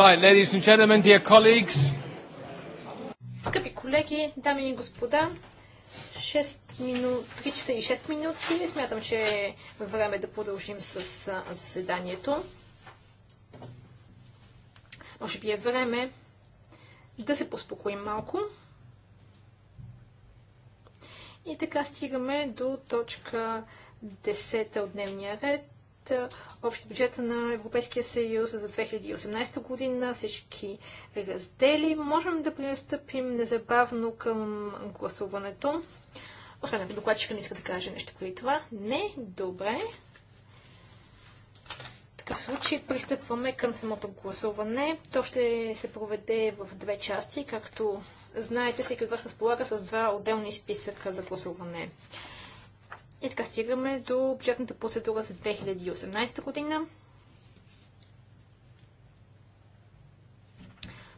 Right, ladies and gentlemen, dear colleagues. Скъпи колеги, дами и господа, 6 мину... 3 часа и 6 минути. Смятам, че е време да продължим с заседанието. Може би е време да се поспокоим малко. И така стигаме до точка 10 от дневния ред общ бюджет на Европейския съюз за 2018 година, всички раздели. Можем да пристъпим незабавно към гласуването. Освен ако докладчика не иска да каже нещо преди това. Не, добре. В случай пристъпваме към самото гласуване. То ще се проведе в две части, както знаете, всеки от вас разполага с два отделни списъка за гласуване. И така стигаме до бюджетната процедура за 2018 година.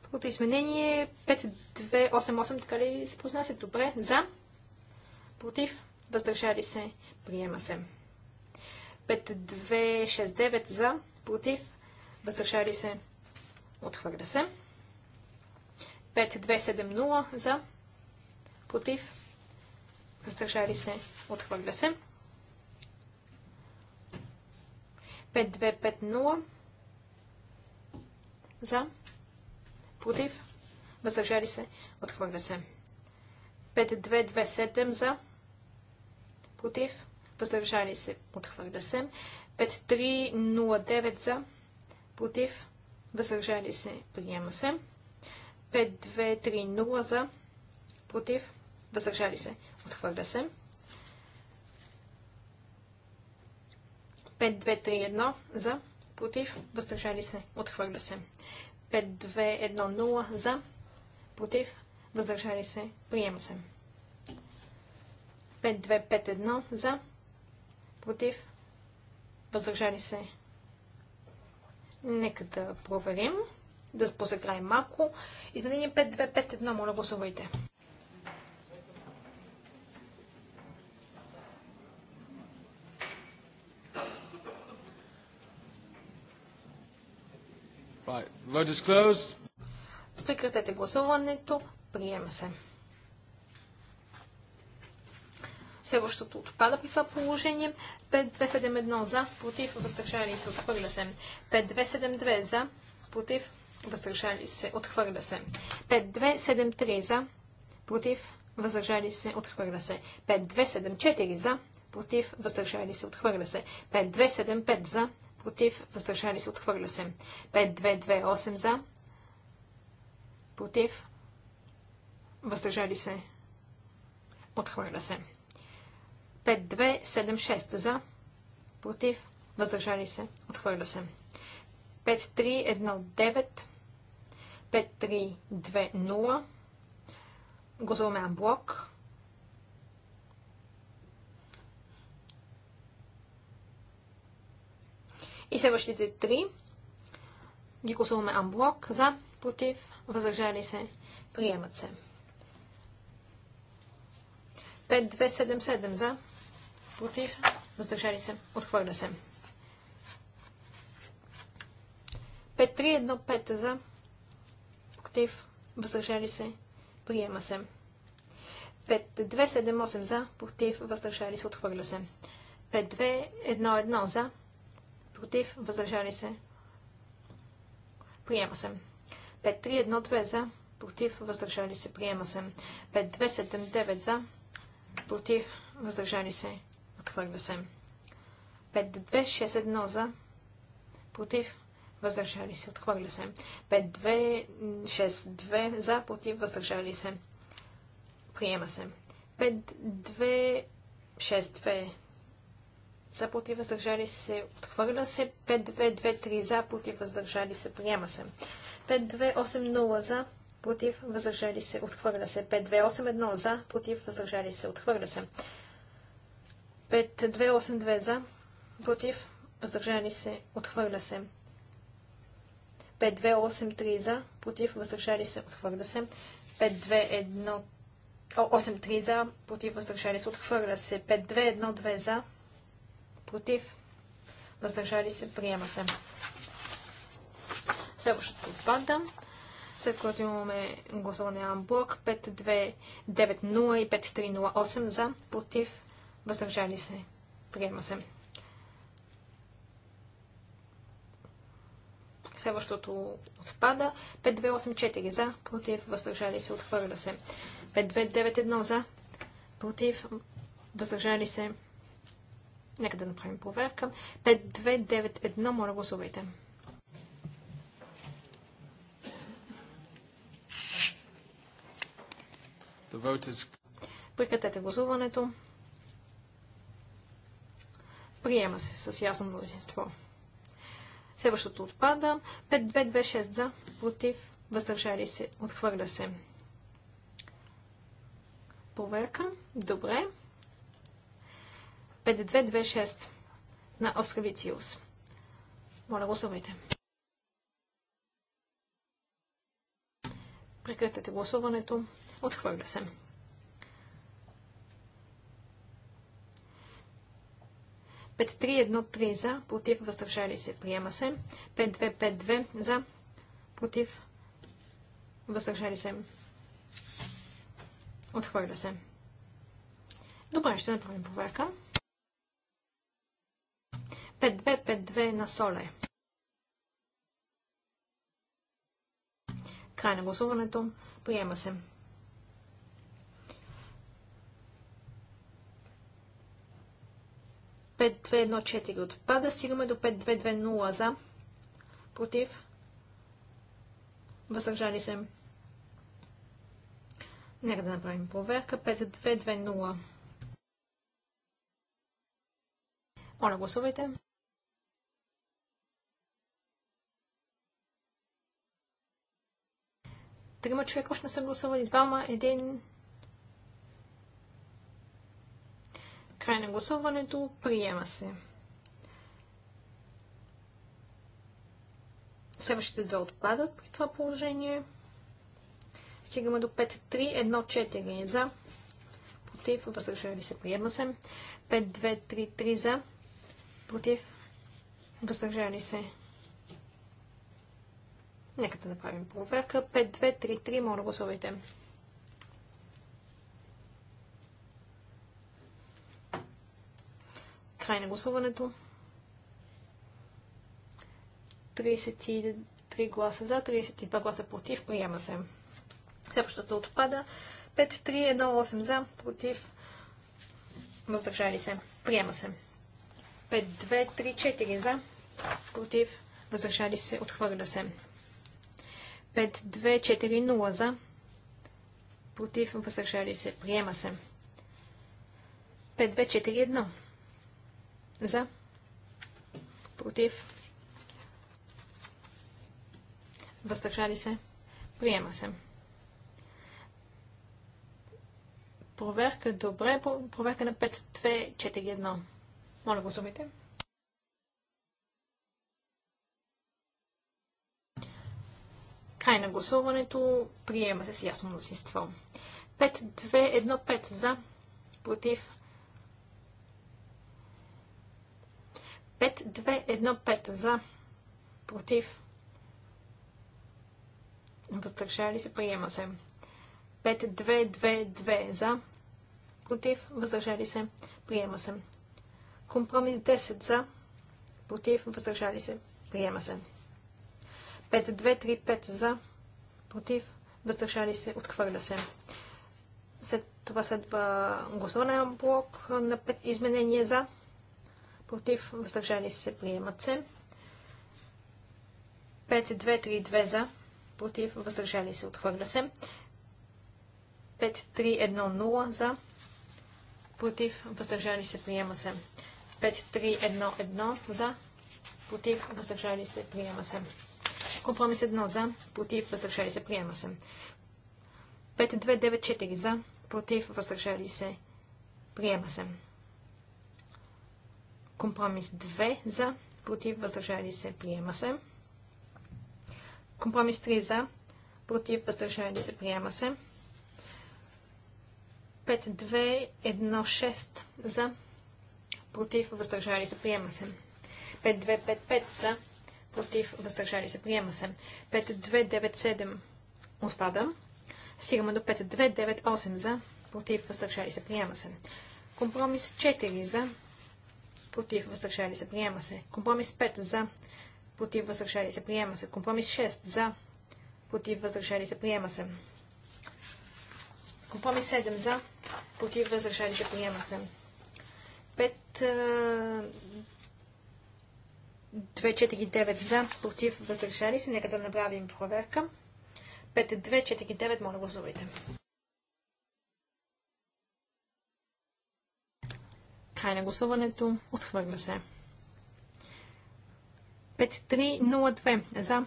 Първото изменение 5288, е така ли се произнася? Добре. За. Против. Въздържали се. Приема се. 5269 за. Против. Въздържали се. Отхвърля се. 5270 за. Против въздържали се, отхвърля се. 5250 за, против, въздържали се, отхвърля се. 5227 за, против, въздържали се, отхвърля се. 5309 за, против, въздържали се, приема се. 5230 за, против, въздържали се, Отхвърля се. 5-2-3-1 за. Против. Въздържали се. Отхвърля се. 5-2-1-0 за. Против. Въздържали се. Приема се. 5-2-5-1 за. Против. Въздържали се. Нека да проверим. Да позаграем малко. Изменение 5251, моля гласувайте. Прекратете гласуването. Приема се. Следващото отпада при това положение. 5271 за, против, въздържали се, отхвърля се. 5272 за, против, въздържали се, отхвърля се. 5273 за, против, въздържали се, отхвърля се. 5274 за, против, въздържали се, отхвърля се. 5275 за, против, въздържали се, отхвърля се. 5-2-2-8 за, против, въздържали се, отхвърля се. 5-2-7-6 за, против, въздържали се, отхвърля се. 5-3-1-9, 5-3-2-0, гласуваме блок. И следващите три ги гласуваме амблок. За, против, въздържали се, приемат се. 5277 за, против, въздържали се, отхвърля се. 5315 за, против, въздържали се, приема се. 5278 за, против, въздържали се, отхвърля се. 5211 за, против, въздържали се. Приема се. 5312 за, против, въздържали се. Приема се. 5279 за, против, въздържали се. Отхвърля се. 5261 за, против, въздържали се. Отхвърля се. 5262 за, против, въздържали се. Приема се. 5262 за против въздържали се отхвърля се, 5223 за против въздържали се приема се, 5280 за против въздържали се отхвърля се, 5281 за против въздържали се отхвърля се, 5282 за против въздържали се отхвърля се, 5283 за против въздържали се отхвърля се, 8-3 за против въздържали се отхвърля се, 5-2-1-2 за против, въздържали се, приема се. Следващото отпада, след което имаме гласуване Амблок 5290 и 5308 за, против, въздържали се, приема се. Следващото отпада. 5284 за, против, въздържали се, отхвърля се. 5291 за, против, въздържали се, Нека да направим проверка. 5291, моля гласувайте. Is... Прекратете гласуването. Приема се с ясно мнозинство. Следващото отпада. 5226 за, против, въздържали се, отхвърля се. Проверка. Добре. 5226 на Вициус. Моля, гласувайте. Прекратете гласуването. Отхвърля се. Пет три едно три за, против, въздържали се, приема се. Пет две пет две за, против, въздържали се. Отхвърля се. Добре, ще направим проверка. 5252 на Соле. Край на гласуването. Приема се. Пет, две, едно, четири отпада. Стигаме до 5220 за. Против. Въздържали се. Нека да направим проверка. 5220. Моля, гласувайте. Трима човека още не са гласували. Двама, един. Край на гласуването. Приема се. Следващите две отпадат при това положение. Стигаме до 5-3-1-4 за. Против. Въздържали се. Приема се. 5-2-3-3 за. Против. Въздържали се. Нека да направим проверка. 5233, моля гласувайте. Край на гласуването. 33 гласа за, 32 гласа против. Приема се. Следващото отпада. 5-3-1-8 за, против. Въздържали се. Приема се. 5-2-3-4 за, против. Въздържали се. Отхвърля се. 5240 за. Против. Въздържали се. Приема се. 5241 за. Против. Въздържали се. Приема се. Проверка. Добре. Проверка на 5241. Моля, го гласувайте. 5241. Край на гласуването. Приема се с ясно мнозинство. 5-2-1-5 за. Против. 5-2-1-5 за. Против. Въздържали се. Приема се. 5-2-2-2 за. Против. Въздържали се. Приема се. Компромис 10 за. Против. Въздържали се. Приема се. 5235 за, против, въздържали се, отхвърля се. След това следва гласуване на блок на 5 изменения за, против, въздържали се, приемат се. 5232 за, против, въздържали се, отхвърля се. 1, 0 за, против, въздържали се, приема се. 1, 1 за, против, въздържали се, приема се. Компромис 1 за, против, въздържали се, приема се. 5294 за, против, въздържали се, приема се. Компромис 2 за, против, въздържали се, приема се. Компромис 3 за, против, въздържали се, приема се. 5216 за, против, въздържали се, приема се. 5255 за, против, въздържали се, приема се. 5297 отпада. Стигаме до 5298 за, против, въздържали се, приема се. Компромис 4 за, против, въздържали се, приема се. Компромис 5 за, против, въздържали се, приема се. Компромис 6 за, против, въздържали се, приема се. Компромис 7 за, против, въздържали се, приема се. 5, 249 за, против, въздържали се. Нека да направим проверка. 5249, моля гласувайте. Край на гласуването. Отхвърля се. 5302 за,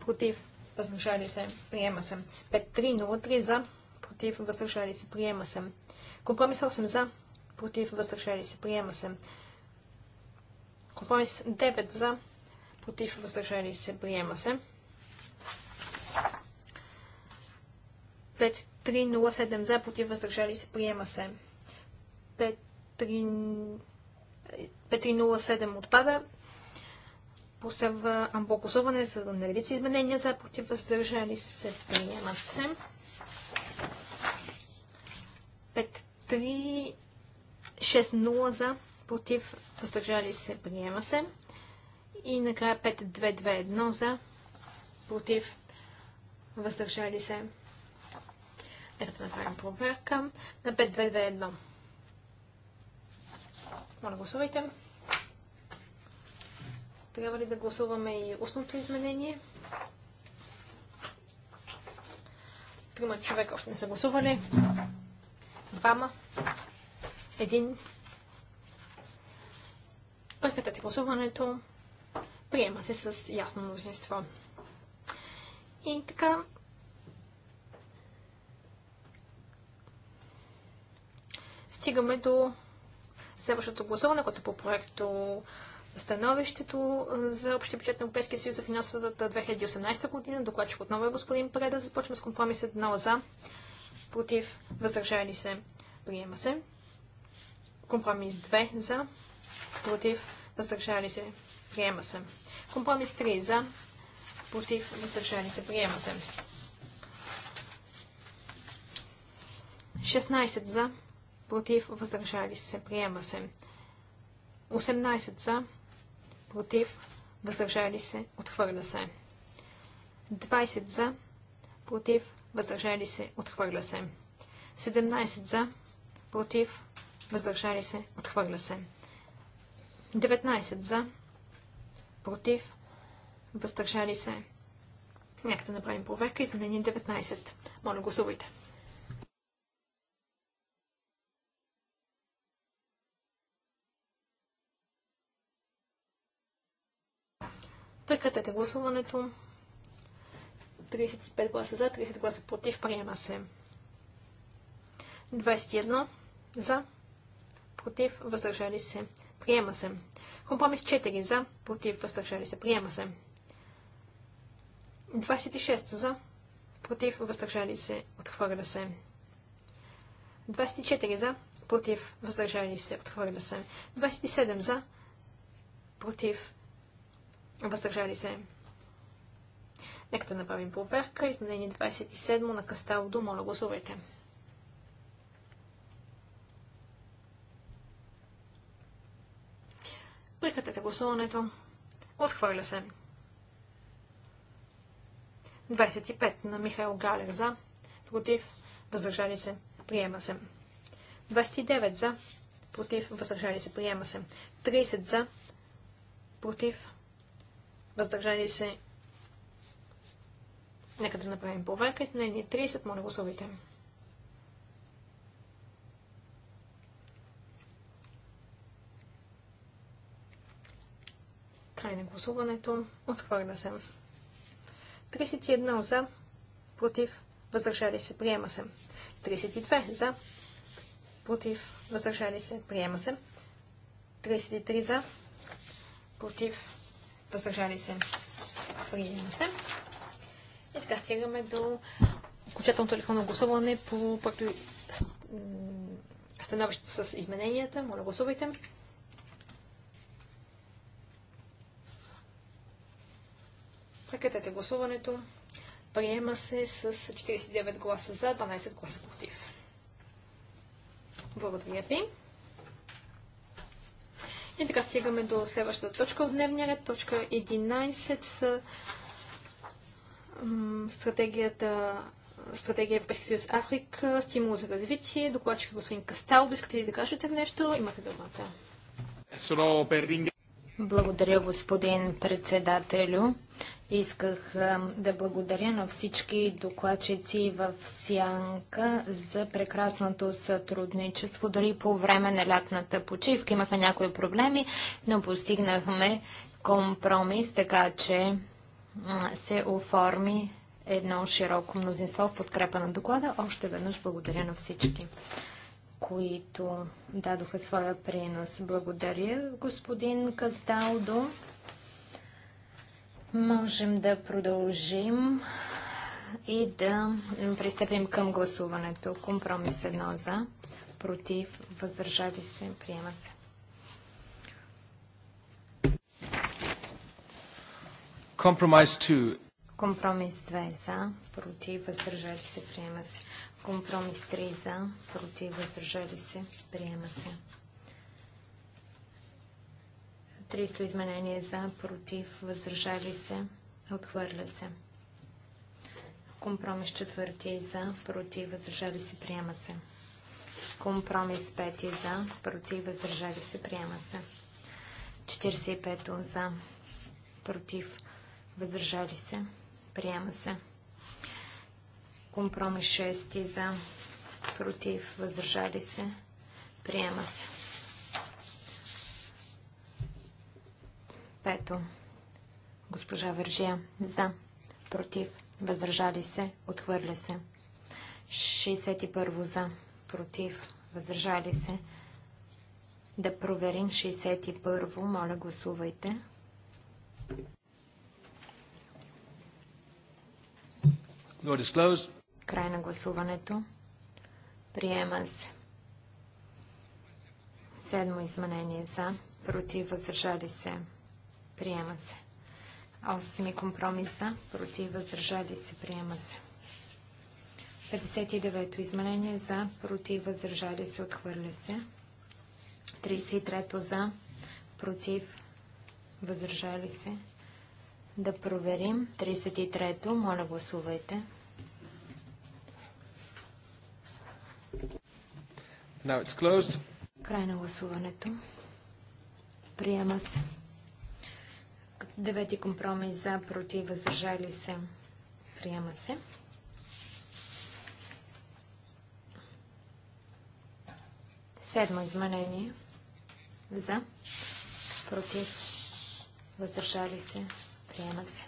против, въздържали се, приема се. 5303 за, против, въздържали се, приема се. Компромис 8 за, против, въздържали се, приема се. Компромис 9 за, против, въздържали се, приема се. 5307 за, против, въздържали се, приема се. 5307 отпада. Последва амблокосуване за наредица изменения за, против, въздържали се, приемат се. 5360 за, против, въздържали се, приема се. И накрая 5-2-2-1 за, против, въздържали се. Ето да направим проверка на 5-2-2-1. Моля, гласувайте. Трябва ли да гласуваме и устното изменение? Трима човека още не са гласували. Двама. Един. Прекратете гласуването. Приема се с ясно мнозинство. И така. Стигаме до следващото гласуване, което е по проекто становището за общия бюджет на Европейския съюз за финансовата 2018 година. Докладчик отново е господин Преда. Започваме с компромис 1 за, против, въздържали се, приема се. Компромис 2 за, против, въздържали се, приема се. Компромис 3 за, против, въздържали се, приема се. 16 за, против, въздържали се, приема се. 18 за, против, въздържали се, отхвърля се. 20 за, против, въздържали се, отхвърля се. 17 за, против, въздържали се, отхвърля се. 19 за, против, въздържали се. Нека да направим проверка. Изменение 19. Моля, гласувайте. Прекратете гласуването. 35 гласа за, 30 гласа против. Приема се. 21 за, против, въздържали се. Приема се. Компромис 4 за, против, въздържали се. Приема се. 26 за, против, въздържали се. Отхвърля се. 24 за, против, въздържали се. Отхвърля се. 27 за, против, въздържали се. Нека да направим проверка. Изменение 27 на Касталдо. Моля, гласувайте. Прекратете гласуването. Отхвърля се. 25 на Михаил Галер за. Против. Въздържали се. Приема се. 29 за. Против. Въздържали се. Приема се. 30 за. Против. Въздържали се. Нека да направим проверка. Не, не 30. Моля гласувайте. Да Край на гласуването. Отхвърля се. 31 за. Против. Въздържали се. Приема се. 32 за. Против. Въздържали се. Приема се. 33 за. Против. Въздържали се. Приема се. И така стигаме до окончателното телефонно гласуване по проекто становището с измененията. Моля, гласувайте. Прекратете гласуването. Приема се с 49 гласа за, 12 гласа против. Благодаря ви. И така стигаме до следващата точка от дневния ред. Точка 11 с стратегията стратегия Европейски съюз Африка, стимул за развитие. Докладчик е господин Кастал, искате ли да кажете нещо? Имате думата. Е, благодаря, господин председателю. Исках да благодаря на всички докладчици в Сянка за прекрасното сътрудничество. Дори по време на лятната почивка имахме някои проблеми, но постигнахме компромис, така че се оформи едно широко мнозинство в подкрепа на доклада. Още веднъж благодаря на всички които дадоха своя принос. Благодаря, господин Касталдо. Можем да продължим и да пристъпим към гласуването. Компромис едно за, против, въздържали се, приема се. Компромис 2 за, против, въздържали се, приема се. Компромис 3 за, против, въздържали се, приема се. 300 изменение за, против, въздържали се, отхвърля се. Компромис 4 за, против, въздържали се, приема се. Компромис 5 за, против, въздържали се, приема се. 45 за, против, въздържали се, приема се. Компромис 6 за, против, въздържали се, приема се. Пето. Госпожа Вържия за, против, въздържали се, отхвърля се. 61 за, против, въздържали се. Да проверим 61. Моля, гласувайте. Door is closed. Край на гласуването. Приема се. Седмо изменение за. Против. Въздържали се. Приема се. Осми компромиса. Против. Въздържали се. Приема се. 59-то изменение за. Против. Въздържали се. Отхвърля се. 33-то за. Против. Въздържали се. Да проверим. 33-то. Моля гласувайте. Now it's closed. Край на гласуването. Приема се. Девети компромис за, против, въздържали се. Приема се. Седмо изменение. За, против, въздържали се. Приема се.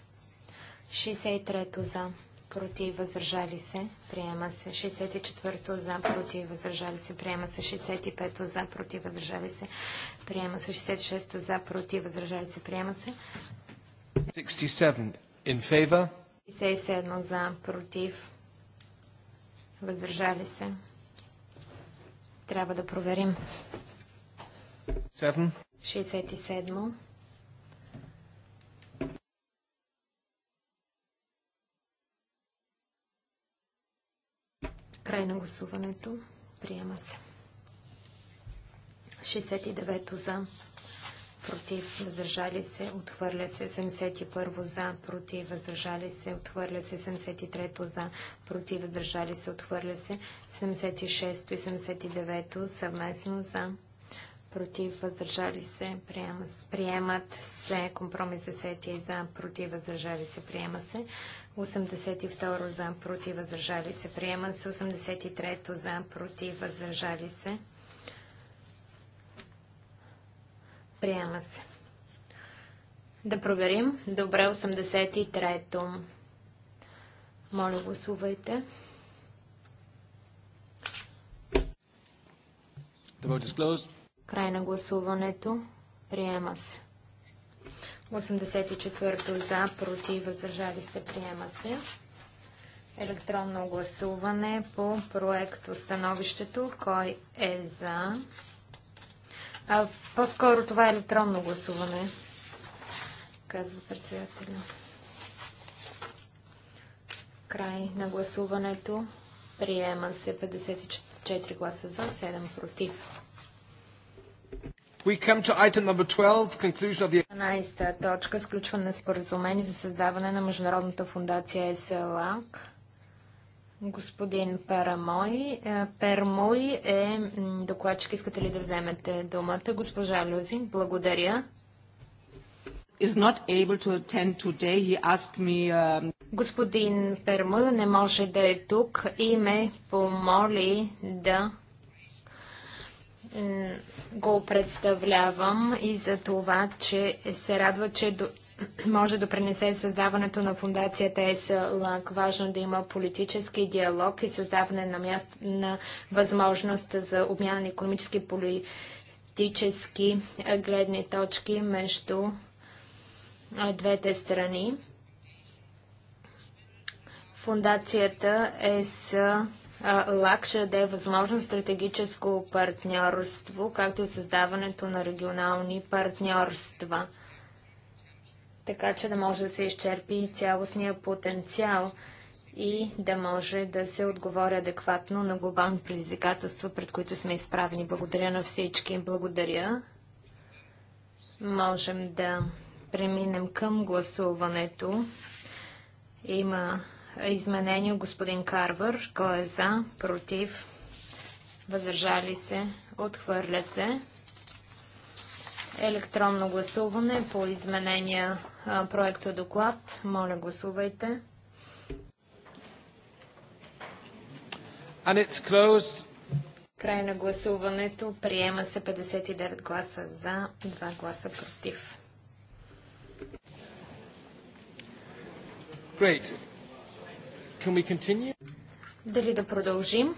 63-то за, против, въздържали се, приема се. 64-то за, против, въздържали се, приема се. 65-то за, против, въздържали се, приема се. 66-то за, против, въздържали се, приема се. 67 in favor. 67 за, против, въздържали се. Трябва да проверим. 7. 67. Край на гласуването. Приема се. 69 за, против, въздържали се, отхвърля се 71 за, против, въздържали се, отхвърля се 73 за, против, въздържали се, отхвърля се 76 и 79 съвместно за, против, въздържали се, приема, приемат се. Компромис 10 за, против, въздържали се, приема се. 82 за, против, въздържали се, приема се. 83 за, против, въздържали се, приема се. Да проверим. Добре, 83-то. Моля, гласувайте. The vote is closed. Край на гласуването. Приема се. 84-то за, против, въздържали се, приема се. Електронно гласуване по проект установището. Кой е за? по-скоро това е електронно гласуване, казва председателя. Край на гласуването. Приема се 54 гласа за, 7 против. 12 точка. Сключване на споразумение за създаване на Международната фундация ЕСЛАК. Господин Парамой. Е, Пермой е докладчик. Искате ли да вземете думата? Госпожа Люзин, благодаря. Me, uh... Господин Пермой не може да е тук и ме помоли да го представлявам и за това, че се радва, че до, може да пренесе създаването на фундацията ЕСЛАК. Важно е да има политически диалог и създаване на, място, на възможност за обмяна на економически политически гледни точки между двете страни. Фундацията ЕСЛАК Лакша да е възможно стратегическо партньорство, както и създаването на регионални партньорства, така че да може да се изчерпи цялостния потенциал и да може да се отговори адекватно на глобални предизвикателства, пред които сме изправени. Благодаря на всички. Благодаря. Можем да преминем към гласуването. Има изменение господин Карвар. Кой е за? Против? Въздържали се? Отхвърля се. Електронно гласуване по изменения проекта доклад. Моля, гласувайте. And it's closed. Край на гласуването. Приема се 59 гласа за, 2 гласа против. Great. Дали да продължим?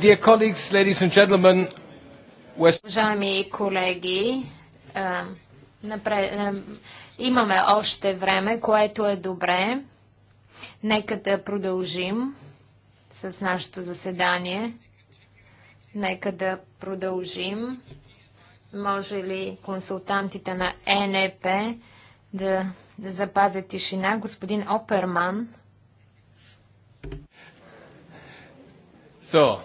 dear colleagues, ladies and gentlemen, Уважаеми колеги, имаме още време, което е добре. Нека да продължим с нашето заседание. Нека да продължим. Може ли консултантите на ЕНЕП да запазят тишина? Господин Оперман. So,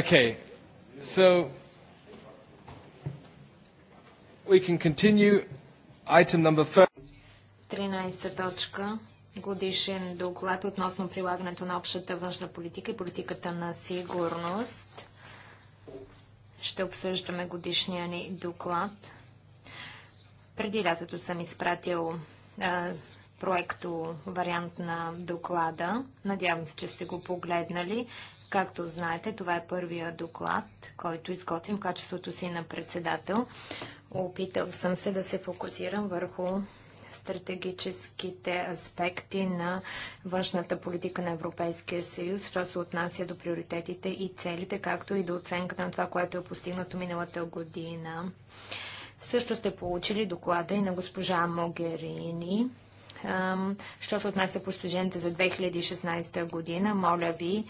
okay, so we can continue item number 13 точка годишен доклад относно прилагането на общата външна политика и политиката на сигурност. Ще обсъждаме годишния ни доклад. Преди лятото съм изпратил проекто вариант на доклада. Надявам се, че сте го погледнали. Както знаете, това е първия доклад, който изготвим в качеството си на председател. Опитал съм се да се фокусирам върху стратегическите аспекти на външната политика на Европейския съюз, що се отнася до приоритетите и целите, както и до оценката на това, което е постигнато миналата година. Също сте получили доклада и на госпожа Могерини Що се отнася по студентите за 2016 година, моля ви,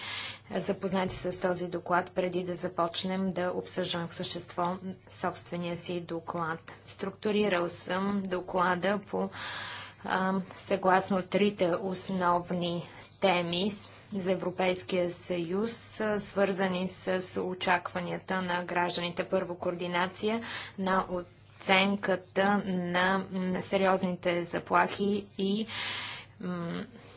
запознайте се с този доклад преди да започнем да обсъждаме в същество собствения си доклад. Структурирал съм доклада по съгласно трите основни теми за Европейския съюз, свързани с очакванията на гражданите. Първо координация на от оценката на сериозните заплахи и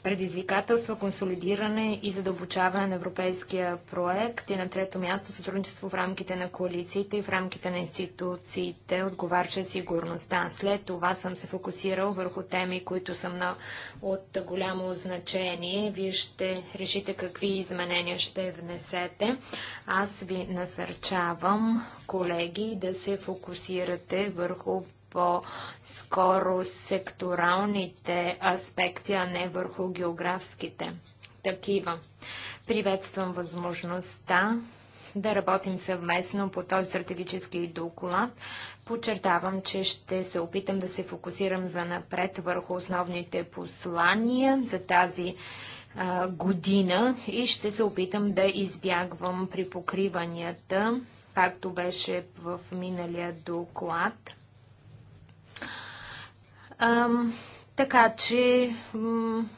предизвикателства, консолидиране и задълбочаване на европейския проект и на трето място сътрудничество в рамките на коалициите и в рамките на институциите, отговарча сигурността. След това съм се фокусирал върху теми, които са много от голямо значение. Вие ще решите какви изменения ще внесете. Аз ви насърчавам, колеги, да се фокусирате върху по-скоро секторалните аспекти, а не върху географските такива. Приветствам възможността да работим съвместно по този стратегически доклад. Подчертавам, че ще се опитам да се фокусирам за напред върху основните послания за тази а, година и ще се опитам да избягвам при покриванията, както беше в миналия доклад. Ам, така че,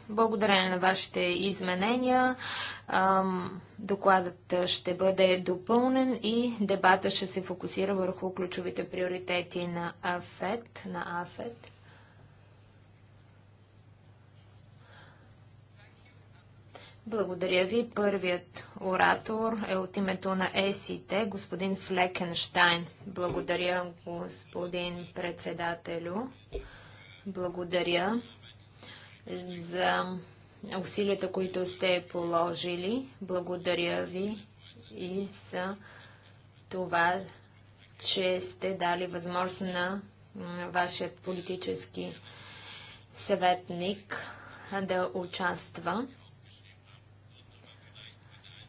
благодарение на вашите изменения, ам, докладът ще бъде допълнен и дебата ще се фокусира върху ключовите приоритети на АФЕД. На АФЕД. Благодаря ви. Първият оратор е от името на ЕСИТ, господин Флекенштайн. Благодаря, господин председателю. Благодаря за усилията, които сте положили. Благодаря ви и за това, че сте дали възможност на вашият политически съветник да участва.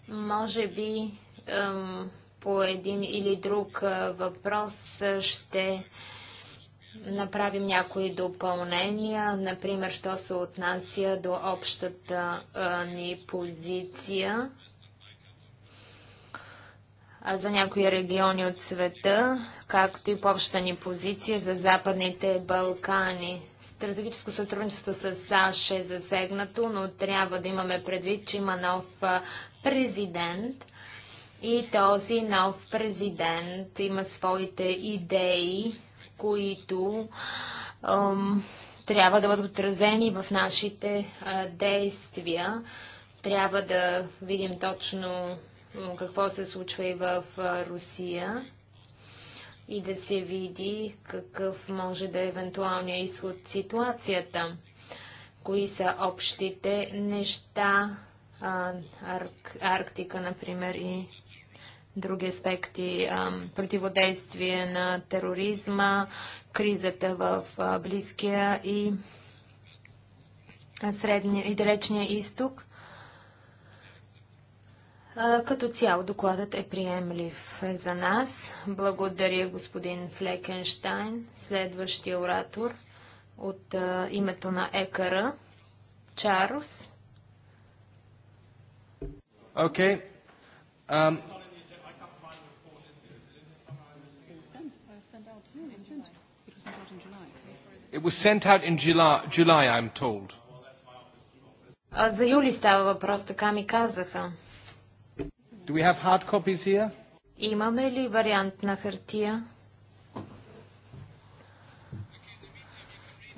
Може би по един или друг е, въпрос ще направим някои допълнения, например, що се отнася до общата ни позиция за някои региони от света, както и по общата ни позиция за Западните Балкани. Стратегическо сътрудничество с САЩ е засегнато, но трябва да имаме предвид, че има нов президент – и този нов президент има своите идеи които ам, трябва да бъдат отразени в нашите а, действия. Трябва да видим точно какво се случва и в а, Русия и да се види какъв може да е евентуалния изход ситуацията. Кои са общите неща, а, Арк, Арктика, например, и други аспекти, противодействие на тероризма, кризата в Близкия и Средния и Далечния изток. Като цяло докладът е приемлив за нас. Благодаря господин Флекенштайн, следващия оратор от името на ЕКР, Чарлз. Okay. Um, It was sent out in July, July I'm told. А за юли става въпрос, така ми казаха. Do we have hard copies here? Имаме ли вариант на хартия?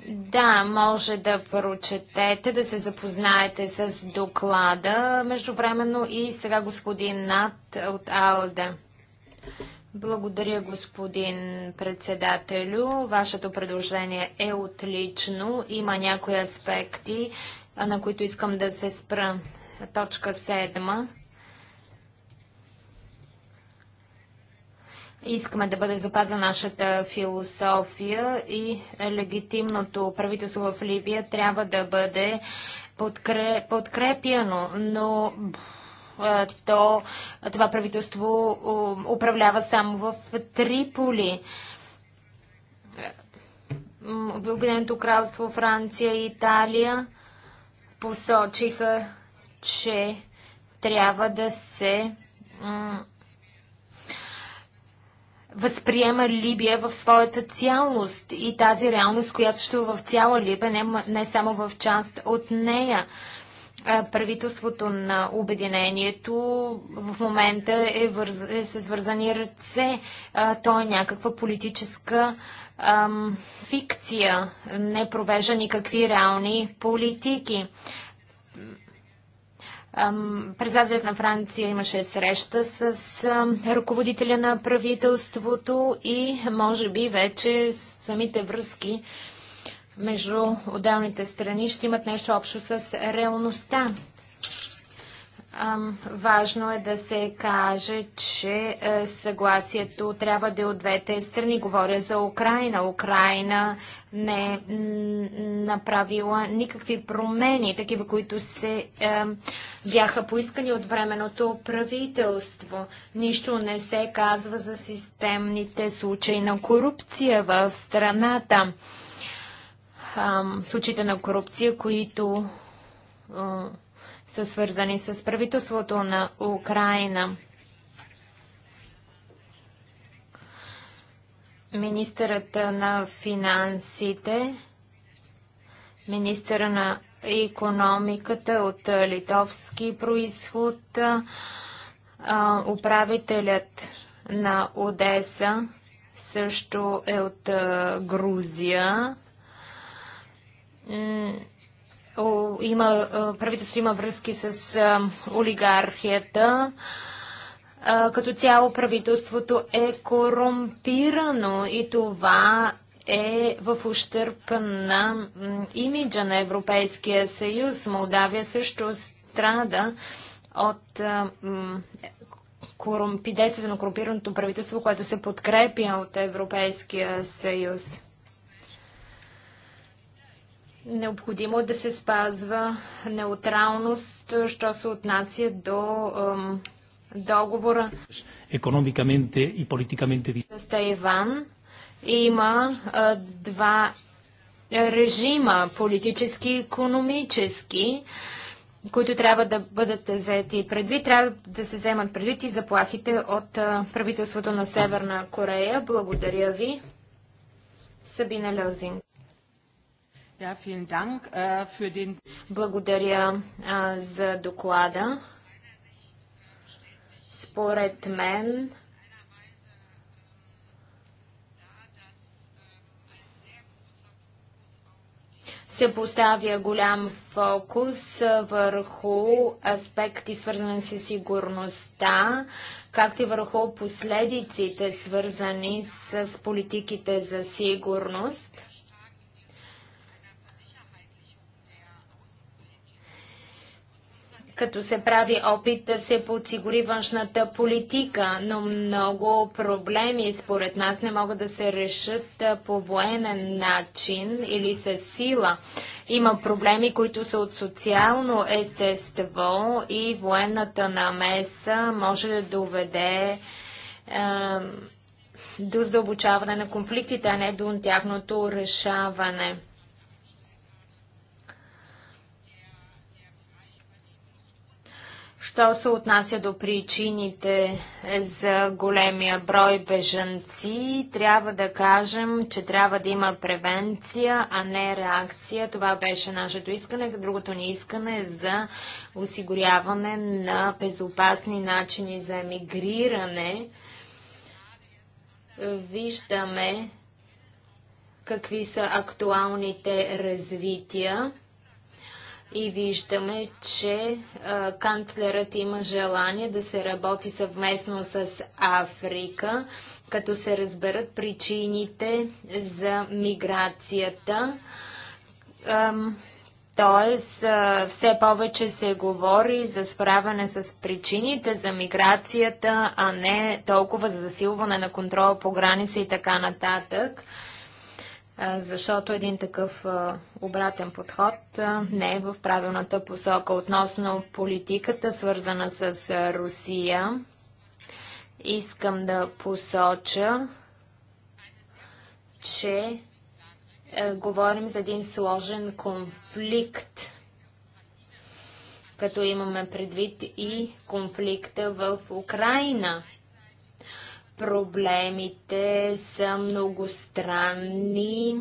Да, може да прочетете, да се запознаете с доклада. Междувременно и сега господин Нат от АЛДА. Благодаря, господин председателю. Вашето предложение е отлично. Има някои аспекти, на които искам да се спра. Точка 7. Искаме да бъде запаза нашата философия и легитимното правителство в Либия трябва да бъде подкрепяно, но то това правителство управлява само в Триполи. В Обединеното кралство, Франция и Италия посочиха, че трябва да се възприема Либия в своята цялост и тази реалност, която ще в цяла Либия, не, не само в част от нея правителството на Обединението в момента е, върз... е с вързани ръце. То е някаква политическа ам, фикция, не провежда никакви реални политики. Президентът на Франция имаше среща с ръководителя на правителството и може би вече самите връзки между отделните страни ще имат нещо общо с реалността. Важно е да се каже, че е, съгласието трябва да е от двете страни. Говоря за Украина. Украина не е направила никакви промени, такива, които се е, бяха поискани от временото правителство. Нищо не се казва за системните случаи на корупция в страната случаите на корупция, които са свързани с правителството на Украина. Министърът на финансите, министъра на економиката от литовски происход, управителят на Одеса също е от Грузия има, правителство има връзки с олигархията. Като цяло правителството е корумпирано и това е в ущърп на имиджа на Европейския съюз. Молдавия също страда от корумпи, действието на корумпираното правителство, което се подкрепя от Европейския съюз. Необходимо е да се спазва неутралност, що се отнася до договора економикаменте и политикаменте. С Тайван има два режима, политически и економически, които трябва да бъдат взети предвид. Трябва да се вземат предвид и заплахите от правителството на Северна Корея. Благодаря ви. Сабина Лозинг. Äh, Благодаря за доклада. Според мен се поставя голям фокус върху аспекти, свързани с сигурността, както и върху последиците, свързани с политиките за сигурност. като се прави опит да се подсигури външната политика, но много проблеми според нас не могат да се решат по военен начин или с сила. Има проблеми, които са от социално естество и военната намеса може да доведе е, до задълбочаване на конфликтите, а не до тяхното решаване. Що се отнася до причините за големия брой бежанци, трябва да кажем, че трябва да има превенция, а не реакция. Това беше нашето искане. Другото ни искане е за осигуряване на безопасни начини за емигриране. Виждаме какви са актуалните развития и виждаме, че а, канцлерът има желание да се работи съвместно с Африка, като се разберат причините за миграцията. Тоест, все повече се говори за справяне с причините за миграцията, а не толкова за засилване на контрола по граница и така нататък защото един такъв обратен подход не е в правилната посока относно политиката, свързана с Русия. Искам да посоча, че говорим за един сложен конфликт, като имаме предвид и конфликта в Украина – Проблемите са многостранни,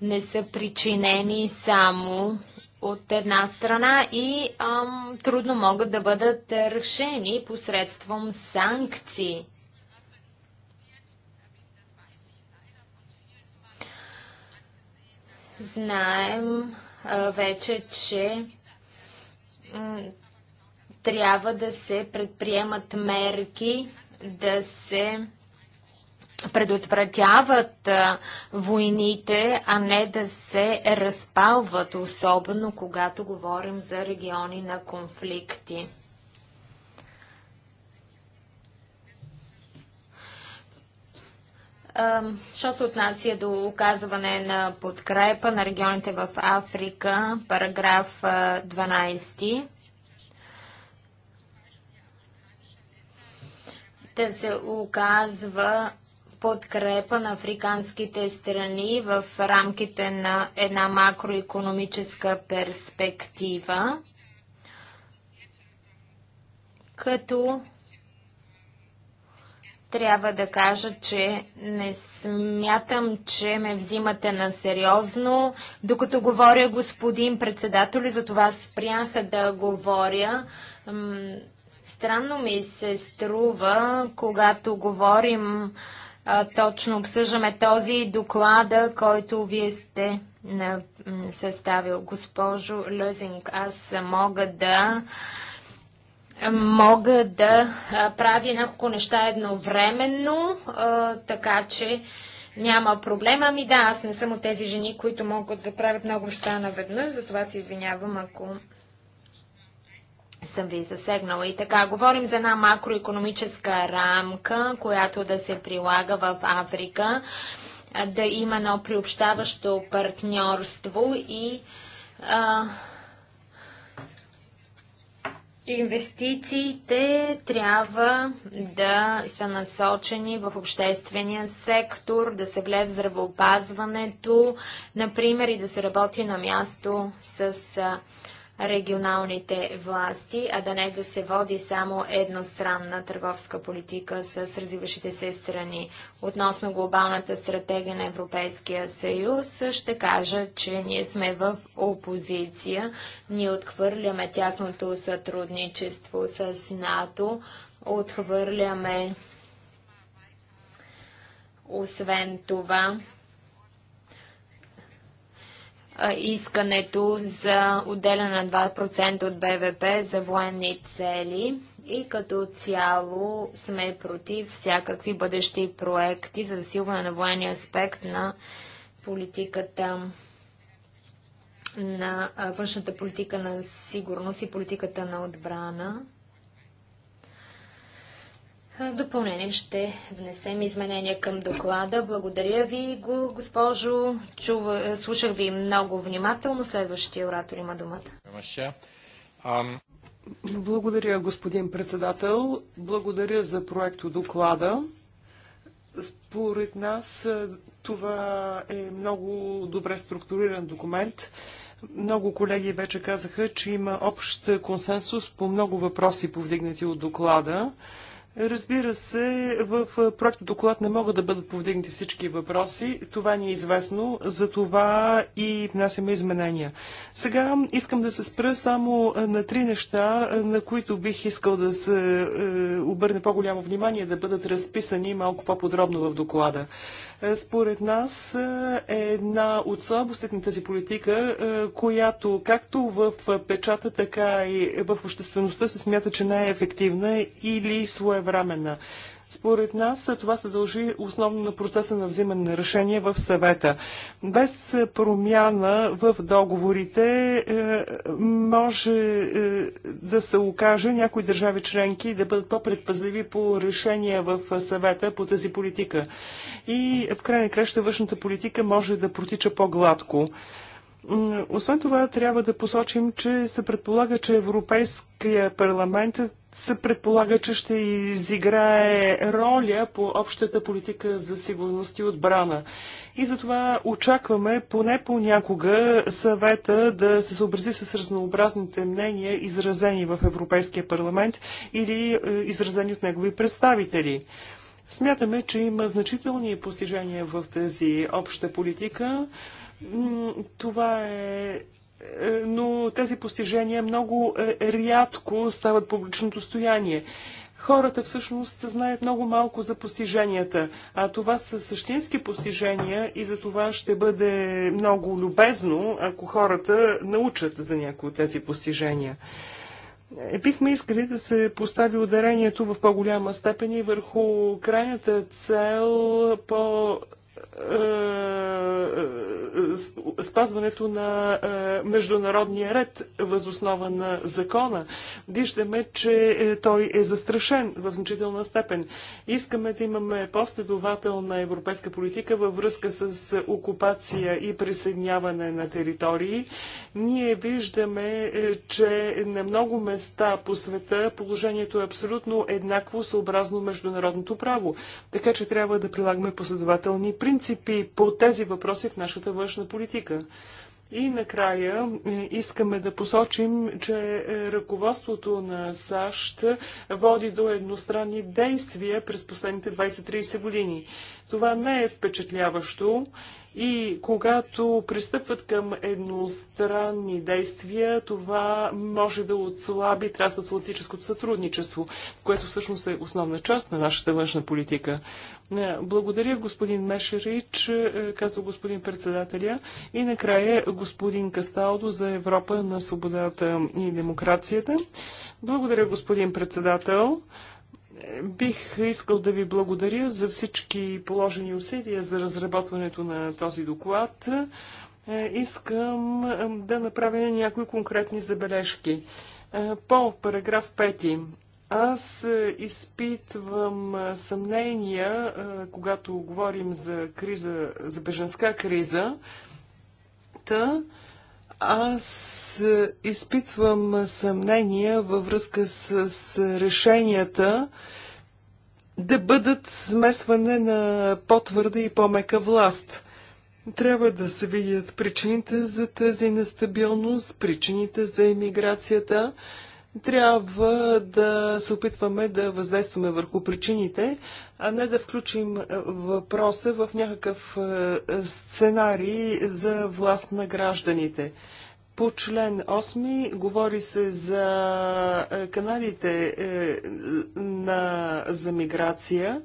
не са причинени само от една страна и ам, трудно могат да бъдат решени посредством санкции. Знаем а, вече, че трябва да се предприемат мерки да се предотвратяват войните, а не да се разпалват, особено когато говорим за региони на конфликти. Що се отнася до оказване на подкрепа на регионите в Африка, параграф 12, да се оказва подкрепа на африканските страни в рамките на една макроекономическа перспектива, като трябва да кажа, че не смятам, че ме взимате на сериозно. Докато говоря господин председател, за това спряха да говоря. Странно ми се струва, когато говорим, а, точно обсъждаме този доклада, който вие сте на, съставил. Госпожо Лъзинг, аз мога да мога да правя няколко неща едновременно, а, така че няма проблема. Ами да, аз не съм от тези жени, които могат да правят много неща наведнъж, затова се извинявам, ако съм ви засегнала. И така, говорим за една макроекономическа рамка, която да се прилага в Африка, да има едно приобщаващо партньорство и а, Инвестициите трябва да са насочени в обществения сектор, да се влезе в здравеопазването, например, и да се работи на място с регионалните власти, а да не да се води само едностранна търговска политика с развиващите се страни. Относно глобалната стратегия на Европейския съюз, ще кажа, че ние сме в опозиция. Ние отхвърляме тясното сътрудничество с НАТО, отхвърляме освен това искането за отделя на 2% от БВП за военни цели и като цяло сме против всякакви бъдещи проекти за засилване на военния аспект на политиката на външната политика на сигурност и политиката на отбрана допълнение ще внесем изменения към доклада. Благодаря ви, го, госпожо. Чува, е, слушах ви много внимателно. Следващия оратор има думата. Благодаря, господин председател. Благодаря за проекто доклада. Според нас е, това е много добре структуриран документ. Много колеги вече казаха, че има общ консенсус по много въпроси, повдигнати от доклада. Разбира се, в проекта доклад не могат да бъдат повдигнати всички въпроси. Това ни е известно, за това и внасяме изменения. Сега искам да се спра само на три неща, на които бих искал да се е, обърне по-голямо внимание, да бъдат разписани малко по-подробно в доклада. Е, според нас е, е една от слабостите на тази политика, е, която както в печата, така и в обществеността се смята, че не е ефективна или своевременна. Според нас това се дължи основно на процеса на взимане на решение в съвета. Без промяна в договорите е, може е, да се окаже някои държави членки да бъдат по-предпазливи по решения в съвета по тази политика. И в крайна краща външната политика може да протича по-гладко. Освен това, трябва да посочим, че се предполага, че Европейския парламент се предполага, че ще изиграе роля по общата политика за сигурност и отбрана. И затова очакваме поне понякога съвета да се съобрази с разнообразните мнения, изразени в Европейския парламент или е, изразени от негови представители. Смятаме, че има значителни постижения в тази обща политика. Това е е, но тези постижения много е, рядко стават публичното стояние. Хората всъщност знаят много малко за постиженията, а това са същински постижения и за това ще бъде много любезно, ако хората научат за някои от тези постижения. Е, бихме искали да се постави ударението в по-голяма степен и върху крайната цел по е, е, е, спазването на международния ред възоснова на закона. Виждаме, че той е застрашен в значителна степен. Искаме да имаме последователна европейска политика във връзка с окупация и присъединяване на територии. Ние виждаме, че на много места по света положението е абсолютно еднакво съобразно международното право. Така че трябва да прилагаме последователни принципи принципи по тези въпроси в нашата външна политика. И накрая е, искаме да посочим, че е, ръководството на САЩ води до едностранни действия през последните 20-30 години. Това не е впечатляващо и когато пристъпват към едностранни действия, това може да отслаби трансатлантическото сътрудничество, което всъщност е основна част на нашата външна политика. Е, благодаря, господин Мешерич, е, казва господин председателя. И накрая господин Касталдо за Европа на свободата и демокрацията. Благодаря, господин председател. Бих искал да ви благодаря за всички положени усилия за разработването на този доклад. Е, искам да направя някои конкретни забележки. По параграф 5 аз е, изпитвам е, съмнения, е, когато говорим за криза, за беженска криза. Та, аз изпитвам съмнения във връзка с, решенията да бъдат смесване на по-твърда и по-мека власт. Трябва да се видят причините за тази нестабилност, причините за емиграцията трябва да се опитваме да въздействаме върху причините, а не да включим е, въпроса в някакъв е, е, сценарий за власт на гражданите. По член 8 говори се за каналите на, за миграция.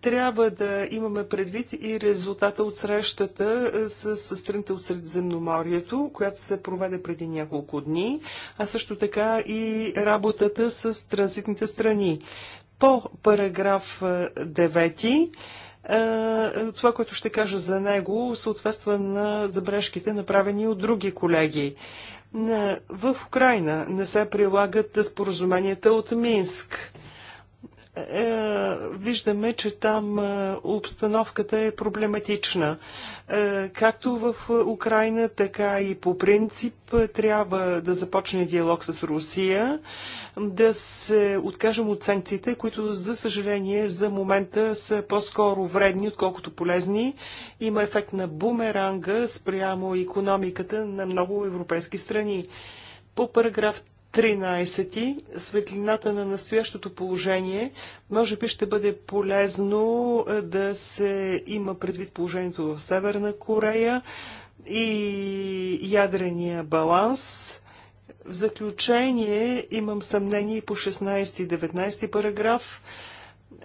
Трябва да имаме предвид и резултата от срещата е, с, с страните от Средиземноморието, която се проведе преди няколко дни, а също така и работата с транзитните страни. По параграф 9 е, е, това, което ще кажа за него, съответства на забрежките, направени от други колеги. В Украина не се прилагат споразуменията от Минск. Е, виждаме, че там е, обстановката е проблематична. Е, както в Украина, така и по принцип трябва да започне диалог с Русия, да се откажем от санкциите, които за съжаление за момента са по-скоро вредни, отколкото полезни. Има ефект на бумеранга спрямо економиката на много европейски страни. По параграф 13. Светлината на настоящото положение може би ще бъде полезно е, да се има предвид положението в Северна Корея и ядрения баланс. В заключение имам съмнение по 16 и 19 параграф.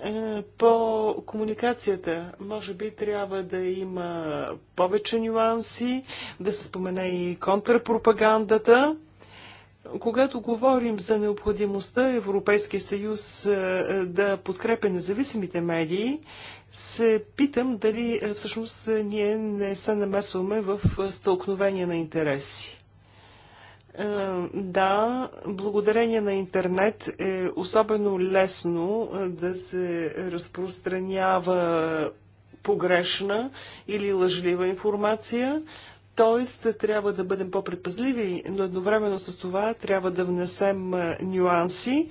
Е, по комуникацията, може би трябва да има повече нюанси, да се спомене и контрпропагандата когато говорим за необходимостта Европейския съюз е, е, да подкрепя независимите медии, се питам дали е, всъщност ние не се намесваме в стълкновение на интереси. Да, благодарение на интернет е особено лесно да се разпространява погрешна или лъжлива информация, Тоест, трябва да бъдем по-предпазливи, но едновременно с това трябва да внесем нюанси,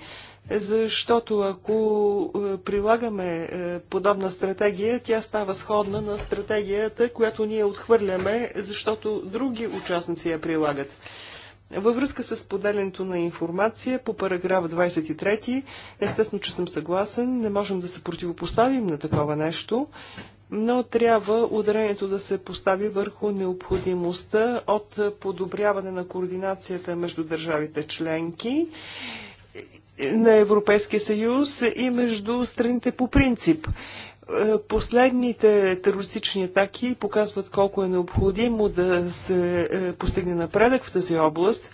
защото ако прилагаме подобна стратегия, тя става сходна на стратегията, която ние отхвърляме, защото други участници я прилагат. Във връзка с поделянето на информация по параграф 23, естествено, че съм съгласен, не можем да се противопоставим на такова нещо но трябва ударението да се постави върху необходимостта от подобряване на координацията между държавите членки на Европейския съюз и между страните по принцип. Е, последните терористични атаки показват колко е необходимо да се е, постигне напредък в тази област,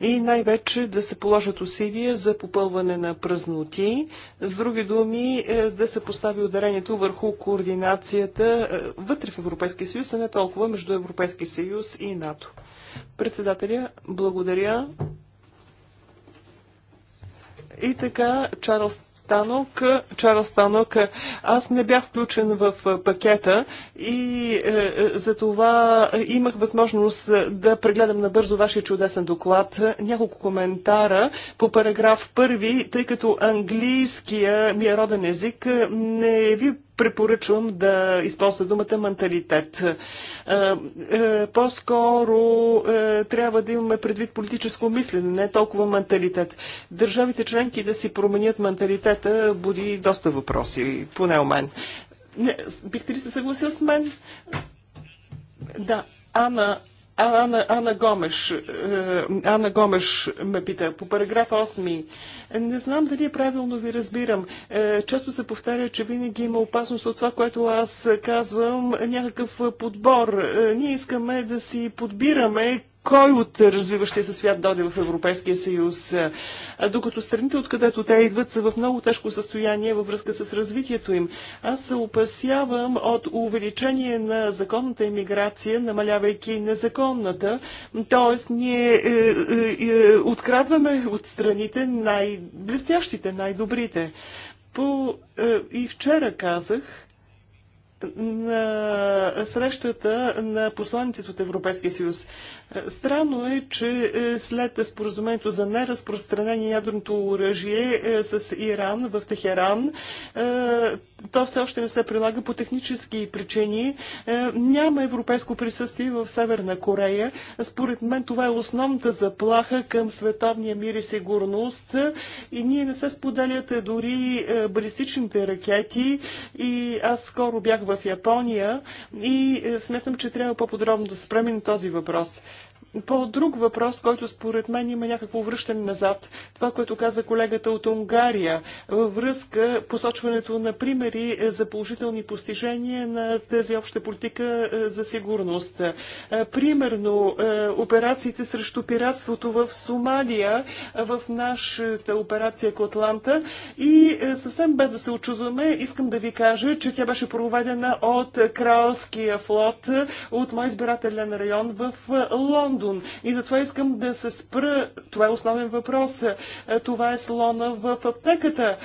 и най-вече да се положат усилия за попълване на празноти. С други думи, е, да се постави ударението върху координацията е, вътре в Европейския съюз, а не толкова между Европейския съюз и НАТО. Председателя, благодаря. И така, Чарлз Танок, Чарлз Танок, аз не бях включен в пакета и е, е, за това имах възможност е, да прегледам набързо вашия чудесен доклад. Няколко коментара по параграф първи, тъй като английския ми е роден език, е, не ви препоръчвам да използва думата менталитет. Е, е, по-скоро е, трябва да имаме предвид политическо мислене, не толкова менталитет. Държавите членки да си променят менталитета буди доста въпроси, поне у мен. Не, бихте ли се съгласил с мен? Да, Ана, Ана, Ана, Гомеш, е, Ана Гомеш ме пита по параграф 8. Не знам дали е правилно ви разбирам. Е, често се повтаря, че винаги има опасност от това, което аз казвам, някакъв подбор. Ние искаме да си подбираме кой от развиващия се свят дойде в Европейския съюз, докато страните, откъдето те идват, са в много тежко състояние във връзка с развитието им. Аз се опасявам от увеличение на законната иммиграция, намалявайки незаконната. Тоест, ние е, е, е, открадваме от страните най-блестящите, най-добрите. По, е, и вчера казах, на срещата на посланиците от Европейския съюз. Странно е, че е, след споразумението за неразпространение ядреното оръжие е, с Иран в Техеран, е, то все още не се прилага по технически причини. Няма европейско присъствие в Северна Корея. Според мен това е основната заплаха към световния мир и сигурност. И ние не се споделят дори балистичните ракети. И аз скоро бях в Япония и смятам, че трябва по-подробно да спреме този въпрос по друг въпрос, който според мен има някакво връщане назад. Това, което каза колегата от Унгария, във връзка посочването на примери за положителни постижения на тази обща политика е, за сигурност. Е, примерно, е, операциите срещу пиратството в Сомалия, в нашата операция Котланта и съвсем без да се очудваме, искам да ви кажа, че тя беше проведена от Кралския флот от мой избирателен район в Лондон. Лондон. И затова искам да се спра. Това е основен въпрос. Това е слона в аптеката.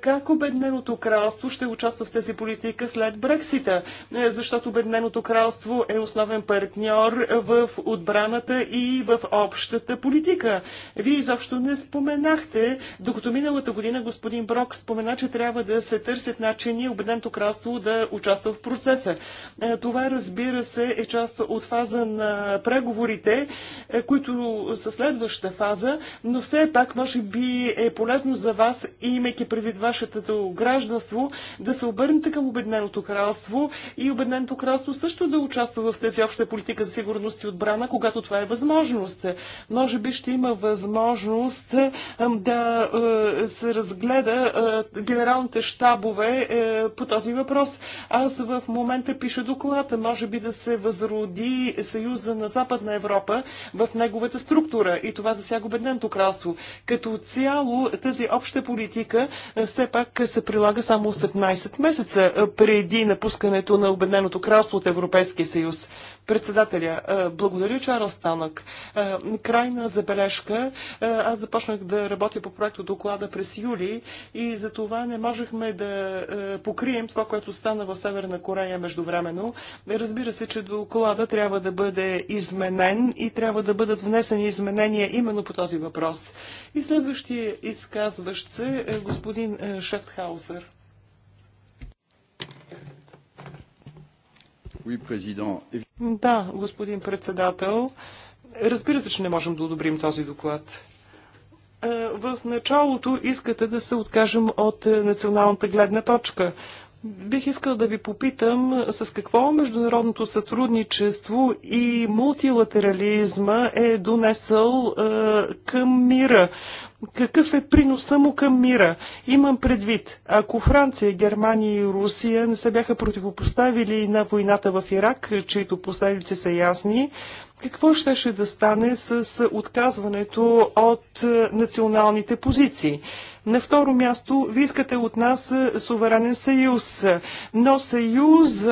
Как обедненото кралство ще участва в тази политика след Брексита? Защото обедненото кралство е основен партньор в отбраната и в общата политика. Вие изобщо не споменахте, докато миналата година господин Брок спомена, че трябва да се търсят начини обедненото кралство да участва в процеса. Това, разбира се, е част от фаза на преговорите те, е, които са следваща фаза, но все пак може би е полезно за вас, имайки предвид вашето гражданство, да се обърнете към Обединеното кралство и Обедненото кралство също да участва в тази обща политика за сигурност и отбрана, когато това е възможност. Може би ще има възможност е, да е, се разгледа генералните щабове по този въпрос. Аз в момента пиша доклада. Може би да се възроди Съюза на Западна Европа Европа в неговата структура и това засяга Обединеното кралство. Като цяло тази обща политика все пак се прилага само 18 месеца преди напускането на Обединеното кралство от Европейския съюз. Председателя, благодаря, Чарлз Танък. Крайна забележка. Аз започнах да работя по проекта доклада през юли и за това не можехме да покрием това, което стана в Северна Корея междувременно. Разбира се, че доклада трябва да бъде изменен и трябва да бъдат внесени изменения именно по този въпрос. И следващия изказващ се е господин Шефтхаусър. Да, господин председател. Разбира се, че не можем да одобрим този доклад. Е, в началото искате да се откажем от националната гледна точка. Бих искал да ви попитам с какво международното сътрудничество и мултилатерализма е донесъл е, към мира какъв е приноса му към мира? Имам предвид, ако Франция, Германия и Русия не се бяха противопоставили на войната в Ирак, чието последици са ясни, какво щеше да стане с отказването от националните позиции? На второ място, ви искате от нас суверенен съюз, но съюз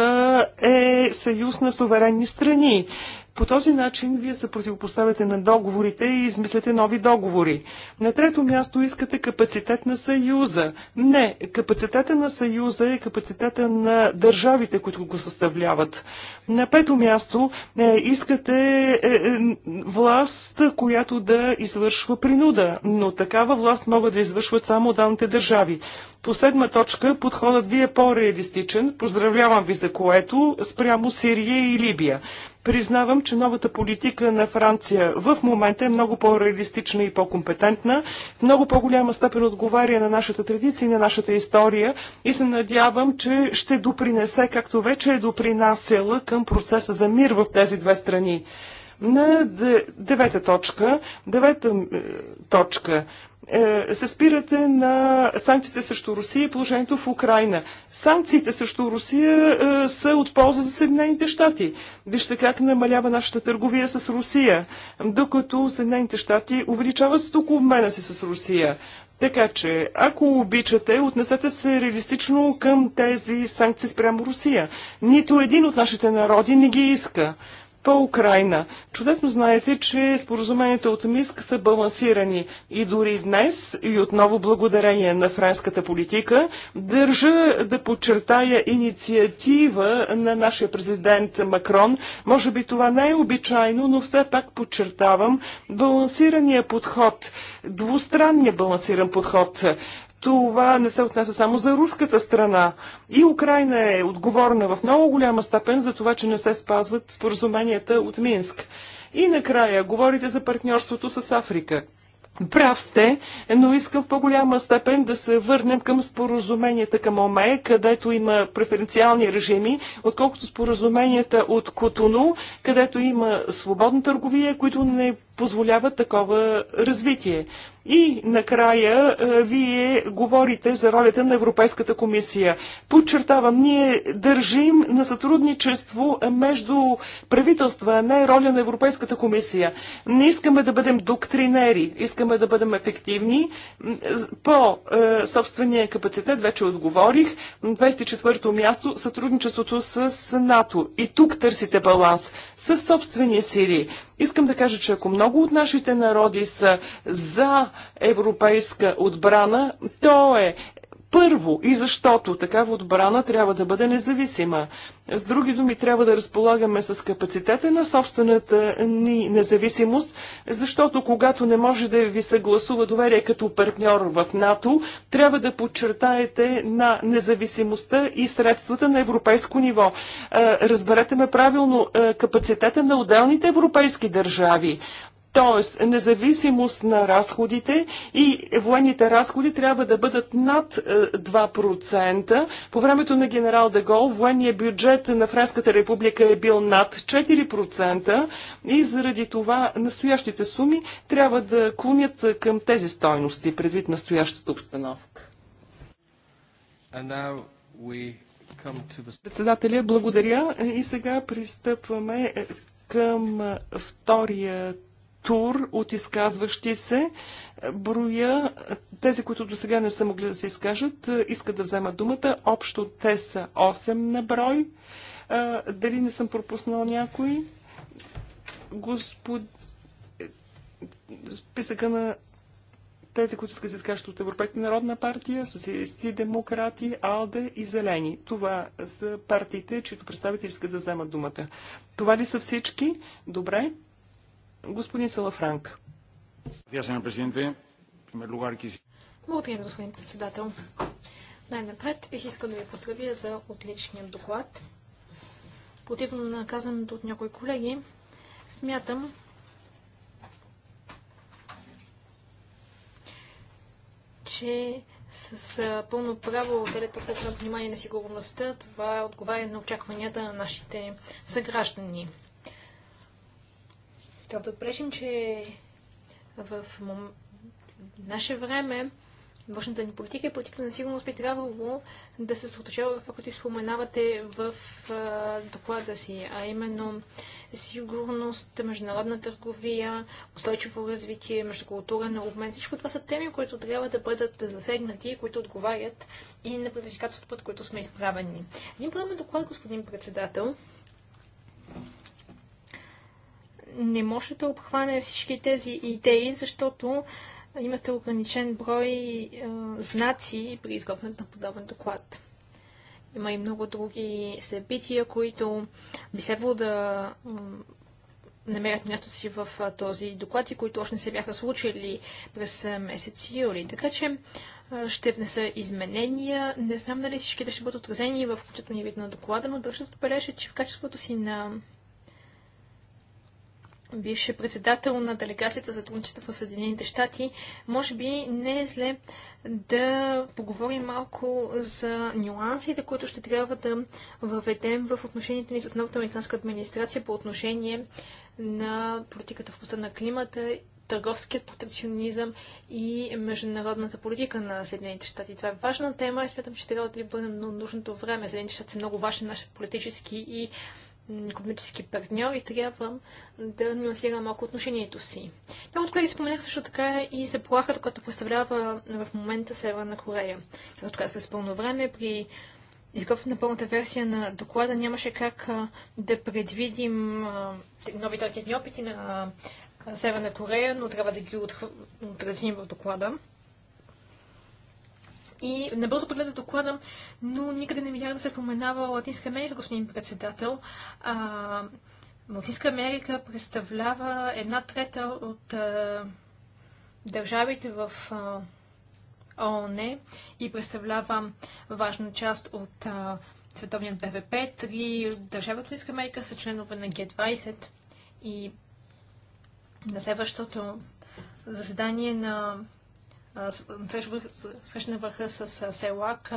е съюз на суверенни страни. По този начин вие се противопоставяте на договорите и измисляте нови договори. На трето място искате капацитет на Съюза. Не, капацитета на Съюза е капацитета на държавите, които го съставляват. На пето място е, искате е, е, власт, която да извършва принуда, но такава власт могат да извършват само данните държави. По седма точка подходът ви е по-реалистичен. Поздравлявам ви за което спрямо Сирия и Либия. Признавам, че новата политика на Франция в момента е много по-реалистична и по-компетентна, в много по-голяма степен отговаря на нашата традиция и на нашата история и се надявам, че ще допринесе, както вече е допринасяла към процеса за мир в тези две страни. На девета точка, девета точка, е, се спирате на санкциите срещу Русия и положението в Украина. Санкциите срещу Русия е, са от полза за Съединените щати. Вижте как намалява нашата търговия с Русия, докато Съединените щати увеличават обмена си с Русия. Така че, ако обичате, отнесете се реалистично към тези санкции спрямо Русия. Нито един от нашите народи не ги иска. По Украина. Чудесно знаете, че споразуменията от Миск са балансирани и дори днес, и отново благодарение на френската политика, държа да подчертая инициатива на нашия президент Макрон. Може би това не е обичайно, но все пак подчертавам балансирания подход, двустранния балансиран подход това не се отнася само за руската страна. И Украина е отговорна в много голяма степен за това, че не се спазват споразуменията от Минск. И накрая, говорите за партньорството с Африка. Прав сте, но искам в по-голяма степен да се върнем към споразуменията към ОМЕ, където има преференциални режими, отколкото споразуменията от Котону, където има свободна търговия, които не позволява такова развитие. И накрая е, вие говорите за ролята на Европейската комисия. Подчертавам, ние държим на сътрудничество между правителства, а не роля на Европейската комисия. Не искаме да бъдем доктринери, искаме да бъдем ефективни. По е, собствения капацитет вече отговорих. 24-то място сътрудничеството с НАТО. И тук търсите баланс с собствени сили. Искам да кажа, че ако много много от нашите народи са за европейска отбрана, то е първо и защото такава отбрана трябва да бъде независима. С други думи, трябва да разполагаме с капацитета на собствената ни независимост, защото когато не може да ви се гласува доверие като партньор в НАТО, трябва да подчертаете на независимостта и средствата на европейско ниво. Разберете ме правилно, капацитета на отделните европейски държави. Тоест, независимост на разходите и военните разходи трябва да бъдат над 2%. Е, По времето на генерал Дегол военният бюджет на Френската република е бил над 4% и заради това настоящите суми трябва да клонят към тези стойности предвид настоящата обстановка. Председателя, благодаря. И сега пристъпваме към е, вторият тур от изказващи се. Броя тези, които до сега не са могли да се изкажат, е, искат да вземат думата. Общо те са 8 на брой. Е, дали не съм пропуснал някой? Господ... Е, списъка на тези, които искат да се изкажат от Европейска народна партия, социалисти, демократи, АЛДЕ и Зелени. Това са партиите, чието представители искат да вземат думата. Това ли са всички? Добре. Господин Салафранк. Благодаря господин председател. Най-напред бих искал да ви поздравя за отличния доклад. Противно на казаното от някои колеги, смятам, че с пълно право отделя толкова внимание на сигурността. Това отговаря на очакванията на нашите съграждани. Трябва да че в мом... наше време външната ни политика и политика на сигурност би трябвало да се съоточава в това, което споменавате в а, доклада си, а именно сигурност, международна търговия, устойчиво развитие, междукултурен обмен. Всичко това са теми, които трябва да бъдат засегнати и които отговарят и на предизвикателството, път, които сме изправени. Един е доклад, господин председател, не може да обхване всички тези идеи, защото имате ограничен брой е, знаци при изготвянето на подобен доклад. Има и много други събития, които би следвало да намерят място си в този доклад и които още не се бяха случили през месец юли. Така че ще внеса изменения. Не знам дали всичките ще бъдат отразени в ни вид на доклада, но държа да отбележа, че в качеството си на бивше председател на делегацията за трудничество в Съединените щати, може би не е зле да поговорим малко за нюансите, които ще трябва да въведем в отношенията ни с новата американска администрация по отношение на политиката в областта на климата, търговският протекционизъм и международната политика на Съединените щати. Това е важна тема и смятам, че трябва да бъдем бъде нужното време. Съединените щати са много важни, наши политически и економически партньор и трябва да нюансира малко отношението си. Много от колеги споменах също така и заплахата, която представлява в момента Северна Корея. Както казах, с пълно време при на пълната версия на доклада нямаше как да предвидим нови ракетни опити на Северна Корея, но трябва да ги отразим в доклада. И не бързо погледна доклада, но никъде не видях да се споменава Латинска Америка, господин председател. А, Латинска Америка представлява една трета от а, държавите в а, ООН и представлява важна част от а, световният БВП. Три държави от Латинска Америка са членове на Г-20 и на следващото заседание на срещна върха с СЕЛАК,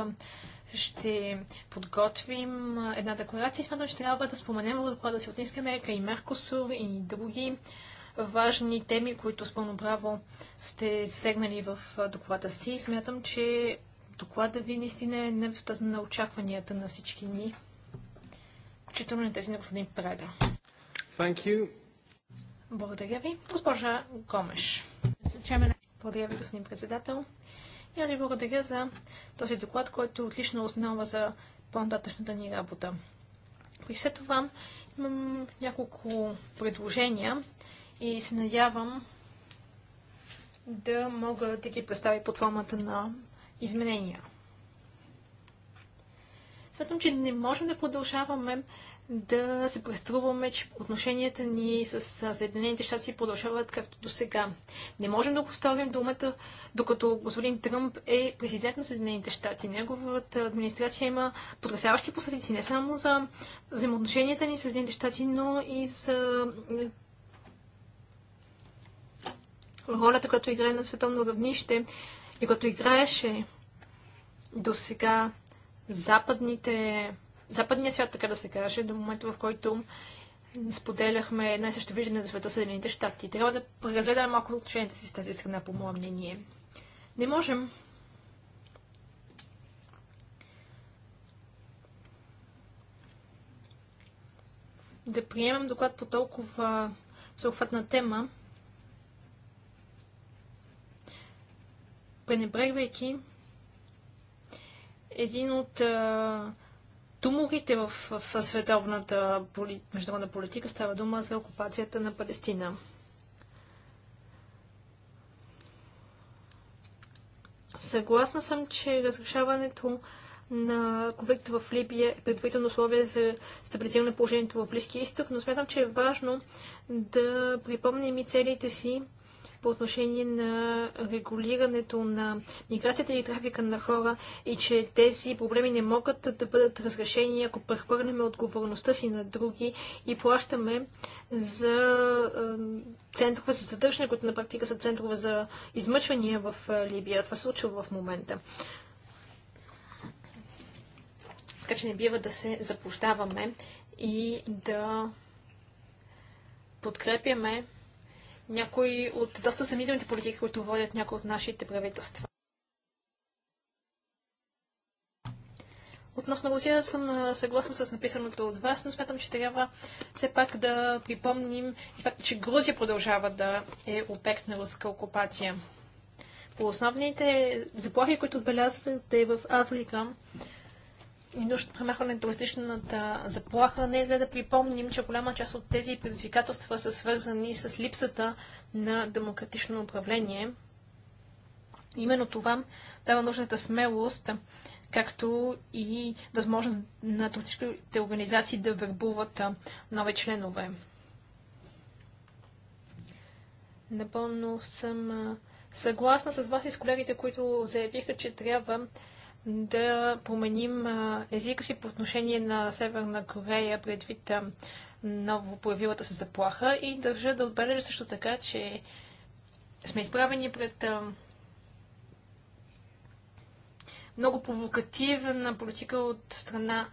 ще подготвим една декларация. Смятам, че трябва да споменем в доклада си Ниска Америка и Меркосур и други важни теми, които с пълно право сте сегнали в доклада си. Смятам, че доклада ви наистина е нефтата на очакванията на всички ни, включително на тези на господин Преда. Thank you. Благодаря ви. Госпожа Гомеш. Благодаря ви, господин председател. И аз ви благодаря за този доклад, който е отлична основа за по-нататъчната ни работа. При все това имам няколко предложения и се надявам да мога да ги представя под формата на изменения. Смятам, че не можем да продължаваме да се преструваме, че отношенията ни с Съединените щати си продължават както до сега. Не можем да го оставим думата, докато господин Тръмп е президент на Съединените щати. Неговата администрация има потрясяващи последици не само за взаимоотношенията ни с Съединените щати, но и за ролята, която играе на световно равнище и като играеше до сега западните западния свят, така да се каже, до момента, в който споделяхме най също виждане за света Съединените щати. Трябва да преразгледаме малко отношенията си с тази страна, по мое мнение. Не можем да приемам доклад по толкова съобхватна тема, пренебрегвайки един от а, туморите в, в световната поли, международна политика. Става дума за окупацията на Палестина. Съгласна съм, че разрешаването на конфликта в Либия е предварително условие за стабилизиране на положението в Близкия изток, но смятам, че е важно да припомним и целите си по отношение на регулирането на миграцията и трафика на хора и че тези проблеми не могат да бъдат разрешени, ако прехвърляме отговорността си на други и плащаме за центрове за задържане, които на практика са центрове за измъчвания в Либия. Това се случва в момента. Така че не бива да се заблуждаваме и да подкрепяме някои от доста съмнителните политики, които водят някои от нашите правителства. Относно Русия съм съгласна с написаното от вас, но смятам, че трябва все пак да припомним и факта, че Грузия продължава да е обект на руска окупация. По основните заплахи, които отбелязвате в Африка, и нужда премахване на туристичната заплаха, не е зле да припомним, че голяма част от тези предизвикателства са свързани с липсата на демократично управление. Именно това дава нужната смелост, както и възможност на туристическите организации да вербуват нови членове. Напълно съм съгласна с вас и с колегите, които заявиха, че трябва да променим езика си по отношение на Северна Корея предвид ново появилата се заплаха и държа да отбележа също така, че сме изправени пред много провокативна политика от страна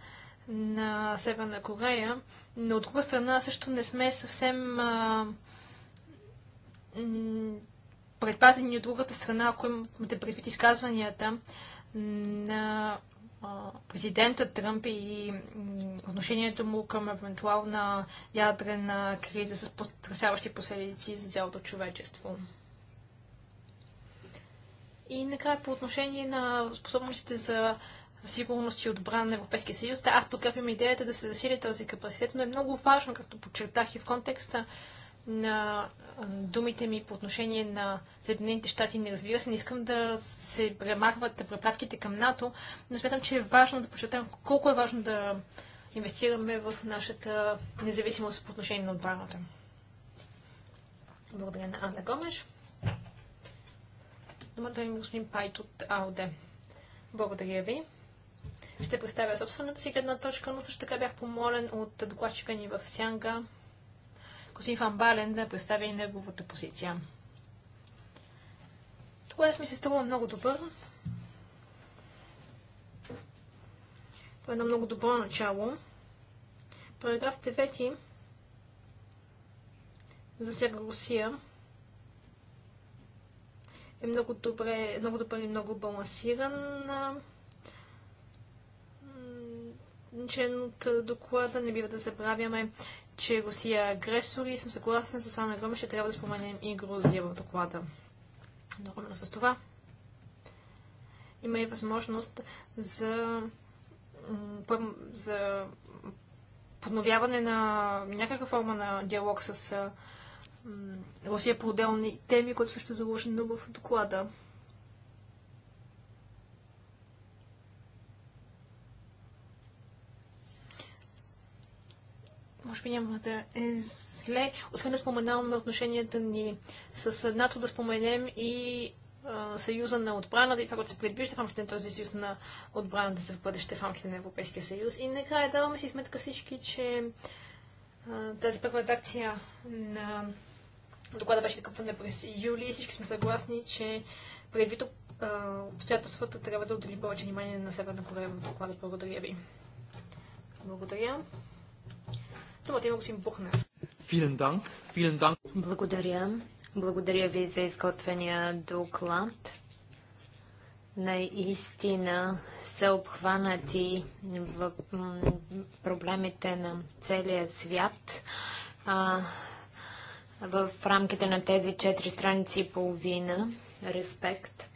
на Северна Корея, но от друга страна също не сме съвсем а, предпазени от другата страна, ако имате предвид изказванията на президента Тръмп и отношението му към евентуална ядрена криза с потрясяващи последици за цялото човечество. И накрая по отношение на способностите за сигурност и отбрана на Европейския съюз, да, аз подкрепям идеята да се засили този капацитет, но е много важно, както подчертах и в контекста на думите ми по отношение на Съединените щати. Не разбира се, не искам да се премахват препратките към НАТО, но смятам, че е важно да почетам колко е важно да инвестираме в нашата независимост по отношение на отбраната. Благодаря на Анна Гомеш. Думата ми господин Пайт от АОД. Благодаря ви. Ще представя собствената си гледна точка, но също така бях помолен от докладчика ни в Сянга господин Ван Бален да представя и неговата позиция. Тогава ми се струва много добър. Това е едно много добро начало. Параграф 9 засяга Русия. Е много добре, много добър и много балансиран член от доклада. Не бива да забравяме, че Русия е агресор и съм съгласен с Анна Грома, че трябва да споменем и Грузия в доклада. Нормално с това има и възможност за, за подновяване на някаква форма на диалог с Русия по отделни теми, които също е заложено в доклада. може би няма да е зле, освен да споменаваме отношенията ни с НАТО, да споменем и а, Съюза на отбраната и това, което се предвижда в рамките на този съюз на отбраната за бъдеще в рамките на Европейския съюз. И накрая даваме си сметка всички, че а, тази първа редакция на доклада беше закъпване през юли и всички сме съгласни, че предвид обстоятелствата трябва да отделим повече внимание на Северна Корея в доклада. Благодаря ви. Благодаря. Думата има господин Бухнер. Благодаря. Благодаря ви за изготвения доклад. Наистина са обхванати в проблемите на целия свят. А, в рамките на тези четири страници и половина. Респект.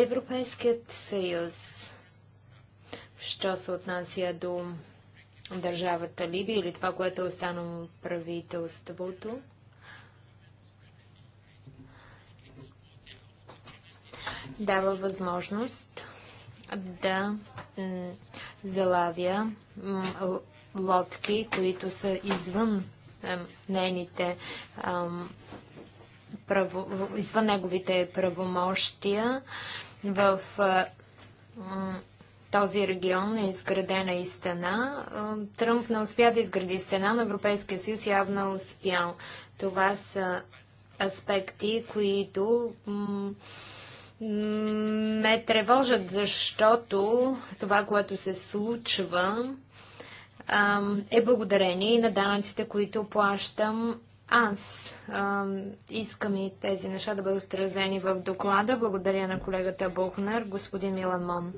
Европейският съюз, що се отнася до държавата Либия или това, което е останало правителството, дава възможност да залавя лодки, които са извън нейните право, извън неговите правомощия. В този регион е изградена и стена. Тръмп не успя да изгради стена, на Европейския съюз явно е успял. Това са аспекти, които ме тревожат, защото това, което се случва, е благодарение и на данъците, които плащам аз искам и тези неща да бъдат отразени в доклада. Благодаря на колегата Бухнер, господин Милан Мон.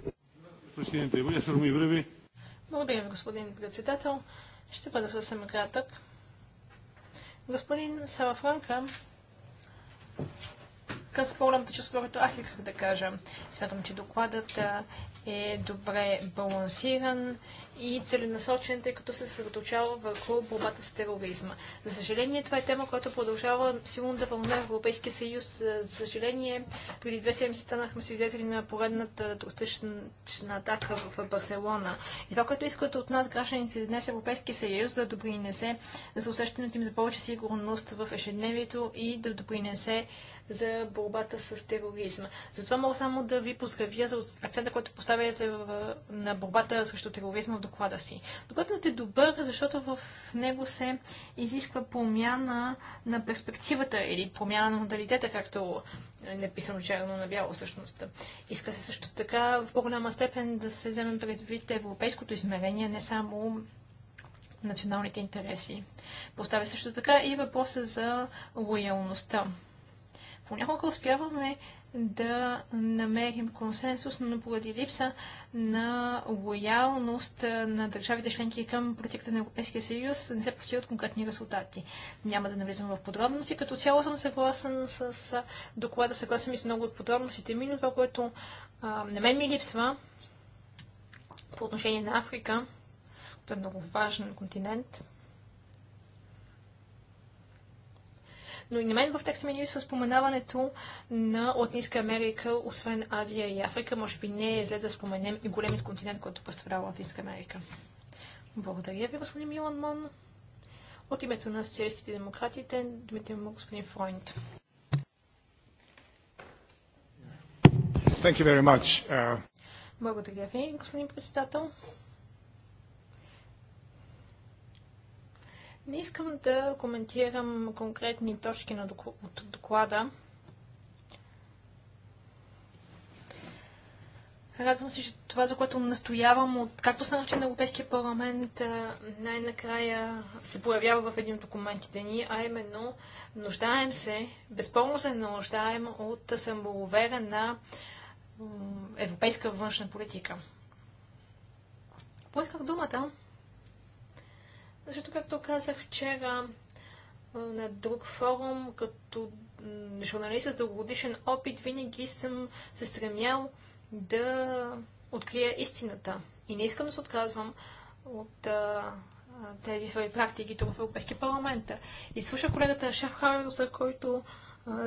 Благодаря ви, господин председател. Ще бъда съвсем кратък. Господин Салафранка, каза по-голямата част, което аз исках да кажа. Смятам, че докладът е добре балансиран и целенасочен, тъй като се съсредоточава върху борбата с тероризма. За съжаление, това е тема, която продължава силно да вълнува Европейския съюз. За съжаление, преди две седмици станахме свидетели на поредната тростична атака в Барселона. И това, което искат от нас гражданите днес Европейския съюз, да допринесе за усещането им за повече сигурност в ежедневието и да допринесе за борбата с тероризма. Затова мога само да ви поздравя за акцента, който поставяте на борбата срещу тероризма в доклада си. Докладът е добър, защото в него се изисква промяна на перспективата или промяна на модалитета, както е написано черно на бяло всъщност. Иска се също така в по-голяма степен да се вземе предвид европейското измерение, не само националните интереси. Поставя също така и въпроса за лоялността. Понякога успяваме да намерим консенсус, но поради липса на лоялност на държавите членки към политиката на Европейския съюз не се постигат конкретни резултати. Няма да навлизам в подробности. Като цяло съм съгласен с доклада, съгласен и с много от подробностите ми, но това, което а, на мен ми липсва по отношение на Африка, който е много важен континент, но и на мен в текста ми липсва споменаването на Латинска Америка, освен Азия и Африка. Може би не е зле да споменем и големият континент, който представлява Латинска Америка. Благодаря ви, господин Милан Мон. От името на социалистите и демократите, думите му господин Фройнт. Thank you very much. Uh... Благодаря ви, господин председател. Не искам да коментирам конкретни точки на доклада. Радвам се, че това, за което настоявам, от както се начин на Европейския парламент, най-накрая се появява в един от документите ни, а именно нуждаем се, безпълно се нуждаем от на европейска външна политика. Поисках думата, защото, както казах вчера на друг форум, като журналист с дългогодишен опит, винаги съм се стремял да открия истината. И не искам да се отказвам от а, тези свои практики тук в Европейския парламент. И слушах колегата Шафхаузър, който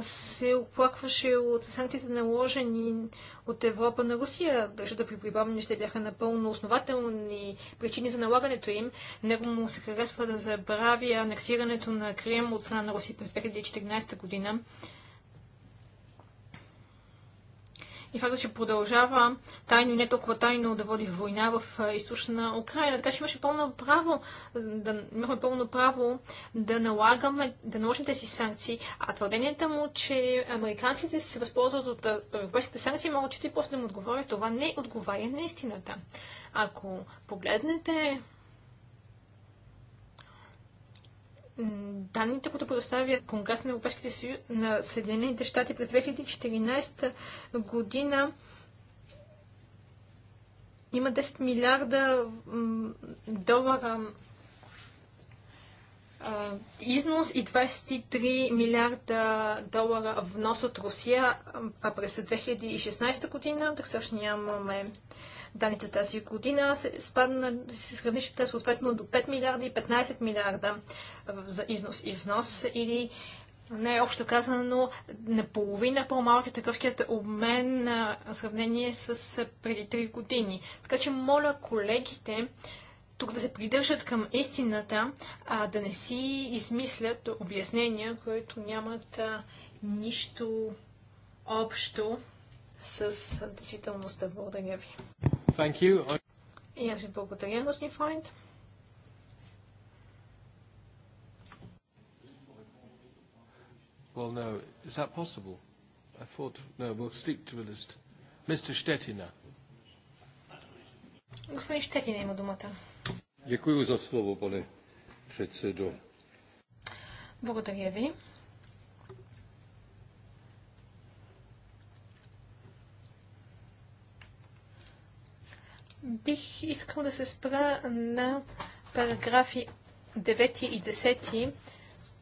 се оплакваше от санкциите наложени от Европа на Русия. Държа да ви припомня, че те бяха напълно основателни причини за налагането им. Него му се харесва да забравя анексирането на Крим от страна на Русия през 2014 година. и факта, че продължава тайно и не толкова тайно да води война в източна Украина. Така че имаше пълно право, да, имахме пълно право да налагаме, да наложим тези санкции, а твърденията му, че американците се възползват от европейските санкции, могат че и после да му отговоря, това не отговаря на истината. Ако погледнете данните, които предоставя Конгрес на Европейските съюз на Съединените щати през 2014 година има 10 милиарда долара износ и 23 милиарда долара внос от Русия, а през 2016 година, така също нямаме данните тази година, се спадна с хранищата съответно до 5 милиарда и 15 милиарда за износ и внос или не е общо казано, наполовина по малки е търговският обмен на сравнение с преди 3 години. Така че моля колегите тук да се придържат към истината, а да не си измислят обяснения, които нямат а, нищо общо с действителността. Благодаря ви. Thank you. И аз ви благодаря, господин Фойнт. Well, no. Is that possible? I thought, no, we'll stick to the list. Mr. Stettina. Господин Щетина има думата. Děkuji za slovo, pane předsedo. Благодаря ви. Бих искал да се спра на параграфи 9 и 10,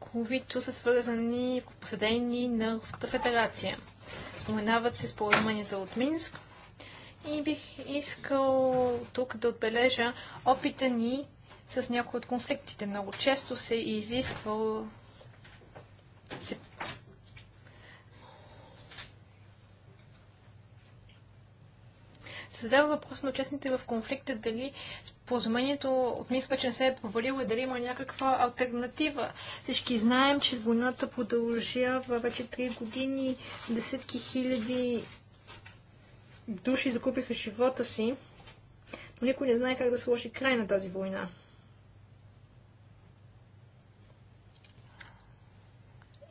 които са свързани, в посветени на Руската федерация. Споменават се споразуменията от Минск – и бих искал тук да отбележа опита ни с някои от конфликтите. Много често се изисква Създава въпрос на участните в конфликта дали споразумението от Минска, че не се е провалило и дали има някаква альтернатива. Всички знаем, че войната продължава вече 3 години, десетки хиляди души закупиха живота си, но никой не знае как да сложи край на тази война.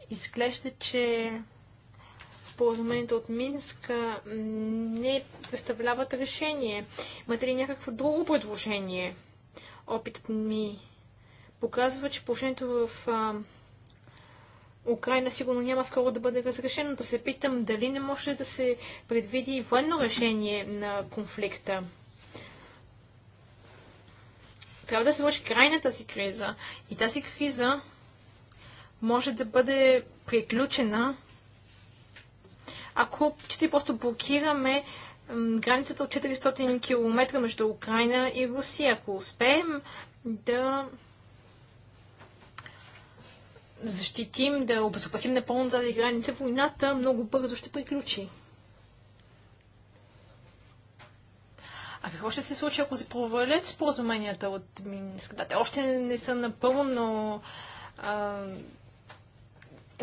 Изглежда, че споразумението от Минск не представляват решение. Имате ли някакво друго предложение? Опитът ми показва, че положението в Украина сигурно няма скоро да бъде разрешено. Да се питам дали не може да се предвиди военно решение на конфликта. Трябва да се сложи край на тази криза. И тази криза може да бъде приключена, ако чете просто блокираме границата от 400 км между Украина и Русия. Ако успеем да защитим, да обезопасим напълно тази граница, войната много бързо ще приключи. А какво ще се случи, ако се провалят споразуменията от Минската? Те още не са напълно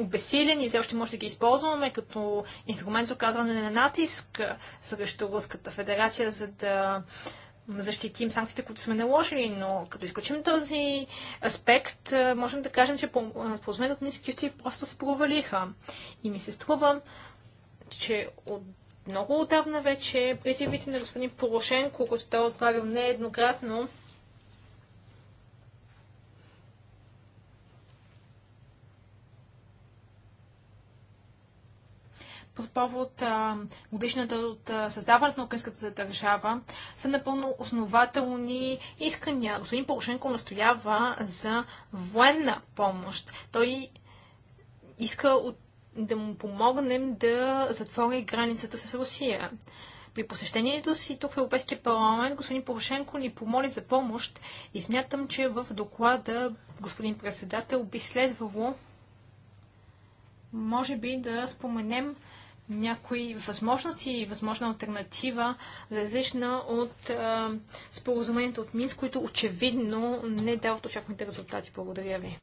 обесилени, все още може да ги използваме като инструмент за оказване на натиск срещу Руската федерация, за да а, защитим санкциите, които сме наложили, но като изключим този аспект, можем да кажем, че споразумението от Мински просто се провалиха. И ми се струва, че от много отдавна вече призивите на господин Порошенко, които той е отправил нееднократно, по повод годишната от създаването на украинската държава са напълно основателни искания. Господин Порошенко настоява за военна помощ. Той иска от, да му помогнем да затвори границата с Русия. При посещението си тук в Европейския парламент господин Порошенко ни помоли за помощ и смятам, че в доклада господин председател би следвало може би да споменем някои възможности и възможна альтернатива, различна от а, споразумението от Минск, които очевидно не дават очакваните резултати. Благодаря ви.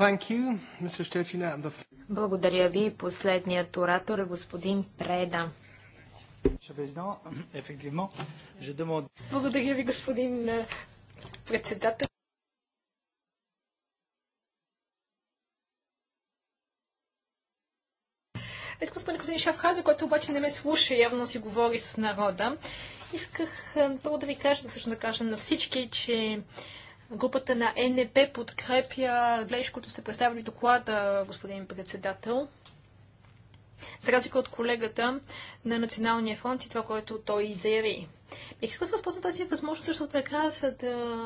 You, the... Благодаря ви. Последният оратор е господин Преда. Благодаря ви, господин председател. Искам спомня господин Шафхаза, който обаче не ме слуша, явно си говори с народа. Исках е, първо да ви кажа, всъщност да кажа на всички, че групата на НП подкрепя гледаш, които сте представили доклада, господин председател. За разлика от колегата на Националния фронт и това, което той изяви. Бих искал да възползвам тази възможност също така, за да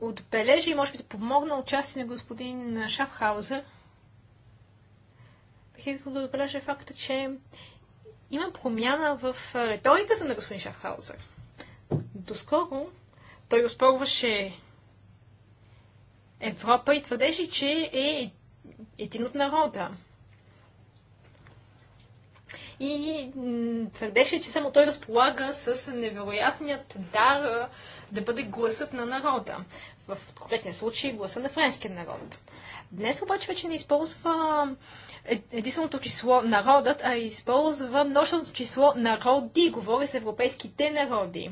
отбележа и може би да помогна участие на господин Шафхаузер бих искал да отбележа факта, че има промяна в риториката на господин Шахаузер. Доскоро той успорваше Европа и твърдеше, че е един от народа. И твърдеше, че само той разполага с невероятният дар да бъде гласът на народа. В конкретния случай гласа на френския народ. Днес обаче вече не използва единственото число народът, а използва нощното число народи. Говори с европейските народи.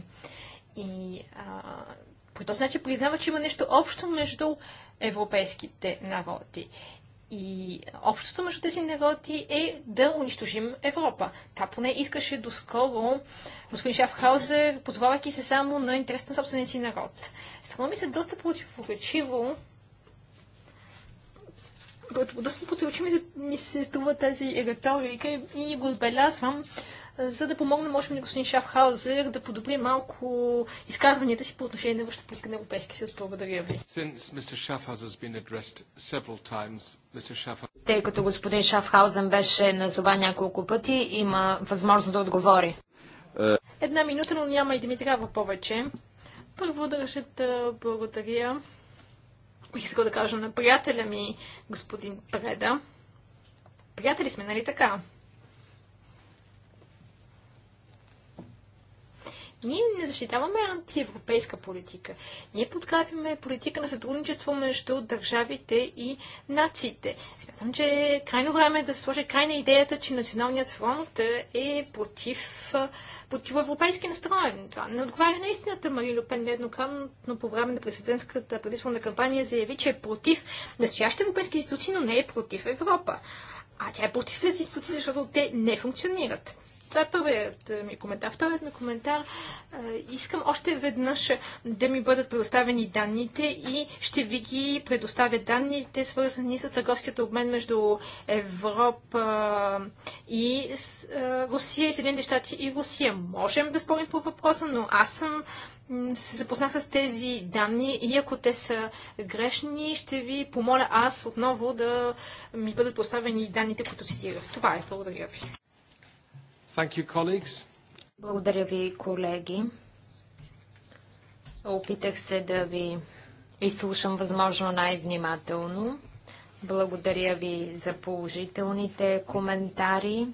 И а, по този начин признава, че има нещо общо между европейските народи. И общото между тези народи е да унищожим Европа. Та поне искаше доскоро господин Шафхаузер, позвавайки се само на интерес на собствения си народ. Струва ми се доста противоречиво доста противоречи ми, ми се струва тази риторика и, го отбелязвам, за да помогна, може би, господин Шафхаузер да подобри малко изказванията си по отношение на външната политика на Европейския съюз. Благодаря ви. Тъй като господин Шафхаузен беше назова няколко пъти, има възможност да отговори. Една минута, но няма и Димитрава повече. Първо държа да благодаря бих искал да кажа на приятеля ми, господин Преда. Приятели сме, нали така? Ние не защитаваме антиевропейска политика. Ние подкрепяме политика на сътрудничество между държавите и нациите. Смятам, че е крайно време да се сложи край на идеята, че Националният фронт е против, противоевропейски настроен. Това не отговаря на истината. Мари Люпен нееднократно по време на президентската предизборна кампания заяви, че е против настоящите европейски институции, но не е против Европа. А тя е против тези институции, защото те не функционират. Това е първият е, ми коментар. Вторият ми коментар. Е, искам още веднъж да ми бъдат предоставени данните и ще ви ги предоставя данните, свързани с търговският обмен между Европа е, и Русия и Съединените щати и Русия. Можем да спорим по въпроса, но аз съм се запознах с тези данни и ако те са грешни, ще ви помоля аз отново да ми бъдат поставени данните, които цитирах. Това е. Благодаря ви. You, Благодаря ви, колеги. Опитах се да ви изслушам възможно най-внимателно. Благодаря ви за положителните коментари.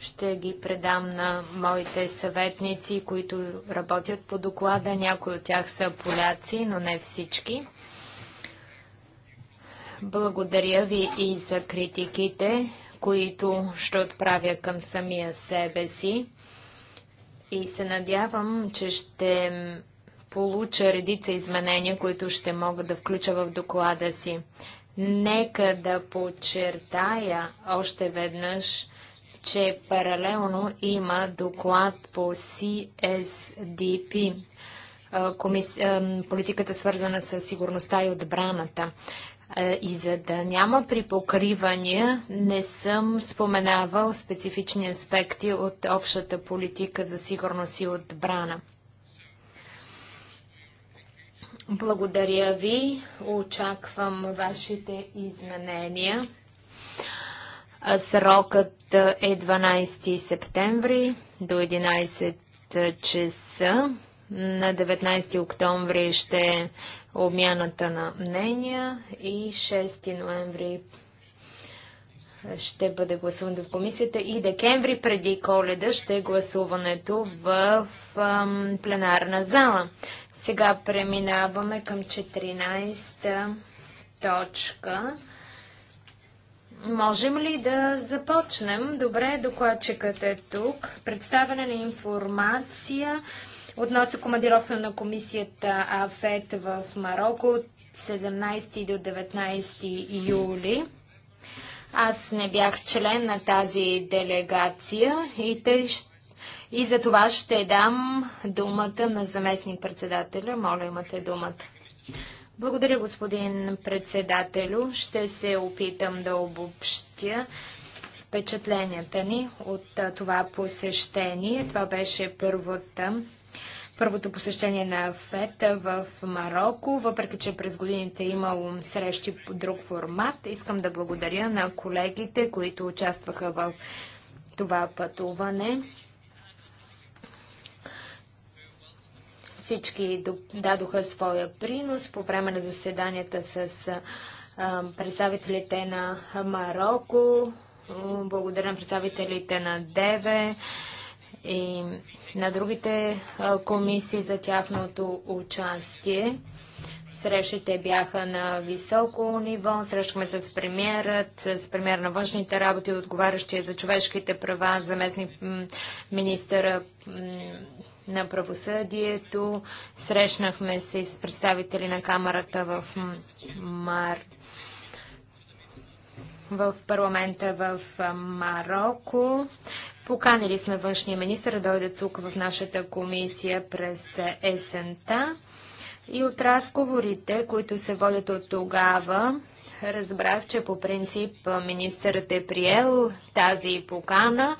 Ще ги предам на моите съветници, които работят по доклада. Някои от тях са поляци, но не всички. Благодаря ви и за критиките които ще отправя към самия себе си. И се надявам, че ще получа редица изменения, които ще мога да включа в доклада си. Нека да подчертая още веднъж, че паралелно има доклад по CSDP, политиката свързана с сигурността и отбраната. Е, и за да няма припокривания, не съм споменавал специфични аспекти от общата политика за сигурност и отбрана. Благодаря ви. Очаквам вашите изменения. Срокът е 12 септември до 11 часа. На 19 октомври ще е обмяната на мнения и 6 ноември ще бъде гласуването в комисията и декември преди коледа ще е гласуването в пленарна зала. Сега преминаваме към 14 точка. Можем ли да започнем? Добре, докладчикът е тук. Представяне на информация Относно командировка на комисията АФЕТ в Марокко от 17 до 19 юли. Аз не бях член на тази делегация и, тъй, и за това ще дам думата на заместник председателя. Моля, имате думата. Благодаря, господин председателю. Ще се опитам да обобщя впечатленията ни от това посещение. Това беше първата първото посещение на фета в Марокко, въпреки че през годините е имало срещи по друг формат. Искам да благодаря на колегите, които участваха в това пътуване. Всички дадоха своя принос по време на заседанията с представителите на Марокко. Благодаря на представителите на ДЕВЕ и на другите комисии за тяхното участие. Срещите бяха на високо ниво. Срещахме се с премиерът, с премиер на външните работи, отговарящия за човешките права, заместник министъра на правосъдието. Срещнахме се с представители на камерата в Мар в парламента в Марокко. Поканили сме външния министр да дойде тук в нашата комисия през есента. И от разговорите, които се водят от тогава, разбрах, че по принцип министърът е приел тази покана.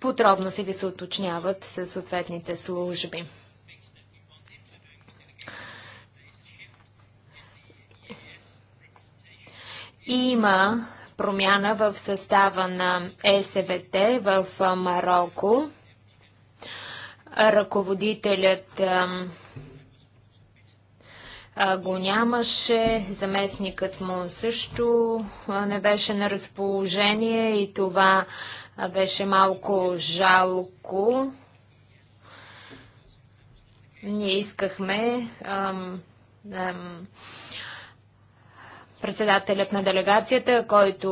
Подробностите се уточняват със съответните служби. Има промяна в състава на ЕСВТ в Марокко. Ръководителят го нямаше, заместникът му също не беше на разположение и това беше малко жалко. Ние искахме ам, ам, председателят на делегацията, който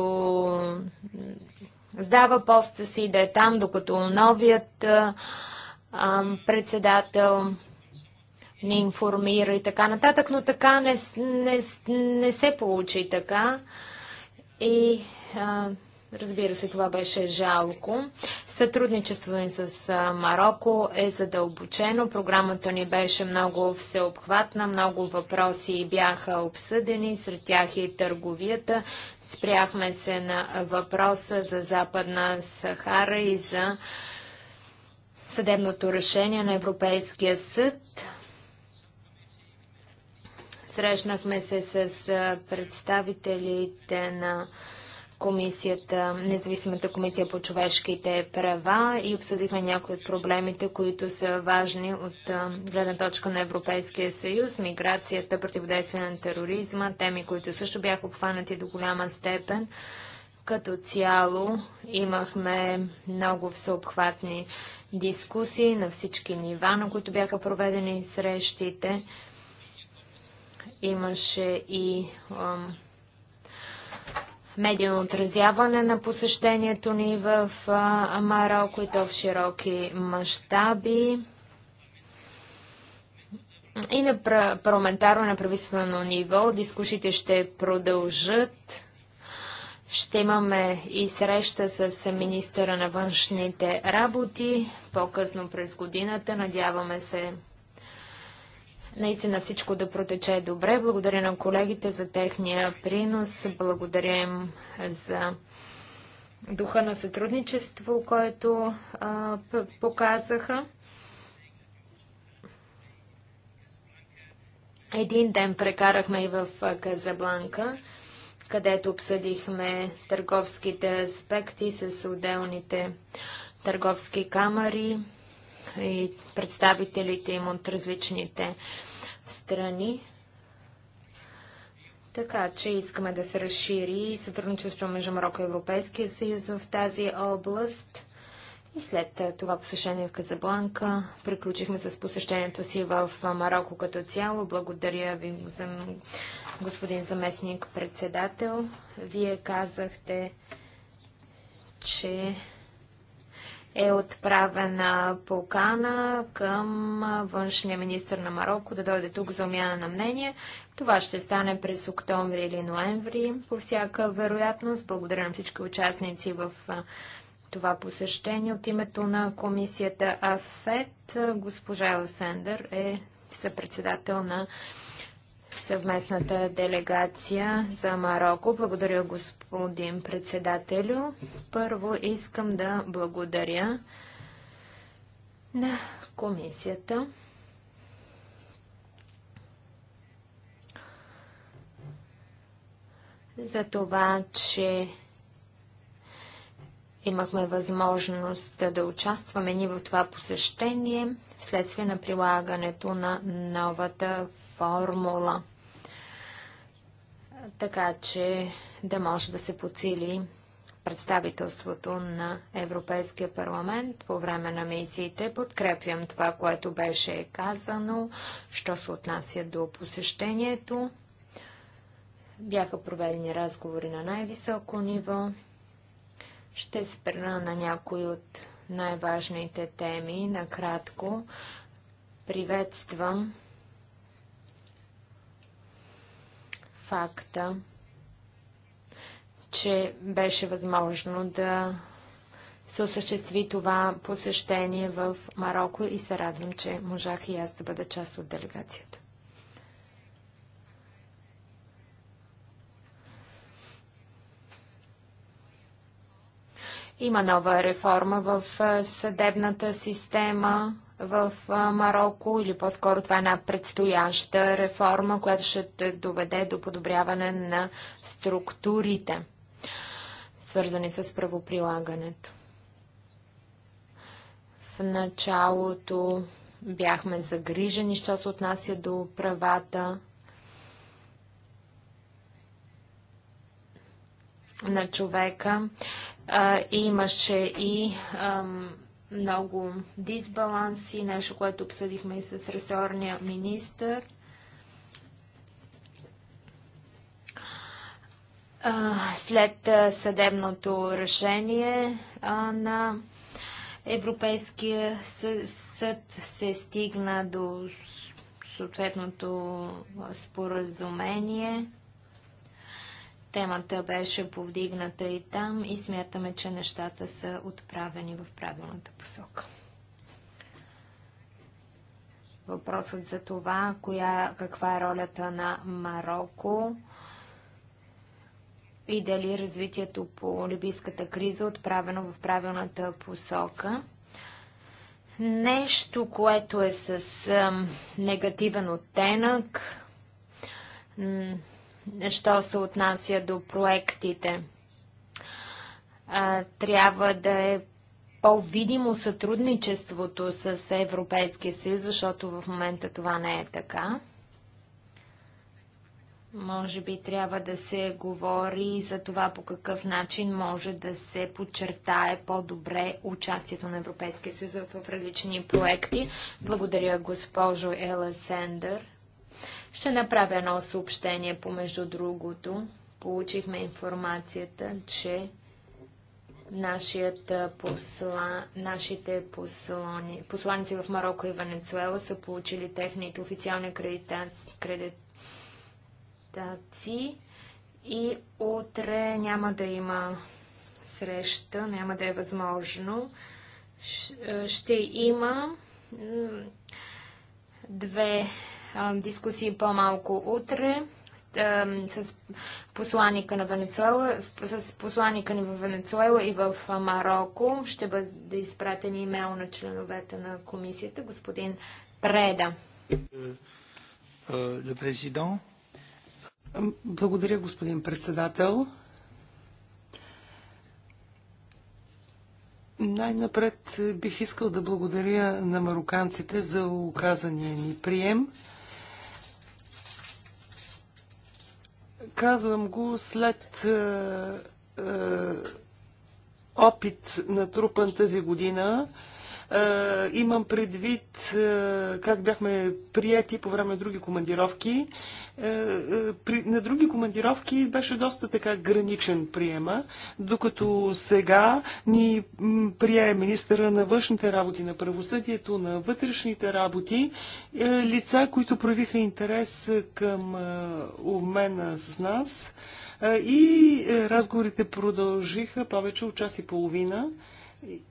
сдава поста си да е там, докато новият председател не информира и така нататък, но така не, не, не се получи така. И а, Разбира се, това беше жалко. Сътрудничеството ни с Марокко е задълбочено. Програмата ни беше много всеобхватна, много въпроси бяха обсъдени, сред тях и търговията. Спряхме се на въпроса за Западна Сахара и за съдебното решение на Европейския съд. Срещнахме се с представителите на комисията, независимата комисия по човешките права и обсъдихме някои от проблемите, които са важни от гледна точка на Европейския съюз, миграцията, противодействие на тероризма, теми, които също бяха обхванати до голяма степен. Като цяло имахме много всеобхватни дискусии на всички нива, на които бяха проведени срещите. Имаше и ам, медийно отразяване на посещението ни в Марокко и то в широки мащаби и на парламентарно на правителствено ниво. Дискусиите ще продължат. Ще имаме и среща с министъра на външните работи по-късно през годината. Надяваме се наистина всичко да протече добре. Благодаря на колегите за техния принос. Благодаря им за духа на сътрудничество, който а, показаха. Един ден прекарахме и в Казабланка, където обсъдихме търговските аспекти с отделните търговски камери и представителите им от различните страни. Така че искаме да се разшири сътрудничество между Марокко и Европейския съюз в тази област. И след това посещение в Казабланка приключихме с посещението си в Марокко като цяло. Благодаря ви, за господин заместник председател. Вие казахте, че е отправена покана към външния министр на Марокко да дойде тук за умяна на мнение. Това ще стане през октомври или ноември, по всяка вероятност. Благодаря на всички участници в това посещение. От името на комисията АФЕТ госпожа Елсендър е съпредседател на съвместната делегация за Марокко. Благодаря, господин председателю. Първо искам да благодаря на комисията. за това, че имахме възможност да участваме ни в това посещение, следствие на прилагането на новата формула, така че да може да се подсили представителството на Европейския парламент по време на мисиите. Подкрепям това, което беше казано, що се отнася до посещението. Бяха проведени разговори на най-високо ниво. Ще спра на някои от най-важните теми. Накратко приветствам факта, че беше възможно да се осъществи това посещение в Марокко и се радвам, че можах и аз да бъда част от делегацията. Има нова реформа в съдебната система в Марокко, или по-скоро това е една предстояща реформа, която ще доведе до подобряване на структурите, свързани с правоприлагането. В началото бяхме загрижени, що се отнася до правата на човека. имаше и много дисбаланси, нещо, което обсъдихме и с ресорния министр. След съдебното решение на Европейския съд се стигна до съответното споразумение. Темата беше повдигната и там и смятаме, че нещата са отправени в правилната посока. Въпросът за това, коя, каква е ролята на Марокко и дали развитието по либийската криза е отправено в правилната посока. Нещо, което е с негативен оттенък, що се отнася до проектите. Трябва да е по-видимо сътрудничеството с Европейския съюз, защото в момента това не е така. Може би трябва да се говори за това по какъв начин може да се подчертае по-добре участието на Европейския съюз в различни проекти. Благодаря, госпожо Ела Сендър. Ще направя едно съобщение, помежду другото. Получихме информацията, че нашият посла, нашите послони, посланици в Марокко и Венецуела са получили техните официални кредитации. Кредитаци, и утре няма да има среща, няма да е възможно. Ще има две дискусии по-малко утре с посланика на Венецуела, с, с посланика в Венецуела и в Марокко. Ще бъде изпратен имейл на членовете на комисията, господин Преда. Е, е, благодаря, господин председател. Най-напред бих искал да благодаря на мароканците за оказания ни прием. Казвам го след е, е, опит натрупан тази година. Е, имам предвид е, как бяхме прияти по време на други командировки. Е, на други командировки беше доста така граничен приема, докато сега ни прие министъра на външните работи, на правосъдието, на вътрешните работи, лица, които проявиха интерес към обмена с нас и разговорите продължиха повече от час и половина.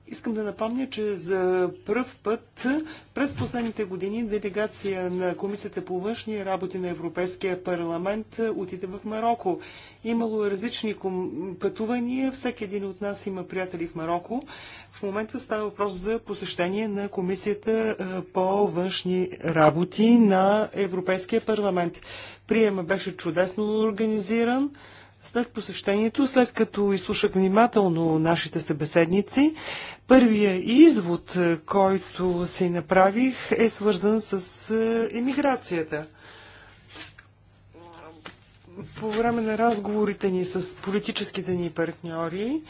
Искам да напомня, че за първ път през последните години делегация на Комисията по външни работи на Европейския парламент отиде в Марокко. Имало е различни пътувания, всеки един от нас има приятели в Марокко. В момента става въпрос за посещение на Комисията по външни работи на Европейския парламент. Приема беше чудесно организиран след посещението, след като изслушах внимателно нашите събеседници, първия извод, е, който си направих, е свързан с емиграцията. По време на разговорите ни с политическите ни партньори,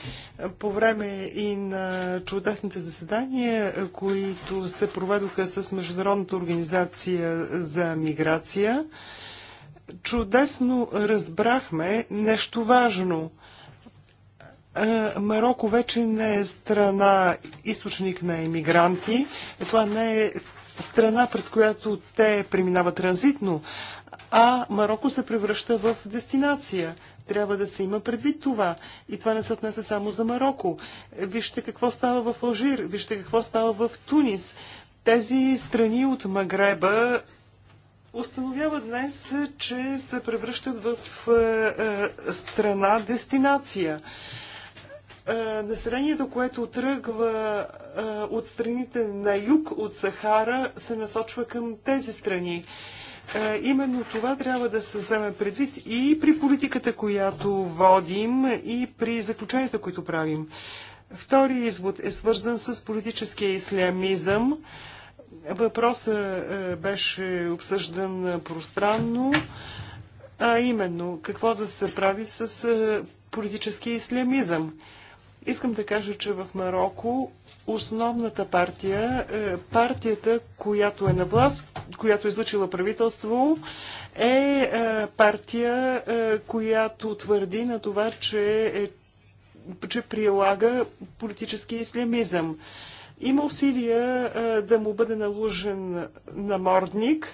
по време и на чудесните заседания, които се проведоха с Международната организация за миграция, чудесно разбрахме нещо важно. Е, Марокко вече не е страна източник на емигранти. Е, това не е страна, през която те преминават транзитно, а Марокко се превръща в дестинация. Трябва да се има предвид това. И това не се отнесе само за Марокко. Е, вижте какво става в Алжир, вижте какво става в Тунис. Тези страни от Магреба установява днес, че се превръщат в е, е, страна дестинация. Е, населението, което тръгва от страните на юг от Сахара, се насочва към тези страни. Именно това трябва да се вземе предвид и при политиката, която водим, и при заключенията, които правим. Втори извод е свързан с политическия ислямизъм. Въпросът е, беше обсъждан пространно, а именно какво да се прави с е, политически ислямизъм. Искам да кажа, че в Марокко основната партия, е, партията, която е на власт, която е излъчила правителство, е партия, която твърди на това, че, е, че прилага политически ислямизъм. Има усилия да му бъде наложен намордник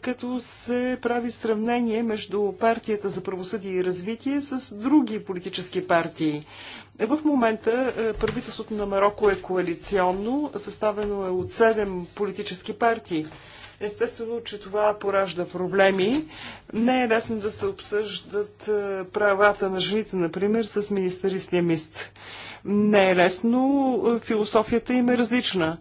като се прави сравнение между партията за правосъдие и развитие с други политически партии. В момента правителството на Марокко е коалиционно, съставено е от 7 политически партии. Естествено, че това поражда проблеми. Не е лесно да се обсъждат правата на жените, например, с министър-ислямист. Не е лесно, философията им е различна.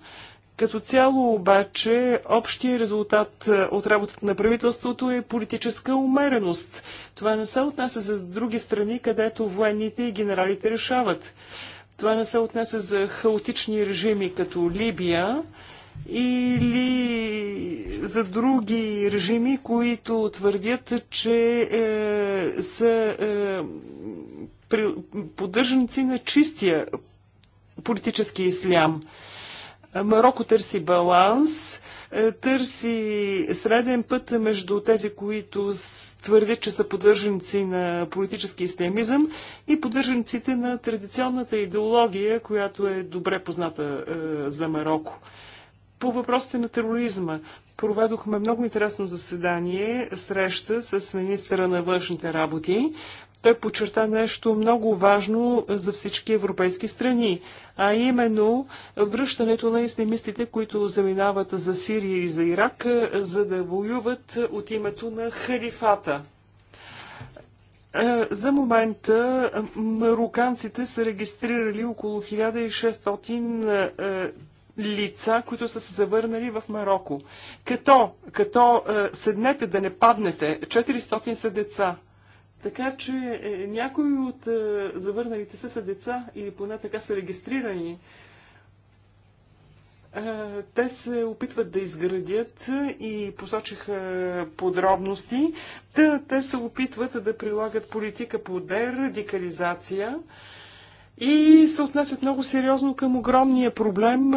Като цяло обаче общия резултат е, от работата на правителството е политическа умереност. Това не се отнася за други страни, където военните и генералите решават. Това не се отнася за хаотични режими като Либия или за други режими, които твърдят, че е, са е, поддържаници на чистия политически ислям. Марокко търси баланс, е, търси среден път между тези, които твърдят, че са поддържаници на политически ислямизъм и поддържаниците на традиционната идеология, която е добре позната е, за Марокко. По въпросите на тероризма проведохме много интересно заседание, среща с министра на външните работи. Той подчерта нещо много важно за всички европейски страни, а именно връщането на ислямистите, които заминават за Сирия и за Ирак, е, за да воюват от името на халифата. Е, за момента мароканците са регистрирали около 1600 е, лица, които са се завърнали в Марокко. Като, като седнете да не паднете, 400 са деца. Така че е, някои от е, завърналите се са деца или поне така са регистрирани. Е, те се опитват да изградят и посочиха подробности. Те, те се опитват да прилагат политика по дерадикализация и се отнасят много сериозно към огромния проблем,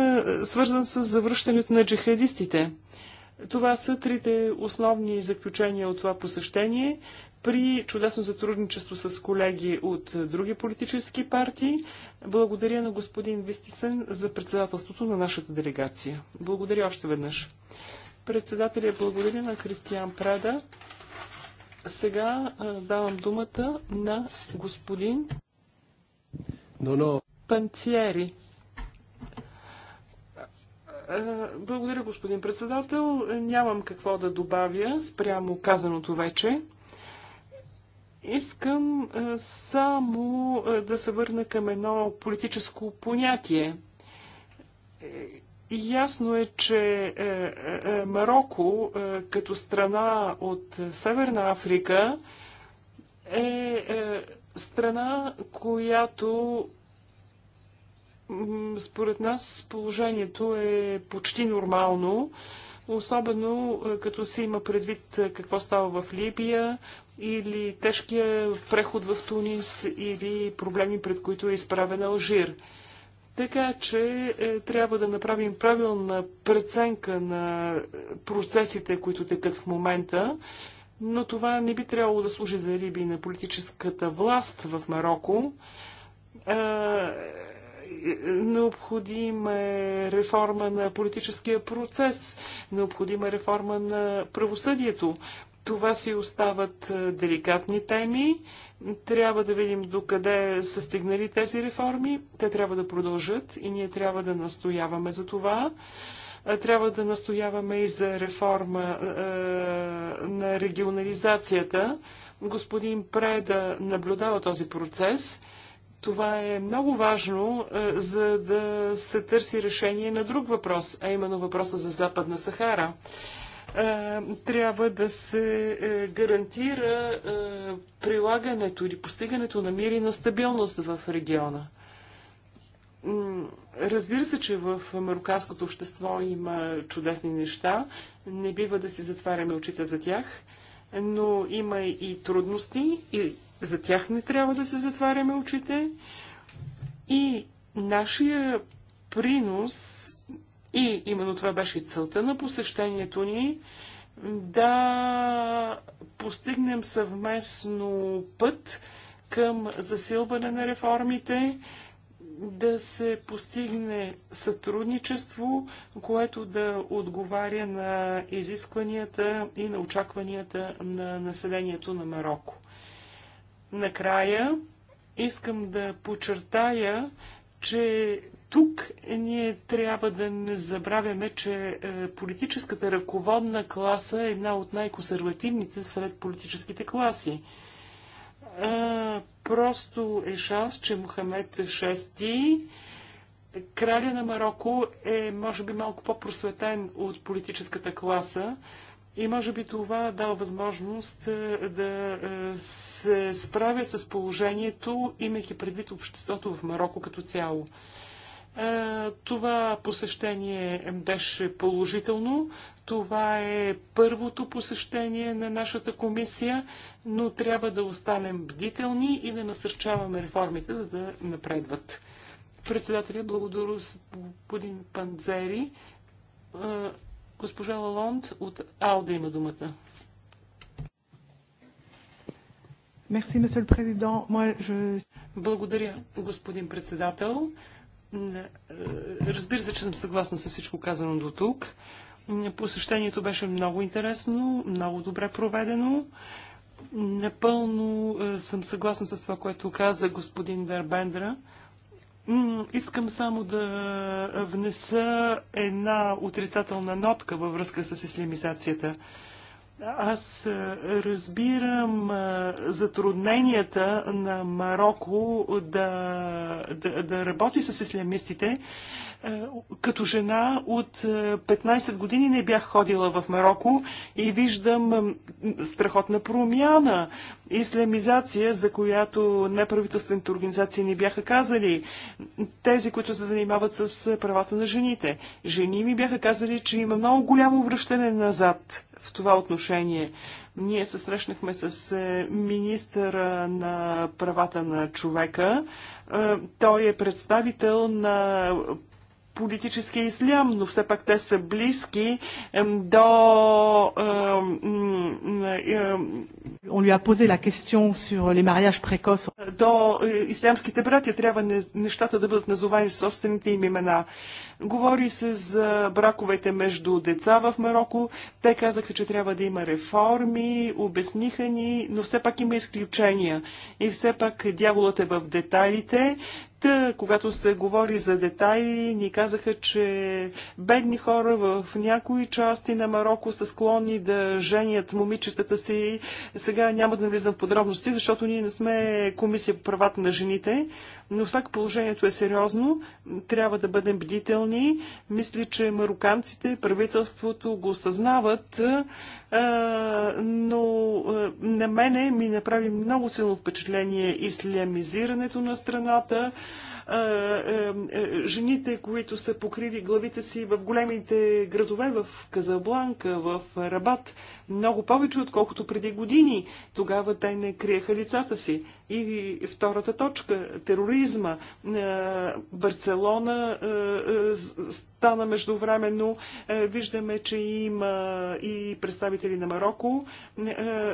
свързан с завръщането на джихадистите. Това са трите основни заключения от това посещение при чудесно сътрудничество с колеги от други политически партии. Благодаря на господин Вистисен за председателството на нашата делегация. Благодаря още веднъж. Председателя благодаря на Кристиан Прада. Сега давам думата на господин но, но... Панциери. Благодаря, господин председател. Нямам какво да добавя спрямо казаното вече. Искам само да се върна към едно политическо понятие. Е, ясно е, че е, е, Марокко като страна от Северна Африка е страна, която според нас положението е почти нормално, особено като се има предвид какво става в Либия, или тежкия преход в Тунис, или проблеми, пред които е изправен Алжир. Така че е, трябва да направим правилна преценка на процесите, които текат в момента, но това не би трябвало да служи за риби на политическата власт в Марокко. Е, необходима е реформа на политическия процес, необходима е реформа на правосъдието, това си остават е, деликатни теми. Трябва да видим докъде са стигнали тези реформи. Те трябва да продължат и ние трябва да настояваме за това. Е, трябва да настояваме и за реформа е, е, на регионализацията. Господин Преда наблюдава този процес. Това е много важно, е, за да се търси решение на друг въпрос, а именно въпроса за Западна Сахара. Е, трябва да се е, гарантира е, прилагането или постигането на мир и на стабилност в региона. Разбира се, че в марокканското общество има чудесни неща. Не бива да си затваряме очите за тях, но има и трудности и за тях не трябва да се затваряме очите. И нашия принос и именно това беше целта на посещението ни да постигнем съвместно път към засилване на реформите, да се постигне сътрудничество, което да отговаря на изискванията и на очакванията на населението на Марокко. Накрая искам да подчертая, че тук ние трябва да не забравяме, че е, политическата ръководна класа е една от най-консервативните сред политическите класи. Е, просто е шанс, че Мохамед VI, краля на Марокко, е може би малко по-просветен от политическата класа, и може би това дава възможност е, да се справя с положението, имайки предвид обществото в Марокко като цяло. Е, това посещение беше положително. Това е първото посещение на нашата комисия, но трябва да останем бдителни и да насърчаваме реформите, за да напредват. Председателя, благодаря господин Панзери. Е, госпожа Лалонд от АЛДА има думата. Благодаря, господин председател. Е, разбира се, че съм съгласна с всичко казано до тук. Посещението беше много интересно, много добре проведено. Напълно е, съм съгласна с това, което каза господин Дербендра. Искам само да внеса една отрицателна нотка във връзка с ислимизацията. Аз е, разбирам е, затрудненията на Марокко да, да, да работи с ислямистите, е, като жена от 15 е, години не бях ходила в Марокко и виждам страхотна промяна, ислямизация, за която неправителствените организации не бяха казали. Тези, които се занимават с правата на жените. Жени ми бяха казали, че има много голямо връщане назад в това отношение. Ние се срещнахме с е, министъра на правата на човека. Той е представител на политическия ислям, но все пак те са близки до... On lui a posé la question sur les mariages précoces. До е, ислямските братя трябва нещата да бъдат назовани собствените им имена. Говори се за браковете между деца в Марокко. Те казаха, че трябва да има реформи, обясниха ни, но все пак има изключения. И все пак дяволът е в детайлите. Та, когато се говори за детайли, ни казаха, че бедни хора в някои части на Марокко са склонни да женят момичетата си. Сега няма да навлизам в подробности, защото ние не сме комисия по правата на жените, но всяко положението е сериозно. Трябва да бъдем бдителни положителни. Мисля, че мароканците, правителството го съзнават, но на мене ми направи много силно впечатление ислямизирането на страната жените, които са покрили главите си в големите градове, в Казабланка, в Рабат, много повече, отколкото преди години. Тогава те не криеха лицата си. И втората точка – тероризма. Е, Барселона е, е, стана междувременно. Виждаме, че има и представители на Марокко.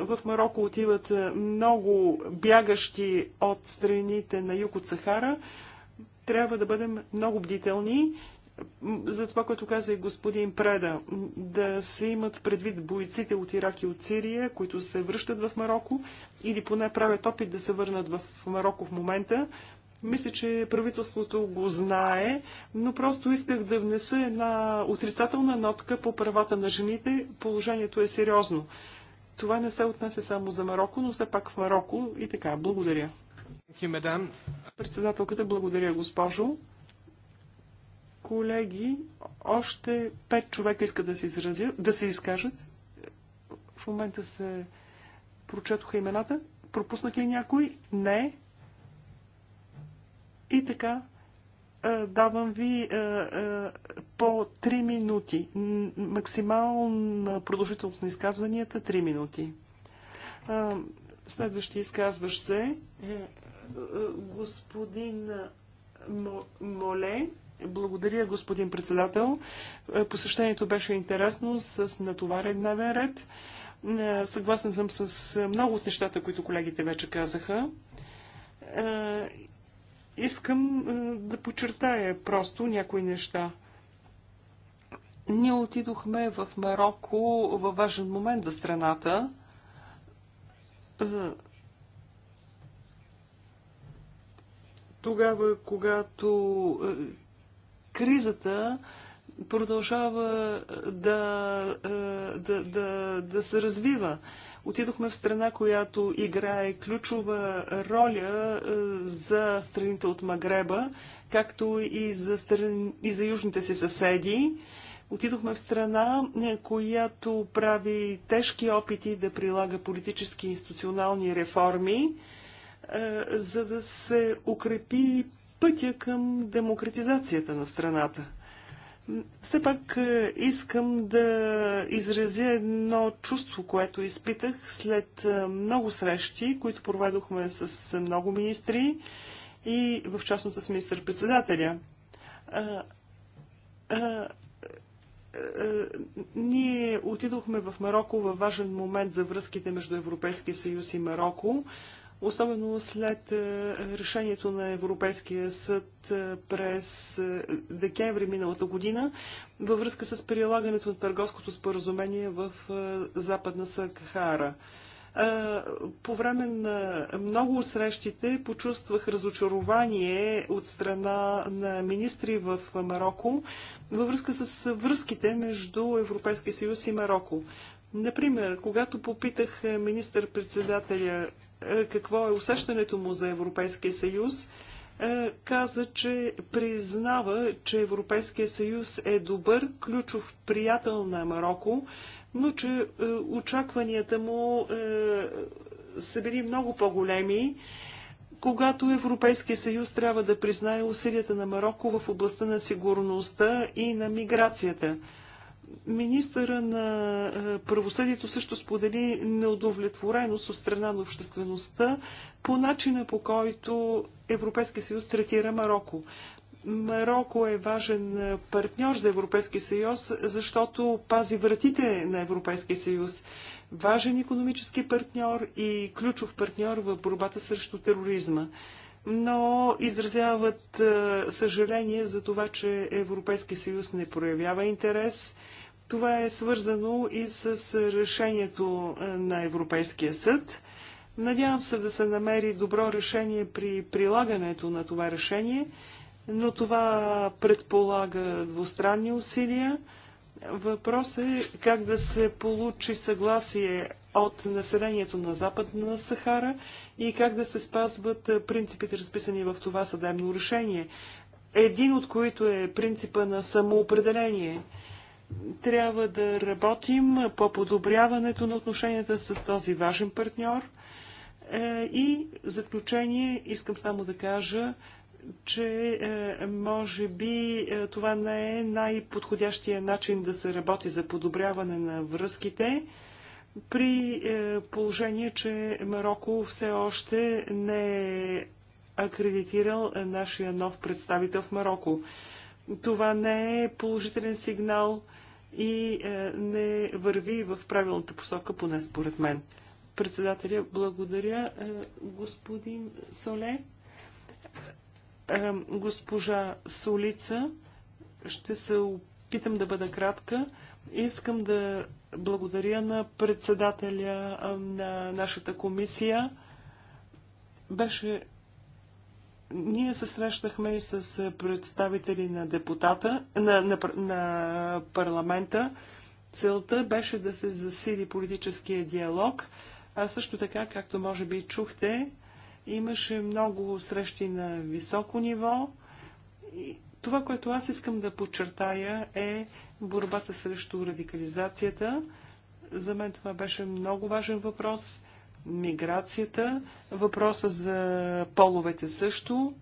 В Марокко отиват много бягащи от страните на юг от Сахара. Трябва да бъдем много бдителни за това, което каза и господин Преда, да се имат предвид бойците от Ирак и от Сирия, които се връщат в Марокко или поне правят опит да се върнат в Марокко в момента. Мисля, че правителството го знае, но просто исках да внеса една отрицателна нотка по правата на жените. Положението е сериозно. Това не се отнесе само за Марокко, но все пак в Марокко и така. Благодаря. Председателката, благодаря, госпожо. Колеги, още пет човека искат да се, изразят, да се изкажат. В момента се прочетоха имената. Пропуснах ли някой? Не. И така, давам ви по 3 минути. Максимална продължителност на изказванията 3 минути. Следващи изказваш се е, е, господин Моле. Благодаря, господин председател. Е, посещението беше интересно с натоварен дневен ред. Е, съгласен съм с много от нещата, които колегите вече казаха. Е, искам да подчертая просто някои неща. Ние отидохме в Марокко във важен момент за страната. Тогава, когато кризата продължава е, да, е, да, да, да се развива. Отидохме в страна, която играе ключова роля е, за страните от Магреба, както и за, стран... и за южните си съседи. Отидохме в страна, която прави тежки опити да прилага политически и институционални реформи, за да се укрепи пътя към демократизацията на страната. Все пак е, искам да изразя едно чувство, което изпитах след е, много срещи, които проведохме с много министри и в частност с министър-председателя. Е, ние отидохме в Марокко във важен момент за връзките между Европейския съюз и Марокко особено след е, решението на Европейския съд е, през е, декември миналата година във връзка с прилагането на търговското споразумение в Западна Сахара. По време на много от срещите почувствах разочарование от страна на министри в Марокко във връзка с връзките между Европейския съюз и Марокко. Например, когато попитах министър-председателя е, какво е усещането му за Европейския съюз, е, каза, че признава, че Европейския съюз е добър, ключов приятел на Марокко, но че е, очакванията му са били много по-големи, когато Европейския съюз трябва да признае усилията на Марокко в областта на сигурността и на миграцията – Министъра на е, правосъдието също сподели неудовлетвореност от страна на обществеността по начина по който Европейския съюз третира Марокко. Марокко е важен е, партньор за Европейския съюз, защото пази вратите на Европейския съюз. Важен економически партньор и ключов партньор в борбата срещу тероризма но изразяват е, съжаление за това, че Европейския съюз не проявява интерес това е свързано и с решението е, на Европейския съд. Надявам се да се намери добро решение при прилагането на това решение, но това предполага двустранни усилия. Въпрос е как да се получи съгласие от населението на Западна Сахара и как да се спазват е, принципите, разписани в това съдебно решение. Един от които е принципа на самоопределение – трябва да работим по подобряването на отношенията с този важен партньор. Е, и в заключение искам само да кажа, че е, може би е, това не е най-подходящия начин да се работи за подобряване на връзките, при положение, че Марокко все още не е акредитирал нашия нов представител в Марокко. Това не е положителен сигнал – и е, не върви в правилната посока, поне според мен. Председателя, благодаря. Е, господин Соле, е, госпожа Солица, ще се опитам да бъда кратка. Искам да благодаря на председателя на нашата комисия. Беше ние се срещнахме и с е, представители на депутата, на, на, на парламента. Целта беше да се засили политическия диалог, а също така, както може би чухте, имаше много срещи на високо ниво. И това, което аз искам да подчертая е борбата срещу радикализацията. За мен това беше много важен въпрос – миграцията, въпроса за половете също.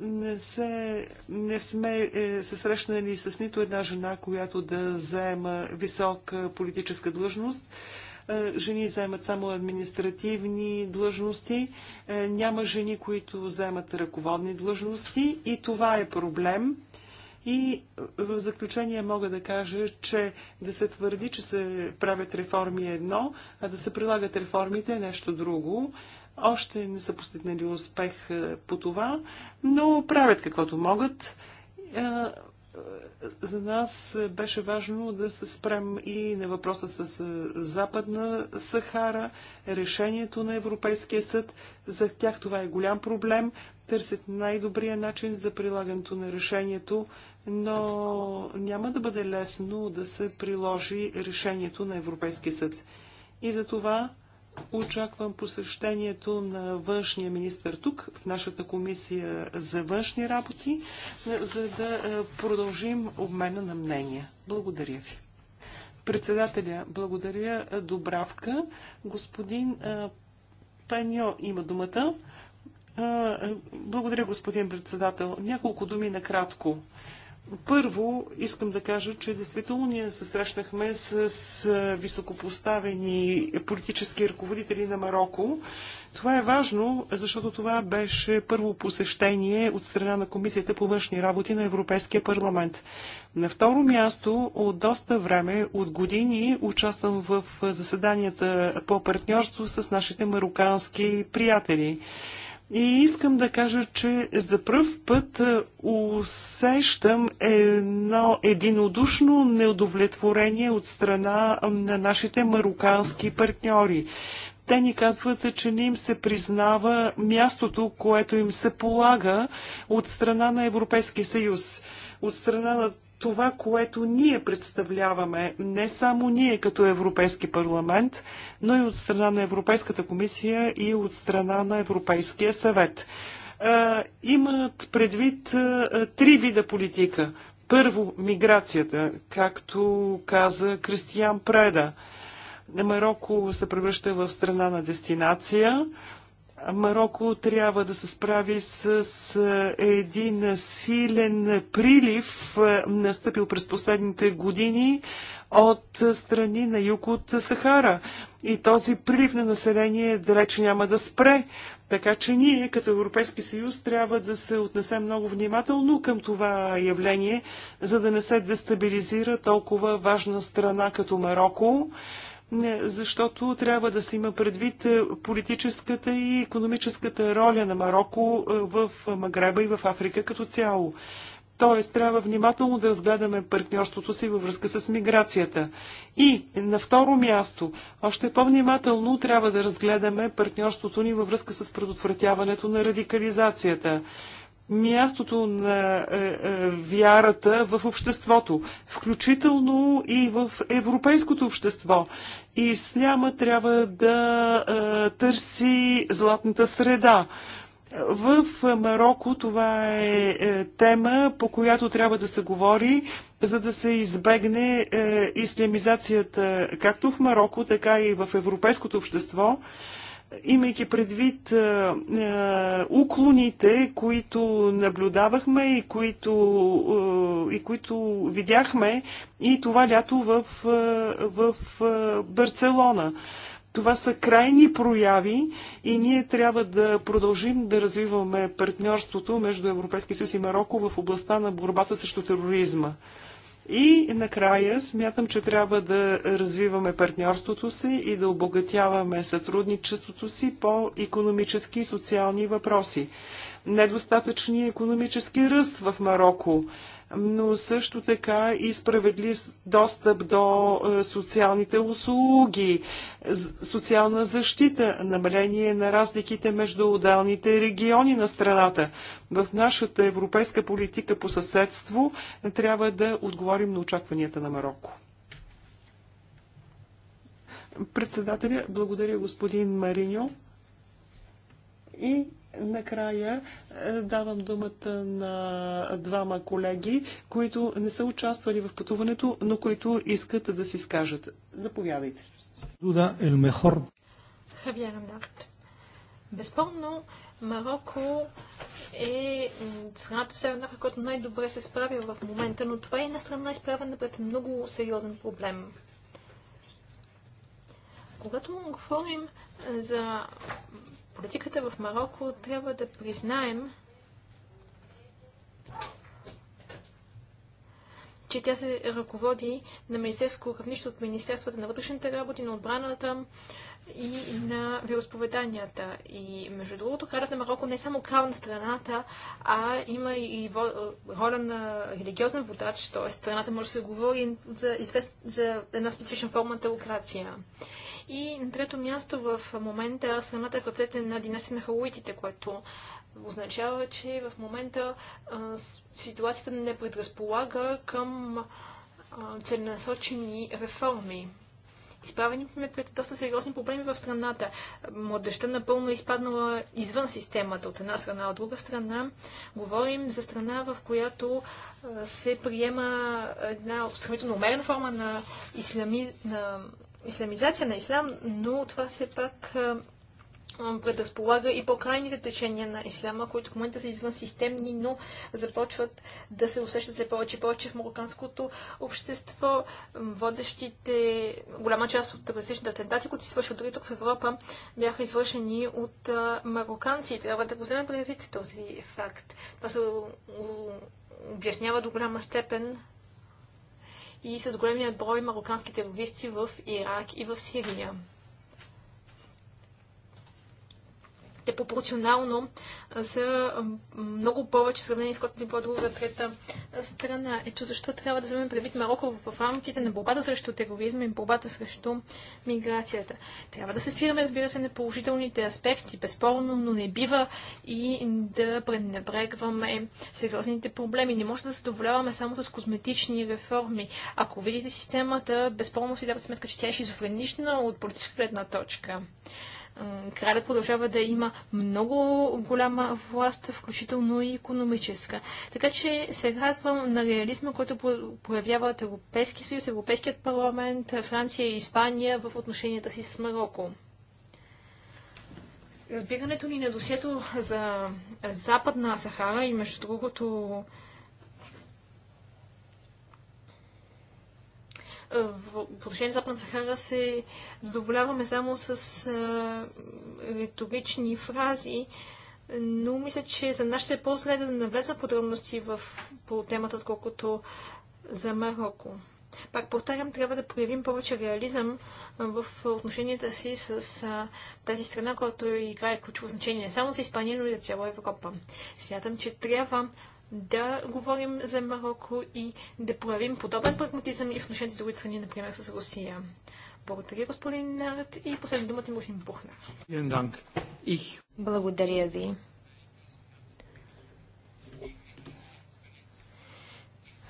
Не, се, не сме е, се срещнали с нито една жена, която да заема висока политическа длъжност жени заемат само административни длъжности, е, няма жени, които заемат ръководни длъжности и това е проблем. И в заключение мога да кажа, че да се твърди, че се правят реформи е едно, а да се прилагат реформите е нещо друго. Още не са постигнали успех е, по това, но правят каквото могат. Е, за нас беше важно да се спрем и на въпроса с е, Западна Сахара, решението на Европейския съд. За тях това е голям проблем. Търсят най-добрия начин за прилагането на решението но няма да бъде лесно да се приложи решението на Европейския съд. И за това очаквам посещението на външния министр тук, в нашата комисия за външни работи, за да е, продължим обмена на мнения. Благодаря ви. Председателя, благодаря. Е, Добравка. Господин е, Паньо има думата. Благодаря, господин председател. Няколко думи накратко. кратко. Първо, искам да кажа, че действително ние се срещнахме с високопоставени политически ръководители на Марокко. Това е важно, защото това беше първо посещение от страна на Комисията по външни работи на Европейския парламент. На второ място, от доста време, от години, участвам в заседанията по партньорство с нашите марокански приятели. И искам да кажа, че за пръв път е, усещам едно единодушно неудовлетворение от страна на нашите марокански партньори. Те ни казват, че не им се признава мястото, което им се полага от страна на Европейския съюз. От страна на това, което ние представляваме, не само ние като Европейски парламент, но и от страна на Европейската комисия и от страна на Европейския съвет. Имат предвид три вида политика. Първо, миграцията, както каза Кристиян Преда. Марокко се превръща в страна на дестинация. Марокко трябва да се справи с един силен прилив, настъпил през последните години от страни на юг от Сахара. И този прилив на население далеч няма да спре. Така че ние, като Европейски съюз, трябва да се отнесем много внимателно към това явление, за да не се дестабилизира толкова важна страна като Марокко защото трябва да се има предвид е, политическата и економическата роля на Марокко е, в Магреба и в Африка като цяло. Тоест, трябва внимателно да разгледаме партньорството си във връзка с миграцията. И на второ място, още по-внимателно трябва да разгледаме партньорството ни във връзка с предотвратяването на радикализацията мястото на е, е, вярата в обществото, включително и в европейското общество и сляма трябва да а, е, търси златната среда. В Марокко това е, е тема, по която трябва да се говори, за да се избегне е, ислямизацията както в Марокко, така и в европейското общество имайки предвид е, уклоните, които наблюдавахме и които, е, и които видяхме и това лято в, в Барселона. Това са крайни прояви и ние трябва да продължим да развиваме партньорството между Европейския съюз и Марокко в областта на борбата срещу тероризма. И накрая смятам, че трябва да развиваме партньорството си и да обогатяваме сътрудничеството си по економически и социални въпроси Недостатъчният економически ръст в Марокко, но също така и справедлив достъп до е, социалните услуги, социална защита, намаление на разликите между отделните региони на страната. В нашата европейска политика по съседство трябва да отговорим на очакванията на Марокко. Председателя, благодаря господин Мариньо. И Накрая е, давам думата на двама колеги, които не са участвали в пътуването, но които искат да си скажат. Заповядайте. Дуда Елмехор. Хавиер Андарт. Безспорно, Марокко е страната в Северна Африка, която най-добре се справя в момента, но това е една страна изправена пред много сериозен проблем. Когато говорим за политиката в Марокко трябва да признаем, че тя се ръководи на министерско равнище от Министерствата на вътрешните работи, на отбраната и на вероисповеданията. И между другото, кралят на Марокко не е само крал на страната, а има и роля на религиозен водач, т.е. страната може да се говори за, извест... за една специфична форма теокрация. И на трето място в момента страната е в ръцете на династия на халуитите, което означава, че в момента а, ситуацията не предразполага към целенасочени реформи. Изправени сме пред доста сериозни проблеми в страната. Младеща напълно е изпаднала извън системата от една страна, от друга страна. Говорим за страна, в която се приема една сравнително умерена форма на, ислами... на исламизация на ислам, но това все пак предразполага и по-крайните течения на исляма, които в момента са извън системни, но започват да се усещат все повече и повече в марокканското общество. Водещите, голяма част от терористичните атентати, които се свършват дори тук в Европа, бяха извършени от марокканци. Трябва да го вземем предвид този факт. Това се обяснява до голяма степен и с големия брой марокански терористи в Ирак и в Сирия. е пропорционално за много повече сравнение с което ни било друга трета страна. Ето защо трябва да вземем предвид Марокко в рамките на борбата срещу тероризма и борбата срещу миграцията. Трябва да се спираме, разбира се, на положителните аспекти, безспорно, но не бива и да пренебрегваме сериозните проблеми. Не може да се задоволяваме само с козметични реформи. Ако видите системата, безспорно си дават сметка, че тя е шизофренична от политическа гледна точка. Е, кралят продължава да има много голяма власт, включително и економическа. Така че се радвам на реализма, който проявяват Европейски съюз, Европейският парламент, Франция и Испания в отношенията си с Марокко. Разбирането ни на досието за Западна Сахара и между другото в отношение Западна Сахара се задоволяваме само с а, риторични фрази, но мисля, че за нас ще е по-зле да навлеза подробности в, по темата, отколкото за Марокко. Пак повтарям, трябва да проявим повече реализъм в отношенията си с а, тази страна, която играе ключово значение не само за Испания, но и за цяла Европа. Смятам, че трябва да говорим за Марокко и да проявим подобен прагматизъм и в отношенията с други страни, например с Русия. Благодаря, господин Нарт. И последно думата му си Бухнар. Благодаря ви.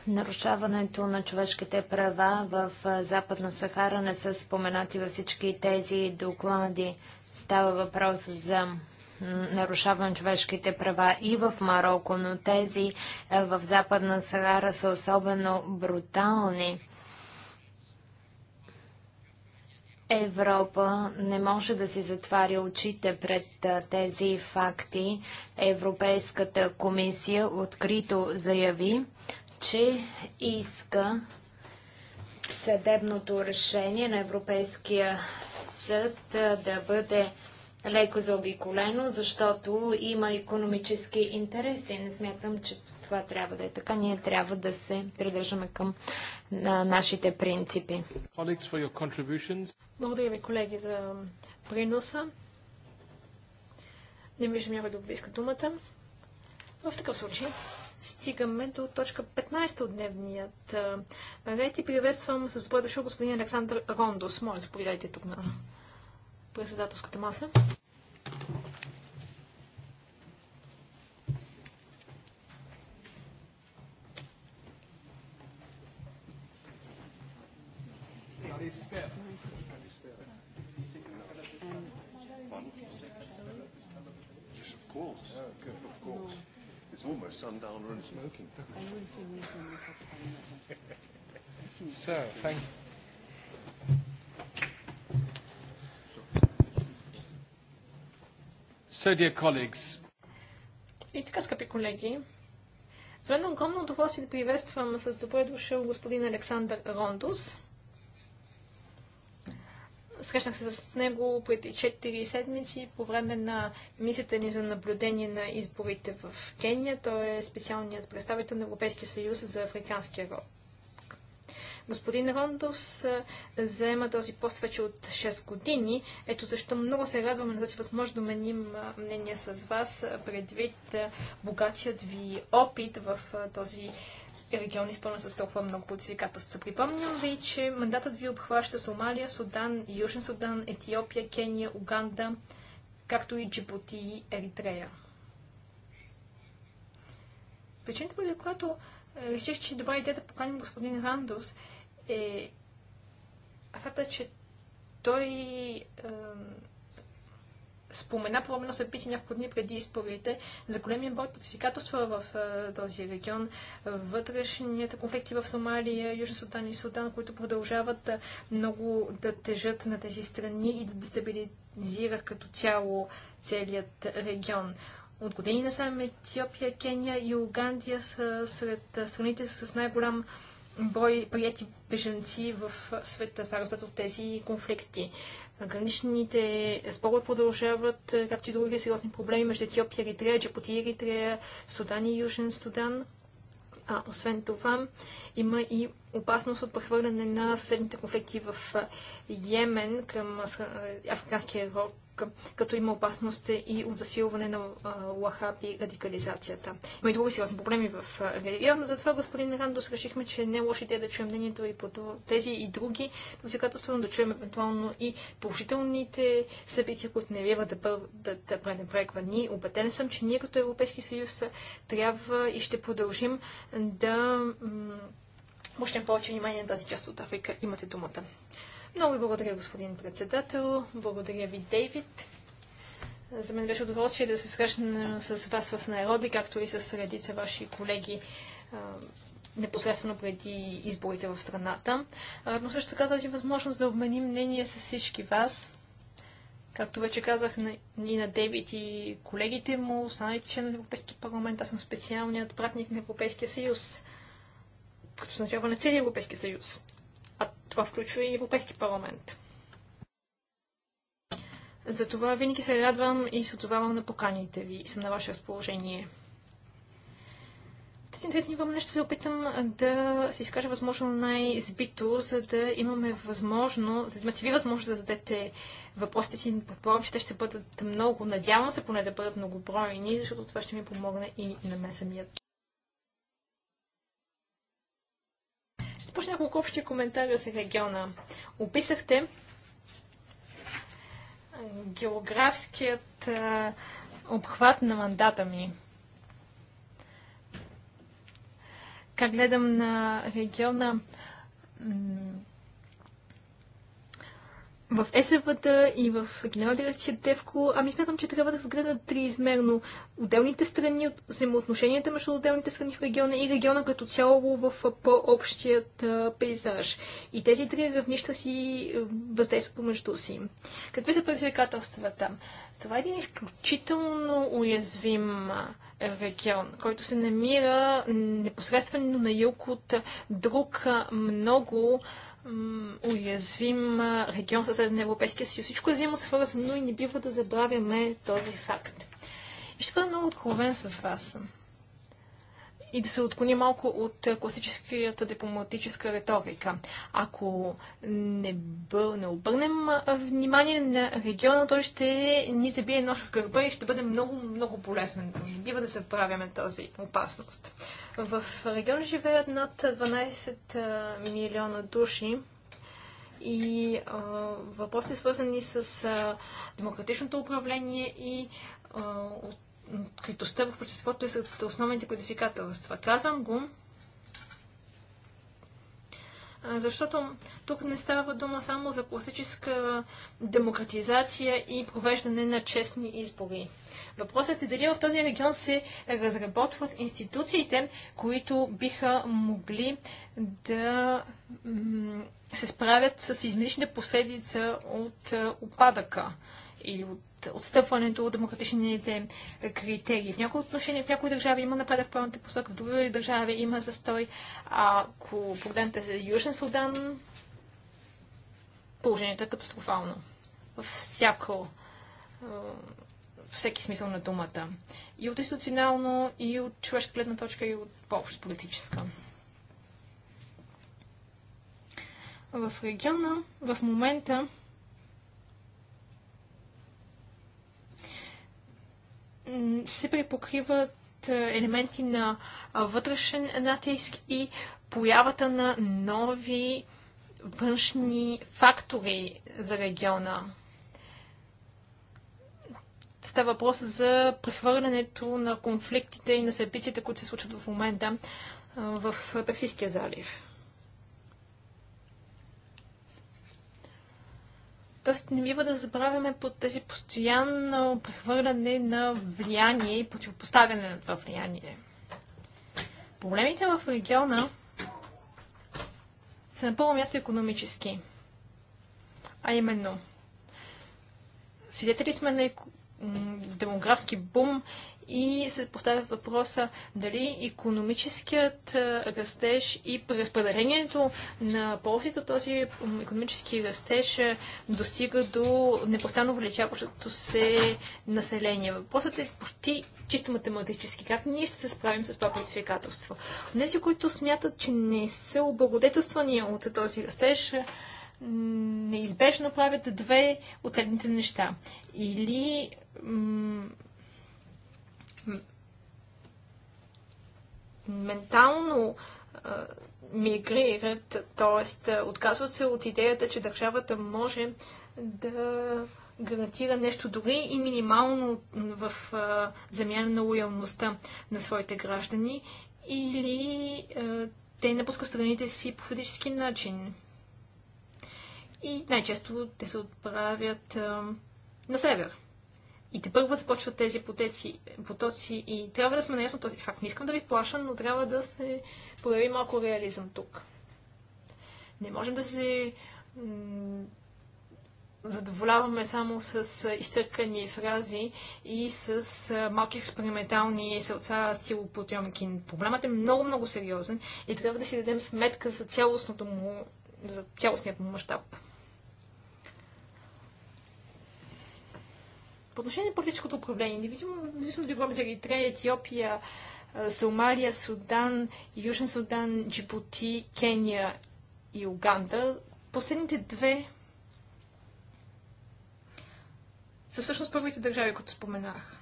Нарушаването на човешките права в Западна Сахара не са споменати във всички тези доклади. Става въпрос за нарушаване на човешките права и в Марокко, но тези е, в Западна Сахара са особено брутални. Европа не може да си затваря очите пред е, тези факти. Европейската комисия открито заяви, че иска съдебното решение на Европейския съд е, да бъде леко заобиколено, защото има економически интереси. Не смятам, че това трябва да е така. Ние трябва да се придържаме към на нашите принципи. Благодаря ви, колеги, за приноса. Не виждам някой да близка думата. В такъв случай стигаме до точка 15 от дневният ред и приветствам с добре дошъл господин Александър Рондос. Моля, заповядайте тук на председателската маса. sundowner and smoking. So, thank you. So, И така, скъпи колеги, за мен огромно удоволствие да приветствам с добре дошъл господин Александър Рондус. Срещнах се с него преди 4 седмици по време на мисията ни за наблюдение на изборите в Кения. Той е специалният представител на Европейския съюз за Африканския род. Господин Рондос заема този пост вече от 6 години. Ето защо много се радваме на тази възможност да меним мнение с вас, предвид богатият ви опит в този регион, изпълнен с толкова много предизвикателства. Припомням ви, че мандатът ви обхваща Сомалия, Судан, Южен Судан, Етиопия, Кения, Уганда, както и Джибути и Еритрея. Причината, поради която реших, че добра идея е да поканим господин Рандос, е факта, че той е, спомена подобно събитие няколко дни преди изборите за големия брой предизвикателства в е, този регион. Вътрешните конфликти в Сомалия, Южна Судан и Судан, които продължават много да тежат на тези страни и да дестабилизират като цяло целият регион. От години насам Етиопия, Кения и Угандия са сред страните с най-голям брой прияти беженци в света, това е резултат от тези конфликти. Граничните спорове продължават, както и други сериозни проблеми между Етиопия, Еритрея, Джапути, Еритрея, Судан и Южен Судан. А, освен това, има и опасност от прехвърляне на съседните конфликти в Йемен към Африканския рог като има опасност и от засилване на лахаб и радикализацията. Има и други сериозни проблеми в региона. Затова, господин Рандос, решихме, че е не е лоша идея да чуем мнението и по тези и други за но е да чуем евентуално и положителните събития, които не бива да бъдат пренебрегвани. Обеден съм, че ние като Европейски съюз трябва и ще продължим да Мощен повече внимание на тази част от Африка. Имате думата. Много ви благодаря, господин председател. Благодаря ви, Дейвид. За мен беше удоволствие да се срещна с вас в Найроби, както и с редица ваши колеги непосредствено преди изборите в страната. но също така тази възможност да обменим мнение с всички вас. Както вече казах и на Девит и колегите му, останалите член на Европейския парламент, аз съм специалният пратник на Европейския съюз, като означава на целия Европейски съюз а това включва и Европейски парламент. Затова винаги се радвам и се отзовавам на поканите ви и съм на ваше разположение. Тези интересни въпроси ще се опитам да се изкажа възможно най-збито, за да имаме възможно, за да имате ви възможност да зададете въпросите си. Предполагам, че те ще бъдат много, надявам се поне да бъдат многобройни, защото това ще ми помогне и на мен самият. Ще започна няколко общи коментари за региона. Описахте географският а, обхват на мандата ми. Как гледам на региона в есв и в Генерална дирекция ДЕВКО, ами смятам, че трябва да разгледат триизмерно отделните страни, взаимоотношенията между отделните страни в региона и региона като цяло в по-общият пейзаж. И тези три равнища си въздействат помежду си. Какви са предизвикателствата? Това е един изключително уязвим регион, който се намира непосредствено на юг от друг много уязвим регион съседен на Европейския съюз. Всичко е взаимно свързано и не бива да забравяме този факт. И ще бъда много откровен с вас и да се отклони малко от класическата дипломатическа риторика. Ако не, бъл, не обърнем внимание на региона, той ще ни забие нож в гърба и ще бъде много, много болезнен. Не бива да се правяме тази опасност. В регион живеят над 12 милиона души и въпросите свързани с демократичното управление и от откритостта в обществото е за основните кодификателства. Казвам го, защото тук не става дума само за класическа демократизация и провеждане на честни избори. Въпросът е дали в този регион се разработват институциите, които биха могли да се справят с излишните последица от опадъка или от отстъпването от демократичните критерии. В някои отношения, в някои държави има напредък в правилната посока, в други държави има застой. ако погледнете Южен Судан, положението е катастрофално. Във всяко всеки смисъл на думата. И от институционално, и от човешка гледна точка, и от по общо политическа. В региона в момента се припокриват елементи на вътрешен натиск и появата на нови външни фактори за региона. Става въпрос за прехвърлянето на конфликтите и на събитията, които се случват в момента в Персийския залив. Тоест не бива да забравяме под тези постоянно прехвърляне на влияние и противопоставяне на това влияние. Проблемите в региона са на първо място економически. А именно, свидетели сме на демографски бум и се поставя въпроса дали економическият растеж и преразпределението на ползите от този економически растеж достига до непостоянно увеличаващото се население. Въпросът е почти чисто математически. Как ние ще се справим с това предизвикателство? Нези, които смятат, че не са облагодетелствани от този растеж, неизбежно правят две от неща. Или ментално а, мигрират, т.е. отказват се от идеята, че държавата може да гарантира нещо дори и минимално в замяна на лоялността на своите граждани или а, те напускат страните си по физически начин. И най-често те се отправят а, на север. И те първо започват тези потеци, потоци и трябва да сме наясно този факт. Не искам да ви плаша, но трябва да се прояви малко реализъм тук. Не можем да се задоволяваме само с изтъркани фрази и с малки експериментални селца стил Потемкин. Проблемът е много-много сериозен и трябва да си дадем сметка за цялостното му, за цялостният му мащаб. По отношение на политическото управление, независимо да говорим за Еритрея, Етиопия, Сомалия, Судан, Южен Судан, Джибути, Кения и Уганда, последните две са всъщност първите държави, които споменах.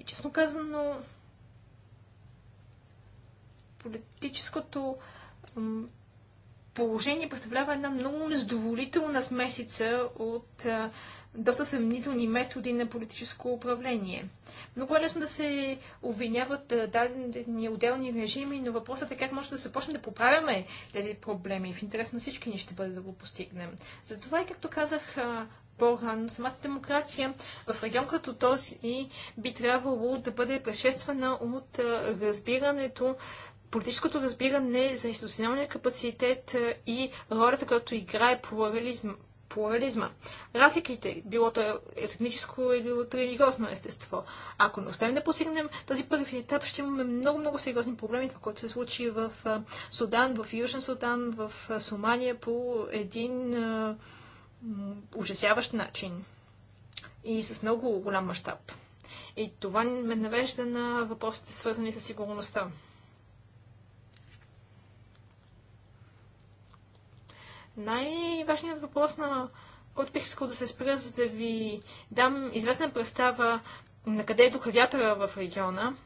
И честно казано, политическото положение представлява една много незадоволителна смесица от а, доста съмнителни методи на политическо управление. Много е лесно да се обвиняват дадени отделни режими, но въпросът е как може да почне да поправяме тези проблеми. В интерес на всички ни ще бъде да го постигнем. Затова и, както казах, по-рано. Самата демокрация в регион като този и би трябвало да бъде предшествана от разбирането, политическото разбиране за институционалния капацитет и ролята, която играе плурализм, плурализма. Разликите, било то е етническо или от религиозно естество. Ако не успеем да постигнем този първи етап, ще имаме много, много сериозни проблеми, това, което се случи в Судан, в Южен Судан, в Сумания по един ужасяващ начин и с много голям мащаб. И това ме навежда на въпросите, свързани с сигурността. Най-важният въпрос, на който бих искал да се спра, за да ви дам известна представа на къде е духа вятъра в региона,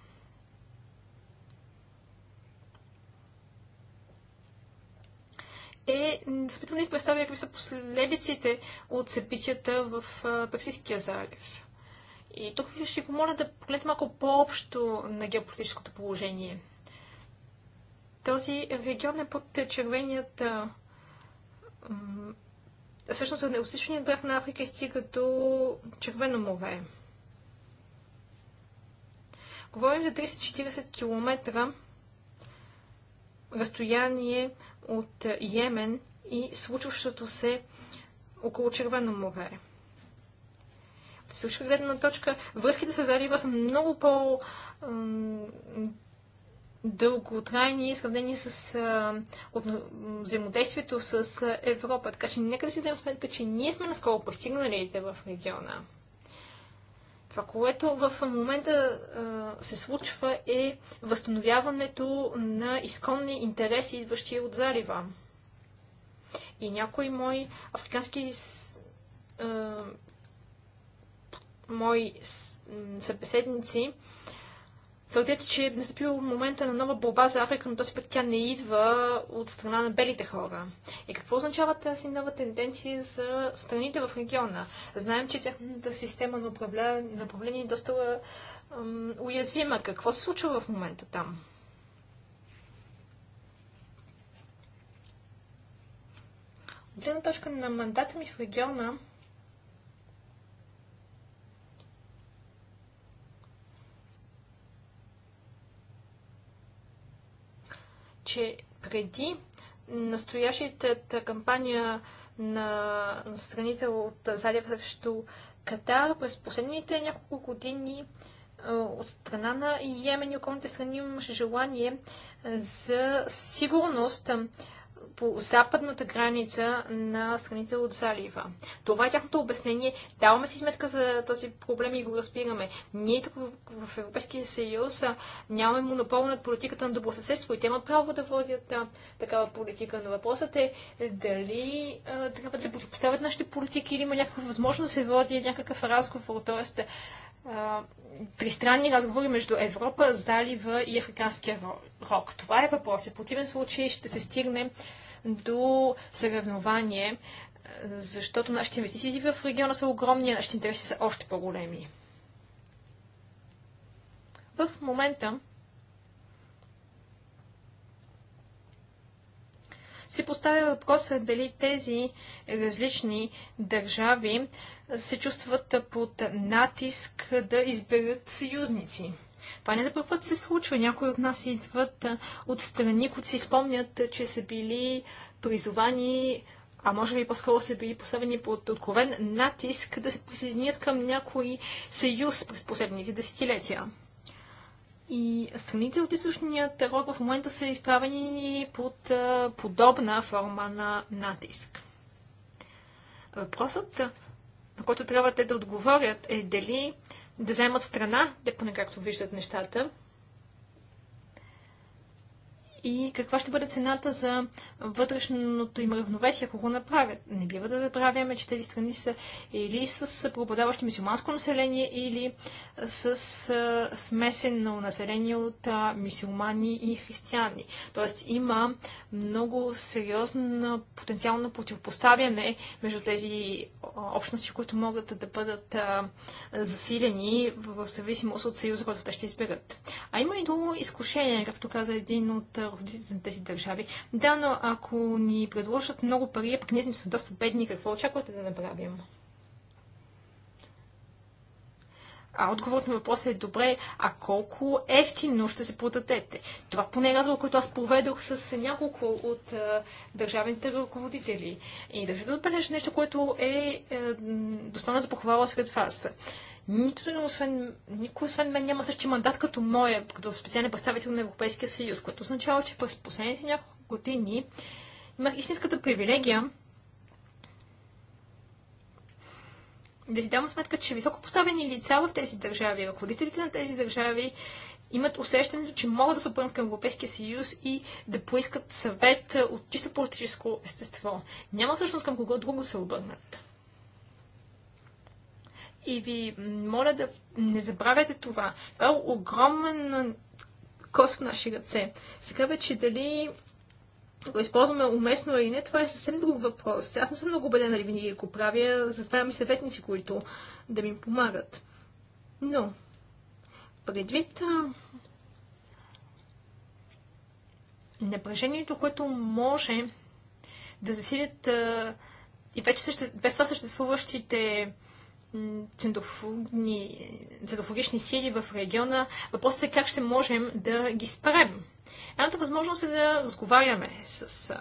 е да да ви представя какви са последиците от събитията в Персийския залив. И тук ви ще ви помоля да погледнете малко по-общо на геополитическото положение. Този регион е под червеният всъщност от Неосичният бряг на Африка стига до Червено море. Говорим за 30-40 км разстояние от Йемен и случващото се около Червено море. От същата гледна точка, връзките с залива са много по дълготрайни, сравнени с а, взаимодействието с а, Европа. Така че нека да си дадем сметка, че ние сме наскоро постигнали в региона. Това, което в момента а, се случва е възстановяването на изконни интереси, идващи от залива. И някои мои африкански а, мои събеседници твърдят, че е настъпил момента на нова борба за Африка, но този път тя не идва от страна на белите хора. И какво означава тази нова тенденция за страните в региона? Знаем, че тяхната система на управление, на управление е доста ам, уязвима. Какво се случва в момента там? От гледна точка на мандата ми в региона, че преди настоящата кампания на страните от залива срещу Катар през последните няколко години от страна на Йемен и околните страни имаше желание за сигурност по западната граница на страните от залива. Това е тяхното обяснение. Даваме си сметка за този проблем и го разбираме. Ние тук в Европейския съюз нямаме монопол над политиката на добросъседство и те имат право да водят да, такава политика. Но въпросът е, е дали а, трябва да се противопоставят нашите политики или има някаква възможност да се води някакъв разговор. Тоест, а, тристранни разговори между Европа, залива и Африканския рок. Това е въпрос. В противен случай ще се стигне до съревнование, е, защото нашите инвестиции в региона са огромни, а нашите интереси са още по-големи. В момента се поставя въпроса е, дали тези различни държави се чувстват под натиск да изберат съюзници. Това не за първ път се случва. Някои от нас идват от страни, които си спомнят, че са били призовани а може би по-скоро са били поставени под откровен натиск да се присъединят към някой съюз през последните десетилетия. И страните от източния терор в момента са изправени под подобна форма на натиск. Въпросът, на който трябва те да отговорят е дали да вземат страна, да поне както виждат нещата и каква ще бъде цената за вътрешното им равновесие, ако го направят. Не бива да забравяме, че тези страни са или с преобладаващо мисюлманско население, или с смесено население от мисюлмани и християни. Тоест има много сериозно потенциално противопоставяне между тези общности, които могат да бъдат засилени в зависимост от съюза, който те ще изберат. А има и друго изкушение, както каза един от родителите на тези държави. Да, но ако ни предложат много пари, пък ние сме доста бедни, какво очаквате да направим? А отговорът на въпроса е добре, а колко ефтино ще се продадете? Това поне е разговор, който аз проведох с няколко от а, държавните ръководители. И държа да отбележа нещо, което е, е достойно за похвала сред вас. Нито един, освен, никой освен мен няма същия мандат като моя, като специален представител на Европейския съюз, което означава, че през последните няколко години имах истинската привилегия да си давам сметка, че високо поставени лица в тези държави, ръководителите на тези държави имат усещането, че могат да се обърнат към Европейския съюз и да поискат съвет от чисто политическо естество. Няма всъщност към кого друго да се обърнат и ви моля да не забравяте това. Това е огромен кос в наши ръце. Сега вече дали го използваме уместно или не, това е съвсем друг въпрос. Аз не съм много убедена дали винаги го правя, затова имам съветници, които да ми помагат. Но, предвид напрежението, което може да засилят и вече без това съществуващите центрофугични сили в региона. Въпросът е как ще можем да ги спрем. Едната възможност е да разговаряме с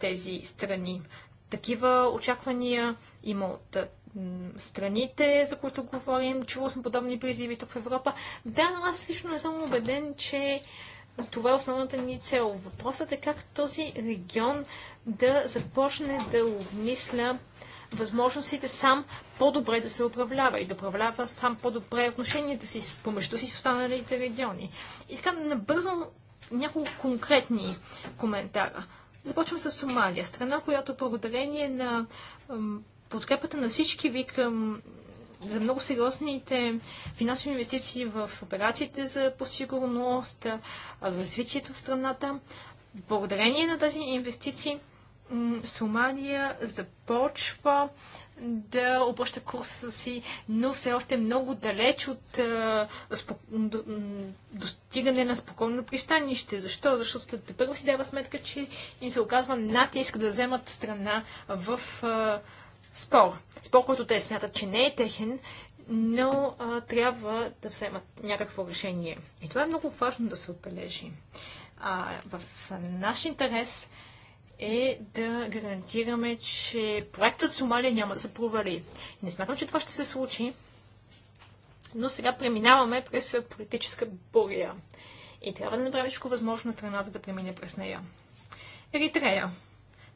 тези страни. Такива очаквания има от страните, за които говорим. Чувал съм подобни призиви тук в Европа. Да, но аз лично не съм убеден, че това е основната ни цел. Въпросът е как този регион да започне да обмисля възможностите сам по-добре да се управлява и да управлява сам по-добре отношенията си помежду си с останалите региони. И така набързо няколко конкретни коментара. Започвам с Сомалия, страна, която благодарение на подкрепата на всички ви към за много сериозните финансови инвестиции в операциите за посигурност, развитието в страната. Благодарение на тези инвестиции Сомания започва да обръща курса си, но все още е много далеч от достигане на спокойно пристанище. Защо? Защото те първо си дава сметка, че им се оказва натиск да вземат страна в спор. Спор, който те смятат, че не е техен, но трябва да вземат някакво решение. И това е много важно да се отбележи. А, в наш интерес е да гарантираме, че проектът Сомалия няма да се провали. Не смятам, че това ще се случи, но сега преминаваме през политическа буря. И трябва да направи всичко възможно на страната да премине през нея. Еритрея.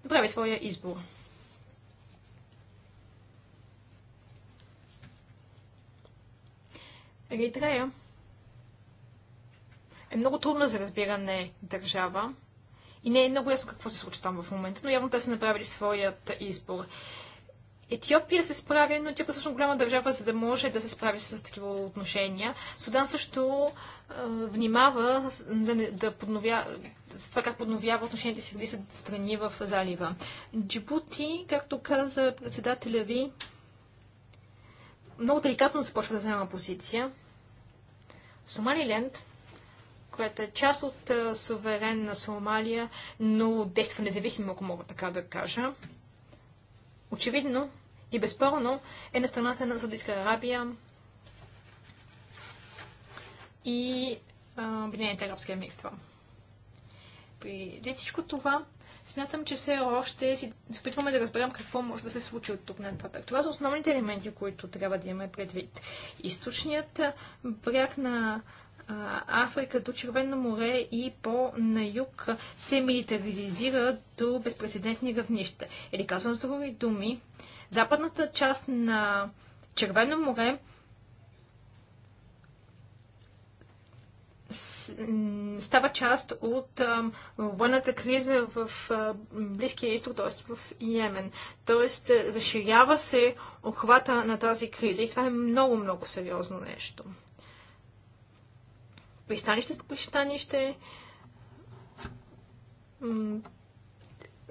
Направи своя избор. Еритрея е много трудна за разбиране държава. И не е много ясно какво се случва там в момента, но явно те са направили своят избор. Етиопия се справя, но тя е също голяма държава, за да може да се справи с такива отношения. Судан също е, внимава да, не, да подновя, с това как подновява отношенията си с страни в залива. Джибути, както каза председателя ви, много деликатно започва да взема позиция. Сомалиленд която е част от суверенна Сомалия, но действа независимо, ако мога така да кажа. Очевидно и безспорно е на страната на Саудитска Арабия и Обединените арабски емирства. При всичко това, смятам, че все още си опитваме да разберем какво може да се случи от тук нататък. Това са основните елементи, които трябва да имаме предвид. Източният бряг на Африка до Червено море и по-на юг се милитаризира до безпредседентни равнища. Или казвам с други думи, западната част на Червено море става част от военната криза в Близкия изток, т.е. в Йемен. Тоест, разширява се обхвата на тази криза и това е много-много сериозно нещо пристанище с пристанище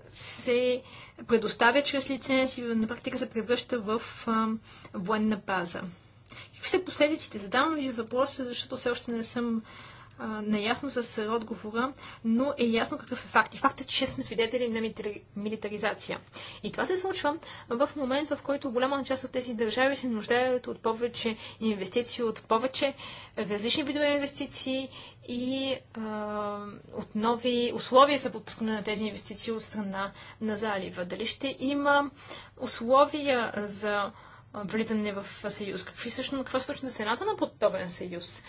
се предоставя чрез лиценз и на практика се превръща в военна база. Какви са последиците? Задавам ви въпроса, защото все още не съм неясно наясно с отговора, но е ясно какъв е факт. И фактът, че сме свидетели на милитаризация. И това се случва в момент, в който голяма част от тези държави се нуждаят от повече инвестиции, от повече различни видове инвестиции и а, от нови условия за подпускане на тези инвестиции от страна на залива. Дали ще има условия за влизане в съюз? Какви всъщност, всъщност е цената на подобен съюз?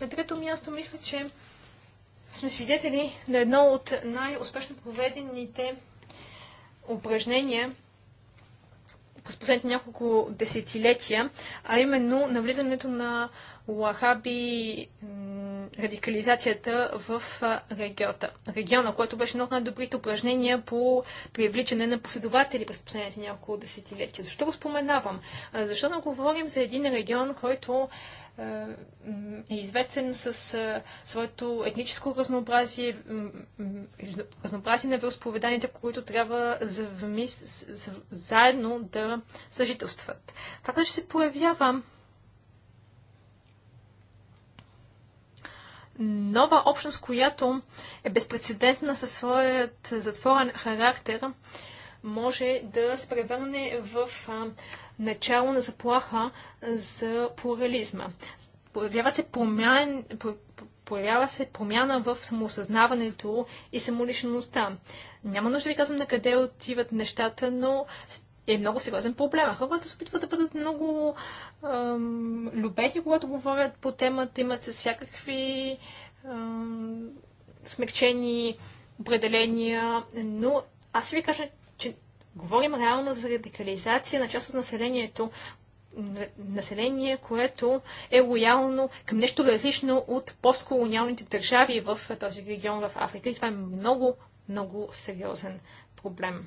На трето място мисля, че сме свидетели на едно от най-успешно проведените упражнения през последните няколко десетилетия, а именно навлизането на лахаби радикализацията в региота, региона, което беше едно от най-добрите упражнения по привличане на последователи през последните няколко десетилетия. Защо го споменавам? защо не говорим за един регион, който е известен с своето етническо разнообразие, разнообразие на вероисповеданията, които трябва заедно да съжителстват. Факта, че се появява нова общност, която е безпредседентна със своят затворен характер, може да се превърне в начало на заплаха за плурализма. Появява се, промян, появява се промяна в самоосъзнаването и самоличността. Няма нужда да ви казвам на къде отиват нещата, но е много сериозен проблем. Хората се опитват да бъдат много ам, любезни, когато говорят по темата, имат се всякакви ам, смягчени определения, но аз ви кажа, че говорим реално за радикализация на част от населението, население, което е лоялно към нещо различно от постколониалните държави в този регион в Африка. И това е много, много сериозен проблем.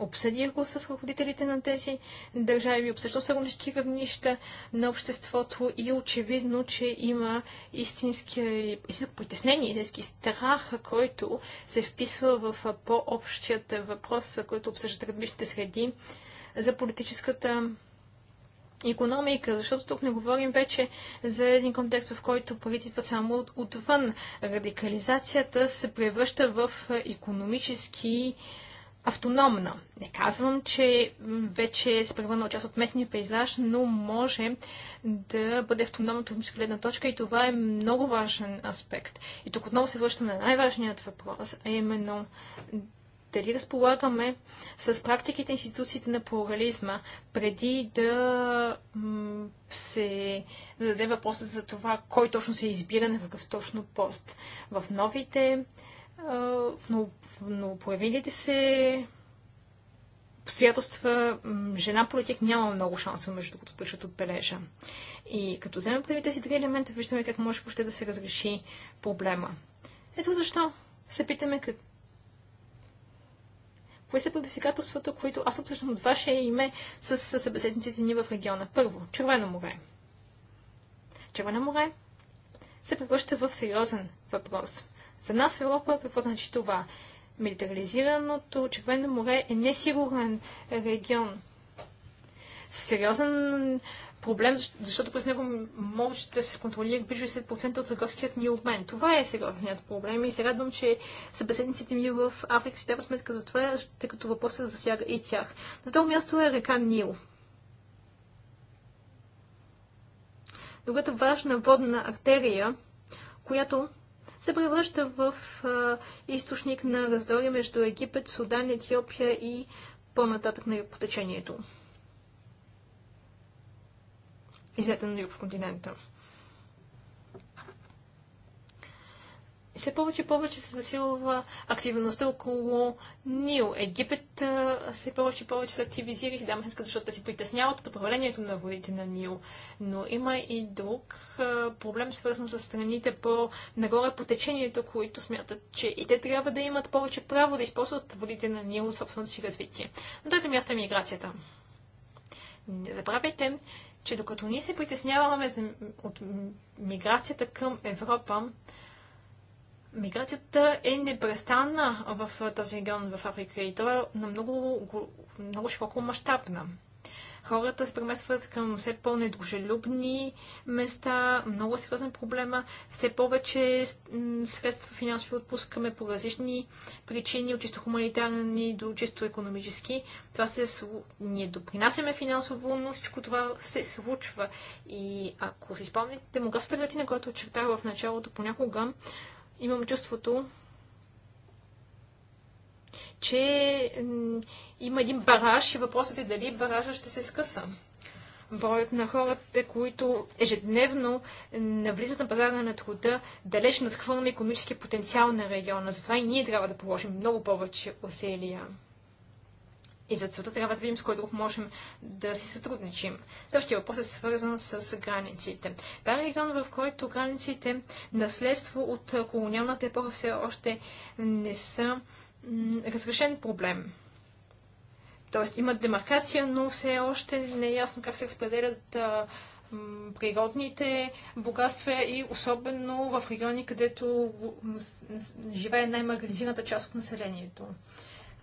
Обсъдих го с ръководителите на тези държави, обсъждал съм всички равнища на обществото и очевидно, че има истински, истинско притеснение, истински страх, който се вписва в по-общият въпрос, който обсъждат различните среди за политическата економика, защото тук не говорим вече за един контекст, в който парите идват само отвън. Радикализацията се превръща в економически автономна. Не казвам, че вече се превърнала част от местния пейзаж, но може да бъде автономна от гледна точка и това е много важен аспект. И тук отново се връщаме на най-важният въпрос, а именно дали разполагаме с практиките и институциите на плурализма, преди да се зададе въпроса за това, кой точно се избира на какъв точно пост. В новите в новопоявилите се обстоятелства жена политик няма много шансове, между другото, държат отбележа. И като вземем преди тези три елемента, виждаме как може въобще да се разреши проблема. Ето защо се питаме как... Кои са предизвикателствата, които аз обсъждам от ваше име с събеседниците ни в региона? Първо, Червено море. Червено море се превръща в сериозен въпрос. За нас в Европа какво значи това? Милитаризираното Червено море е несигурен регион. Сериозен проблем, защото през него може да се контролира близо 10% от търговският ни обмен. Това е сериозният проблем и се радвам, че събеседниците ми в Африка си дават сметка за това, тъй като въпросът засяга и тях. На това място е река Нил. Другата важна водна артерия, която се превръща в а, източник на раздори между Египет, Судан, Етиопия и по-нататък на потечението. Излета на юг в континента. все повече и повече се засилва активността около Нил. Египет все повече и повече се активизира и си защото те се притесняват от управлението на водите на Нил. Но има и друг проблем, свързан с страните по нагоре по течението, които смятат, че и те трябва да имат повече право да използват водите на Нил в собственото си развитие. На трето място е миграцията. Не забравяйте, че докато ние се притесняваме от миграцията към Европа, Миграцията е непрестанна в този регион в Африка и то е на много, много широко мащабна. Хората се преместват към все по-недружелюбни места, много сериозен проблема, все повече средства финансови отпускаме по различни причини, от чисто хуманитарни до чисто економически. Това се ние допринасяме финансово, но всичко това се случва. И ако си спомните демографската картина, която очертава в началото, понякога имам чувството, че има един бараж и въпросът е дали баража ще се скъса. Броят на хората, които ежедневно навлизат на пазара на труда, далеч надхвърля економически потенциал на региона. Затова и ние трябва да положим много повече усилия. И за целта трябва да видим с кой друг можем да си сътрудничим. Следващия въпрос е свързан с границите. Това е регион, в който границите, наследство от колониалната епоха все още не са разрешен проблем. Тоест има демаркация, но все още не е ясно как се разпределят природните богатства и особено в региони, където живее най-маргализираната част от населението.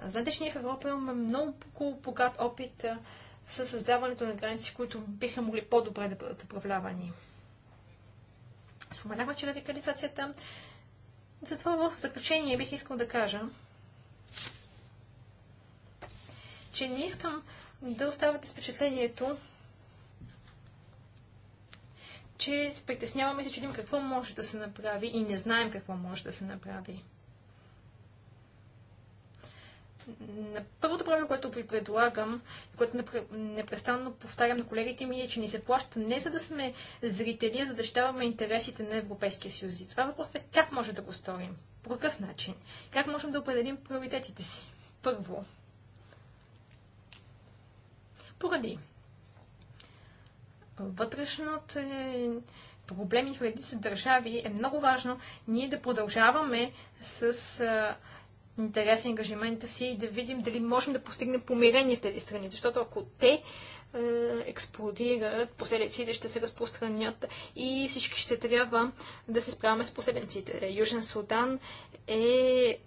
Знаете, че ние в Европа имаме много богат опит със създаването на граници, които биха могли по-добре да бъдат управлявани. Споменахме, че радикализацията. Затова в заключение бих искал да кажа, че не искам да оставате с впечатлението, че се притесняваме че се чудим какво може да се направи и не знаем какво може да се направи на първото правило, което ви предлагам, което непрестанно повтарям на колегите ми, е, че ни се плаща не за да сме зрители, а за да защитаваме интересите на Европейския съюз. И това въпросът е как може да го сторим? По какъв начин? Как можем да определим приоритетите си? Първо. Поради вътрешната е проблеми в редица държави е много важно ние да продължаваме с интерес и ангажимента си и да видим дали можем да постигнем помирение в тези страни. Защото ако те е, експлодират, последиците ще се разпространят и всички ще трябва да се справяме с последиците. Южен Судан е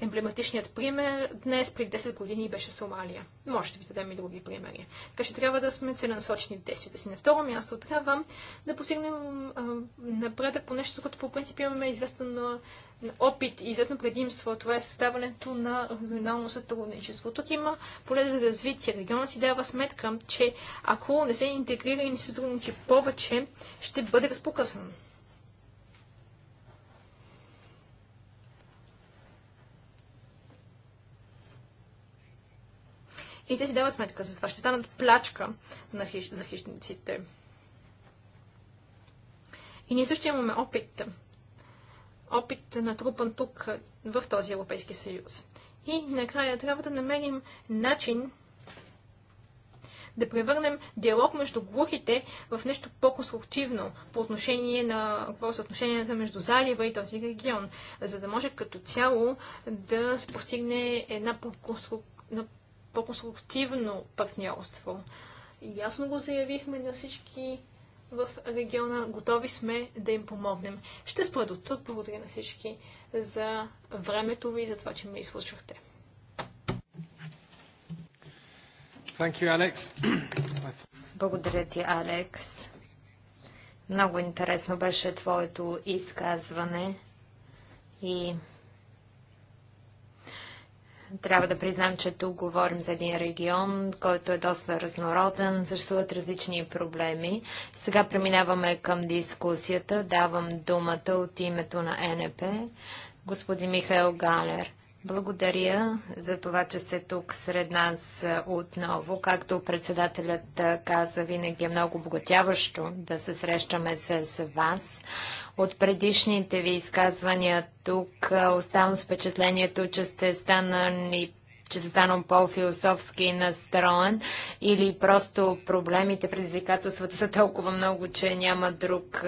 емблематичният пример днес, преди 10 години, беше Сомалия. Може да ви дадем и други примери. Така че трябва да сме целенасочени действията си. На второ място трябва да постигнем напредък по нещо, което по принцип имаме известен опит и известно предимство. Това е съставането на регионално сътрудничество. Тук има поле за развитие. Регионът си дава сметка, че ако не се интегрира и не се сътрудничи повече, ще бъде разпокъсан. И те си дават сметка за това. Ще станат плачка на хищ... за хищниците. И ние също имаме опит. Опит натрупан тук, в този Европейски съюз. И накрая трябва да намерим начин да превърнем диалог между глухите в нещо по-конструктивно по отношение на какво е отношенията между залива и този регион, за да може като цяло да се постигне една по-конструктивна по-конструктивно партньорство. И ясно го заявихме на всички в региона. Готови сме да им помогнем. Ще спра до тук. Благодаря на всички за времето ви и за това, че ме изслушахте. You, Благодаря ти, Алекс. Много интересно беше твоето изказване и трябва да признам, че тук говорим за един регион, който е доста разнороден, съществуват различни проблеми. Сега преминаваме към дискусията. Давам думата от името на НП. Господин Михаил Галер. Благодаря за това, че сте тук сред нас отново. Както председателят каза, винаги е много обогатяващо да се срещаме с вас. От предишните ви изказвания тук оставам с впечатлението, че сте станали че се станам по-философски настроен или просто проблемите, предизвикателствата са толкова много, че няма друг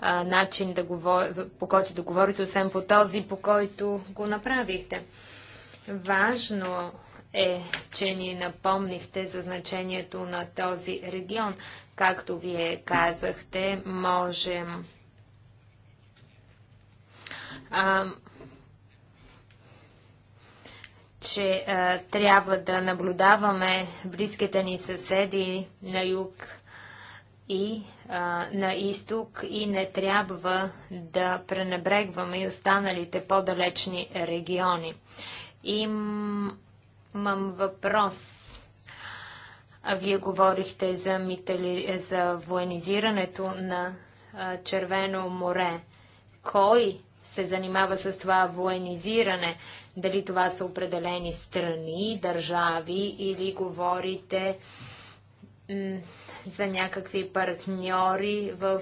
а, начин да говор... по който да говорите, освен по този, по който го направихте. Важно е, че ни напомнихте за значението на този регион. Както вие казахте, можем че а, трябва да наблюдаваме близките ни съседи на юг и а, на изток и не трябва да пренебрегваме и останалите по-далечни региони. Им, имам въпрос. А вие говорихте за, митали, за военизирането на а, Червено море. Кой се занимава с това военизиране? Дали това са определени страни, държави или говорите за някакви партньори в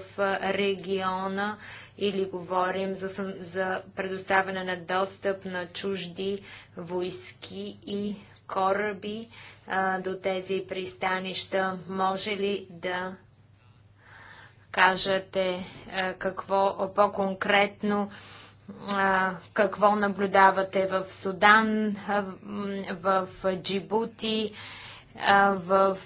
региона или говорим за, за предоставяне на достъп на чужди войски и кораби а, до тези пристанища. Може ли да кажете а, какво по-конкретно какво наблюдавате в Судан, в Джибути, в,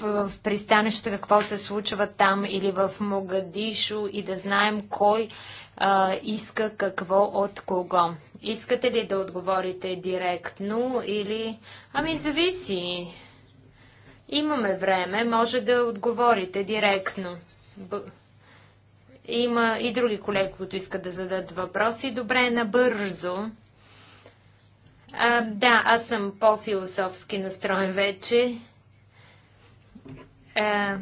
в пристанищата, какво се случва там или в Могадишо и да знаем кой а, иска какво от кого. Искате ли да отговорите директно или... Ами зависи. Имаме време, може да отговорите директно. Има и други колеги, които искат да зададат въпроси. Добре, набързо. А, да, аз съм по-философски настроен вече. А,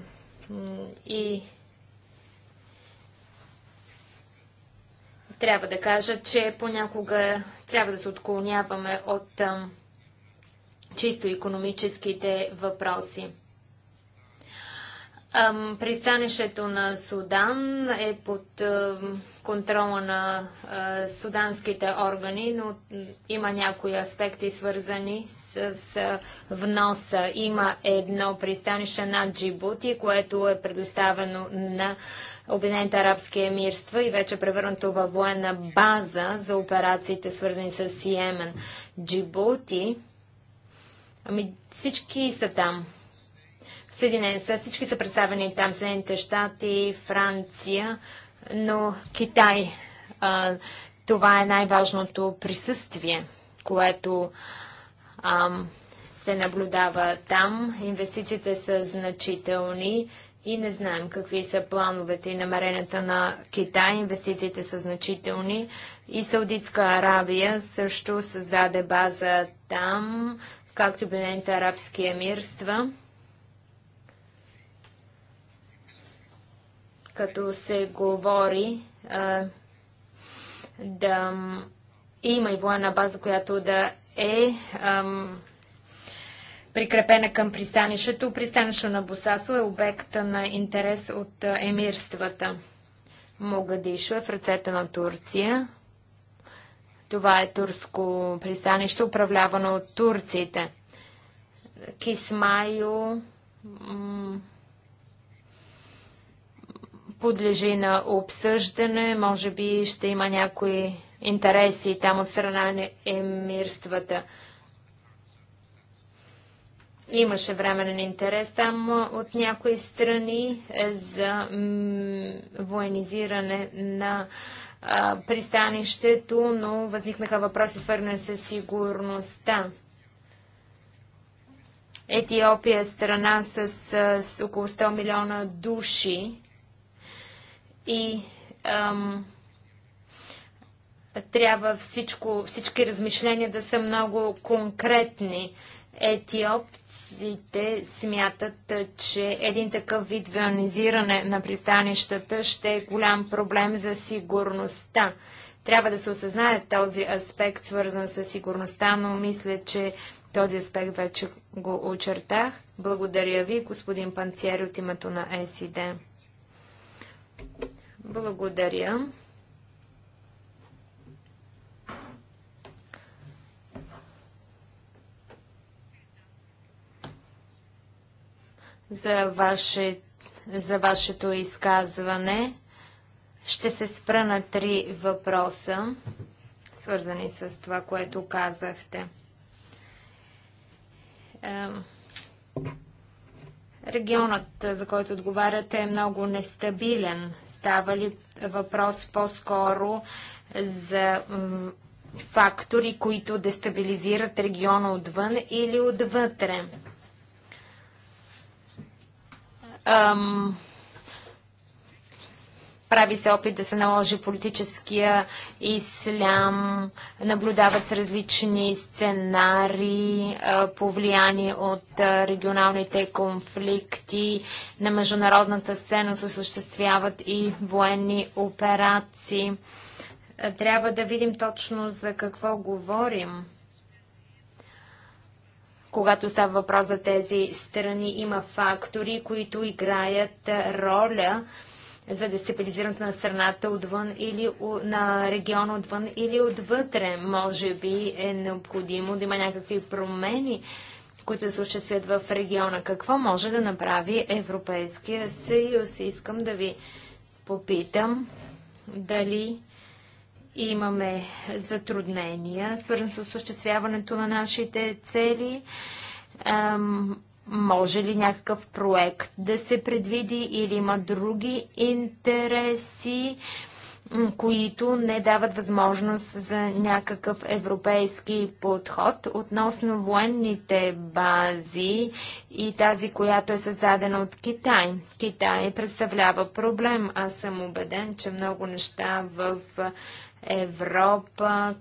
и трябва да кажа, че понякога трябва да се отклоняваме от а, чисто економическите въпроси. Пристанището на Судан е под контрола на суданските органи, но има някои аспекти свързани с вноса. Има едно пристанище на Джибути, което е предоставено на Обединените арабски емирства и вече е превърнато във военна база за операциите свързани с Йемен. Джибути, ами всички са там Съединени са всички са представени там, Съединените щати, Франция, но Китай, а, това е най-важното присъствие, което а, се наблюдава там. Инвестициите са значителни и не знаем какви са плановете и намеренията на Китай. Инвестициите са значителни и Саудитска Аравия също създаде база там, както Обединените арабски емирства. като се говори а, да има и военна база, която да е а, прикрепена към пристанището. Пристанището на Босасо е обект на интерес от емирствата. Могадишо е в ръцете на Турция. Това е турско пристанище, управлявано от турците. Кисмайо подлежи на обсъждане. Може би ще има някои интереси там от страна на емирствата. Имаше временен интерес там от някои страни е, за военизиране на пристанището, но възникнаха въпроси свързани с сигурността. Етиопия е страна с, с около 100 милиона души и ам, трябва всичко, всички размишления да са много конкретни. Етиопците смятат, че един такъв вид вионизиране на пристанищата ще е голям проблем за сигурността. Трябва да се осъзнае този аспект, свързан с сигурността, но мисля, че този аспект вече го очертах. Благодаря ви, господин Панциер, от името на е СИД. Благодаря. За, ваше, за вашето изказване ще се спра на три въпроса, свързани с това, което казахте. Регионът, за който отговаряте, е много нестабилен. Става ли въпрос по-скоро за фактори, които дестабилизират региона отвън или отвътре? Ам, прави се опит да се наложи политическия ислям, наблюдават се различни сценари, повлияни от регионалните конфликти. На международната сцена се осъществяват и военни операции. Трябва да видим точно за какво говорим когато става въпрос за тези страни, има фактори, които играят роля за дестабилизирането на страната отвън или на региона отвън или отвътре. Може би е необходимо да има някакви промени, които се осъществят в региона. Какво може да направи Европейския съюз? Искам да ви попитам дали имаме затруднения, свързани с осъществяването на нашите цели. Може ли някакъв проект да се предвиди или има други интереси, които не дават възможност за някакъв европейски подход относно военните бази и тази, която е създадена от Китай. Китай представлява проблем. Аз съм убеден, че много неща в Европа,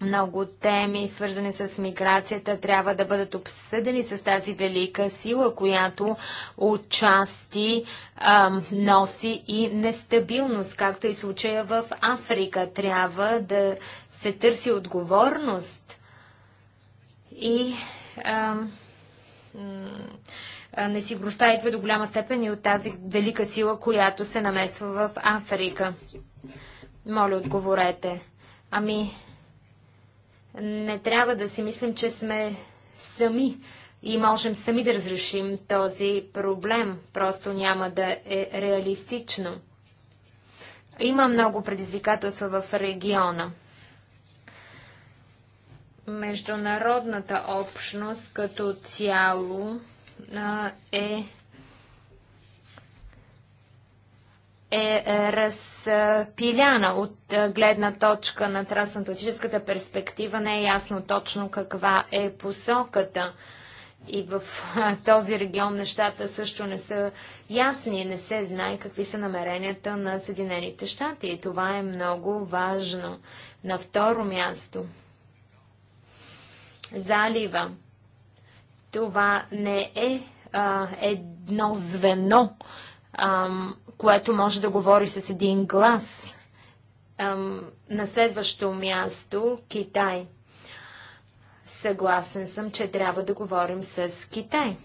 много теми, свързани с миграцията, трябва да бъдат обсъдени с тази велика сила, която отчасти ам, носи и нестабилност, както е и случая в Африка. Трябва да се търси отговорност и ам, несигурността идва до голяма степен и от тази велика сила, която се намесва в Африка. Моля, отговорете. Ами, не трябва да си мислим, че сме сами и можем сами да разрешим този проблем. Просто няма да е реалистично. Има много предизвикателства в региона. Международната общност като цяло е Е, е разпиляна от е, гледна точка на трансатлантическата перспектива. Не е ясно точно каква е посоката. И в е, този регион нещата също не са ясни, не се знае какви са намеренията на Съединените щати. И това е много важно. На второ място. Залива. Това не е а, едно звено А, което може да говори с един глас. На следващо място Китай. Съгласен съм, че трябва да говорим с Китай.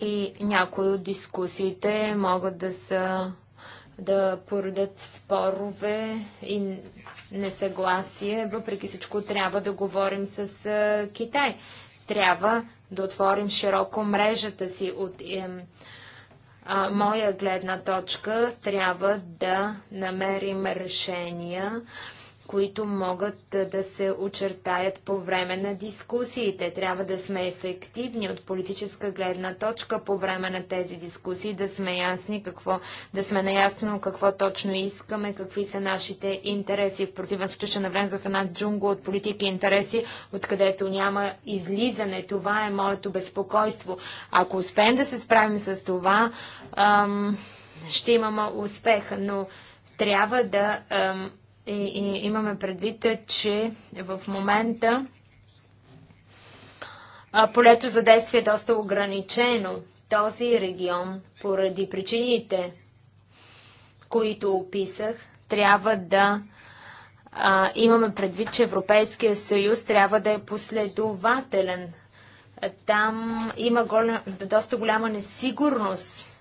И някои от дискусиите могат да са да породят спорове и несъгласие. Въпреки всичко трябва да говорим с Китай. Трябва да отворим широко мрежата си от а, моя гледна точка трябва да намерим решения, които могат да се очертаят по време на дискусиите. Трябва да сме ефективни от политическа гледна точка по време на тези дискусии, да сме ясни какво, да сме наясно какво точно искаме, какви са нашите интереси. В противен случай ще навлезем в една джунгла от политики и интереси, откъдето няма излизане. Това е моето безпокойство. Ако успеем да се справим с това, ам, ще имаме успех, но трябва да ам, и, и имаме предвид, че в момента полето за действие е доста ограничено. Този регион, поради причините, които описах, трябва да а, имаме предвид, че Европейския съюз трябва да е последователен. Там има голя, доста голяма несигурност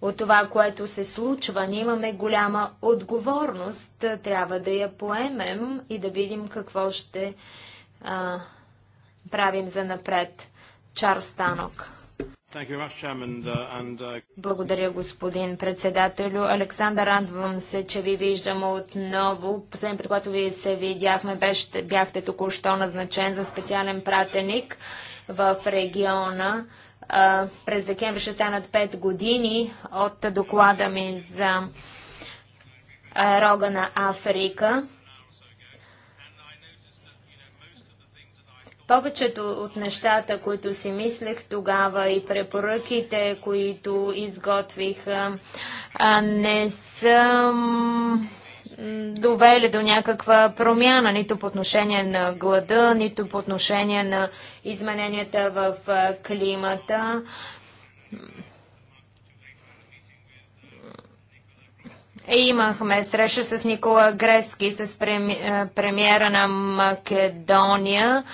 от това, което се случва. Ние имаме голяма отговорност, трябва да я поемем и да видим какво ще а, правим за напред. Чар Станок. Uh, uh, Благодаря, господин председателю. Александър, радвам се, че ви виждам отново. Последният път, когато ви се видяхме, бяхте току-що назначен за специален пратеник в региона през декември ще станат 5 години от доклада ми за рога на Африка. Повечето от нещата, които си мислех тогава и препоръките, които изготвих, не са довели до някаква промяна, нито по отношение на глада, нито по отношение на измененията в климата. Имахме среща с Никола Грески, с премиера на Македония,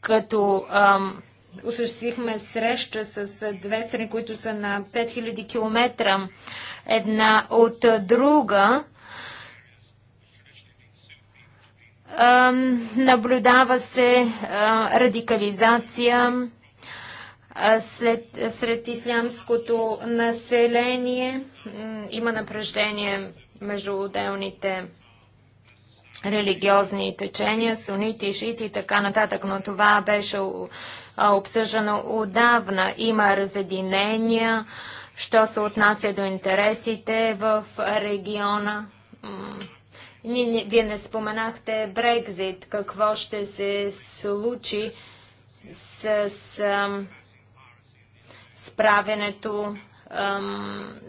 като ам, осъществихме среща с две страни, които са на 5000 км една от друга. Наблюдава се радикализация след, сред ислямското население. Има напрежение между отделните религиозни течения, сунити, шити и така нататък, но това беше обсъждано отдавна. Има разединения, що се отнася до интересите в региона. Ние, не, вие не споменахте Брекзит, какво ще се случи с, с справенето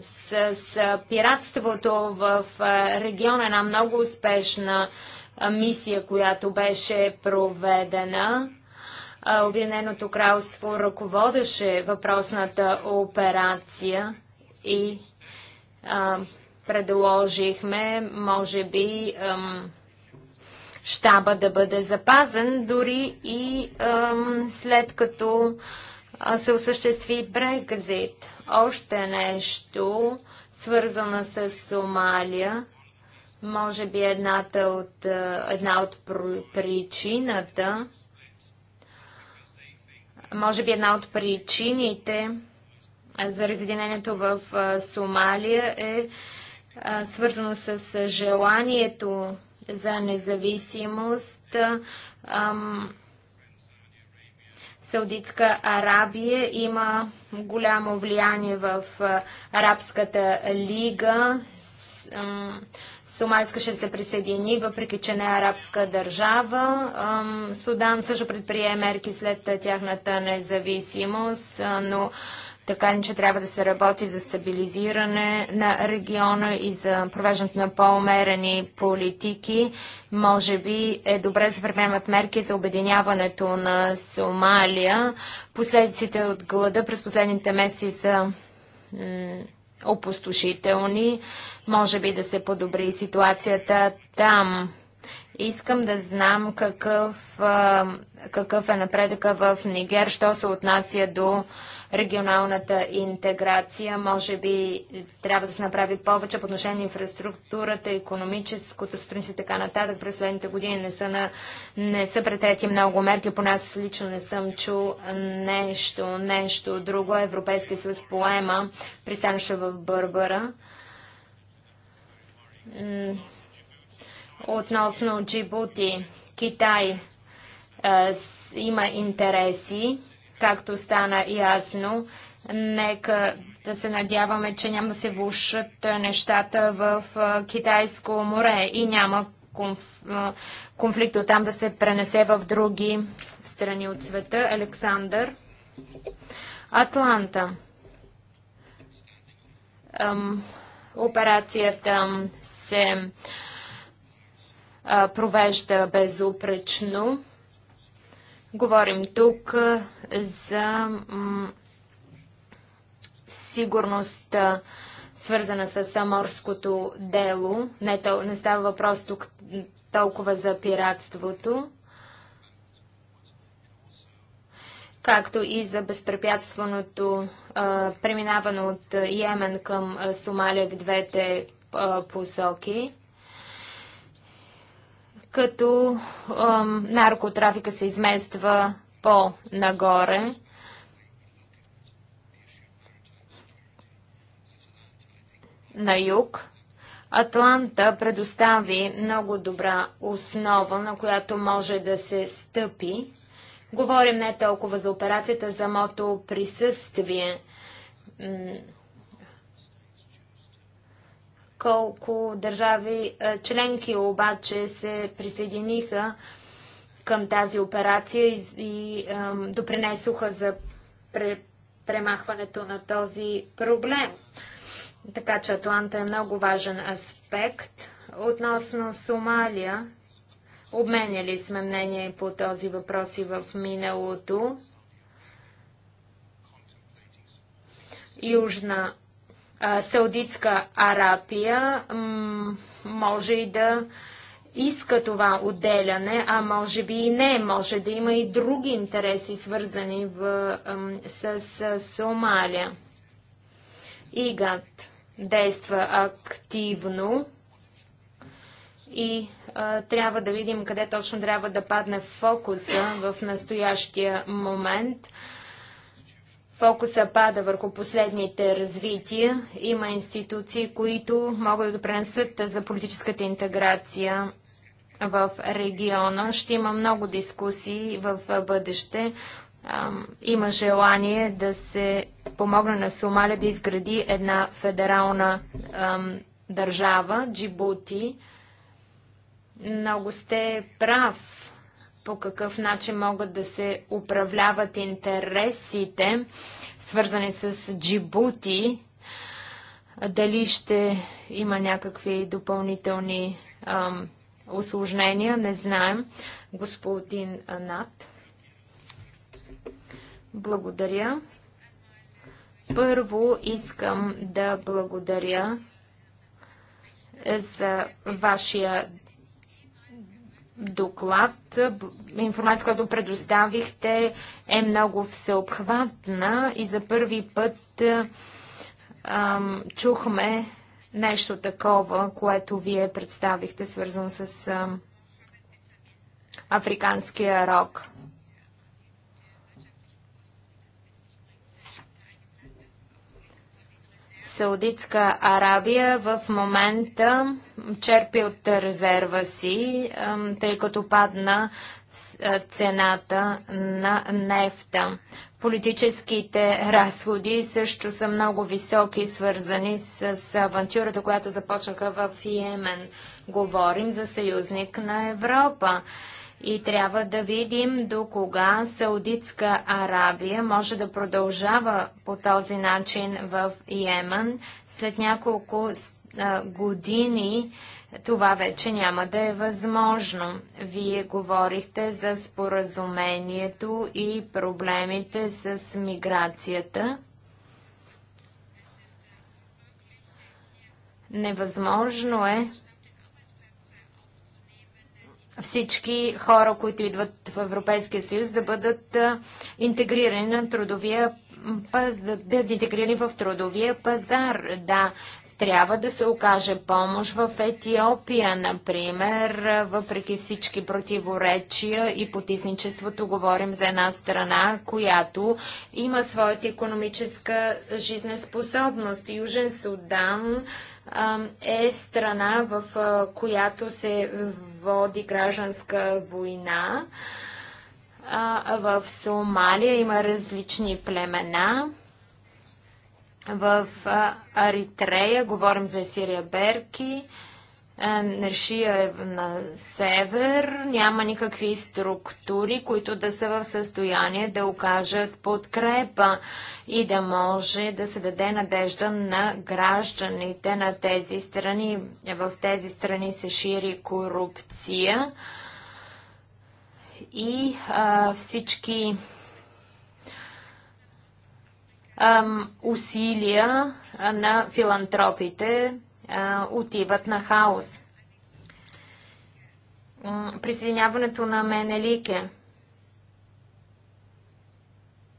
с, с пиратството в региона. Една много успешна мисия, която беше проведена. Обединеното кралство ръководеше въпросната операция и а, предложихме, може би, ам, щаба да бъде запазен, дори и ам, след като се осъществи Брекзит. Още нещо, свързано с Сомалия. Може би едната от, една от причината, може би една от причините за разединението в Сомалия е свързано с желанието за независимост. Саудитска Арабия има голямо влияние в Арабската лига. Сомалска ще се присъедини, въпреки че не е арабска държава. Судан също предприе мерки след тяхната независимост, но така че трябва да се работи за стабилизиране на региона и за провеждането на по-умерени политики. Може би е добре да се предприемат мерки за обединяването на Сомалия. Последиците от глада през последните месеци са опустошителни. Може би да се подобри ситуацията там. Искам да знам какъв, какъв е напредъка в Нигер, що се отнася до регионалната интеграция. Може би трябва да се направи повече по отношение на инфраструктурата, економическото сътрудничество и така нататък. През следните години не са, на, не са претрети много мерки. По нас лично не съм чул нещо, нещо друго. Европейския съюз поема пристанище в Бърбара Относно Джибути, Китай е, с, има интереси, както стана ясно. Нека да се надяваме, че няма да се влушат нещата в е, Китайско море и няма конф, е, конфликт от там да се пренесе в други страни от света. Александър. Атланта. Ем, операцията се провежда безупречно. Говорим тук за сигурност, свързана с морското дело. Не, то, не става въпрос тук толкова за пиратството, както и за безпрепятственото преминаване от Йемен към Сомалия в двете а, посоки като ам, наркотрафика се измества по-нагоре. На юг. Атланта предостави много добра основа, на която може да се стъпи. Говорим не толкова за операцията за мото присъствие колко държави е, членки обаче се присъединиха към тази операция и, и допринесоха за пре, премахването на този проблем. Така че Атланта е много важен аспект. Относно Сомалия, обменяли сме мнение по този въпрос и в миналото. Южна Саудитска Арабия може и да иска това отделяне, а може би и не. Може да има и други интереси, свързани в, с, с Сомалия. ИГАТ действа активно и а, трябва да видим къде точно трябва да падне фокуса в настоящия момент – Фокуса пада върху последните развития. Има институции, които могат да допренесат за политическата интеграция в региона. Ще има много дискусии в бъдеще. Има желание да се помогне на Сомалия да изгради една федерална държава, Джибути. Много сте прав по какъв начин могат да се управляват интересите, свързани с Джибути, дали ще има някакви допълнителни ам, осложнения, не знаем. Господин Анат. Благодаря. Първо искам да благодаря за вашия доклад. Информация, която предоставихте е много всеобхватна и за първи път е, ам, чухме нещо такова, което вие представихте, свързано с ам, африканския рок. Саудитска Арабия в момента черпи от резерва си, тъй като падна цената на нефта. Политическите разходи също са много високи, свързани с авантюрата, която започнаха в Йемен. Говорим за съюзник на Европа и трябва да видим до кога Саудитска Арабия може да продължава по този начин в Йемен. След няколко години това вече няма да е възможно. Вие говорихте за споразумението и проблемите с миграцията. Невъзможно е всички хора, които идват в Европейския съюз, да бъдат интегрирани на трудовия пазар, да интегрирани в трудовия пазар. Да, трябва да се окаже помощ в Етиопия, например, въпреки всички противоречия и потисничеството, говорим за една страна, която има своята економическа жизнеспособност. Южен Судан е страна, в която се води гражданска война. В Сомалия има различни племена. В Аритрея говорим за Сирия Берки. Нершия е на север, няма никакви структури, които да са в състояние да окажат подкрепа и да може да се даде надежда на гражданите на тези страни. В тези страни се шири корупция и а, всички а, усилия на филантропите отиват на хаос. Присъединяването на Менелике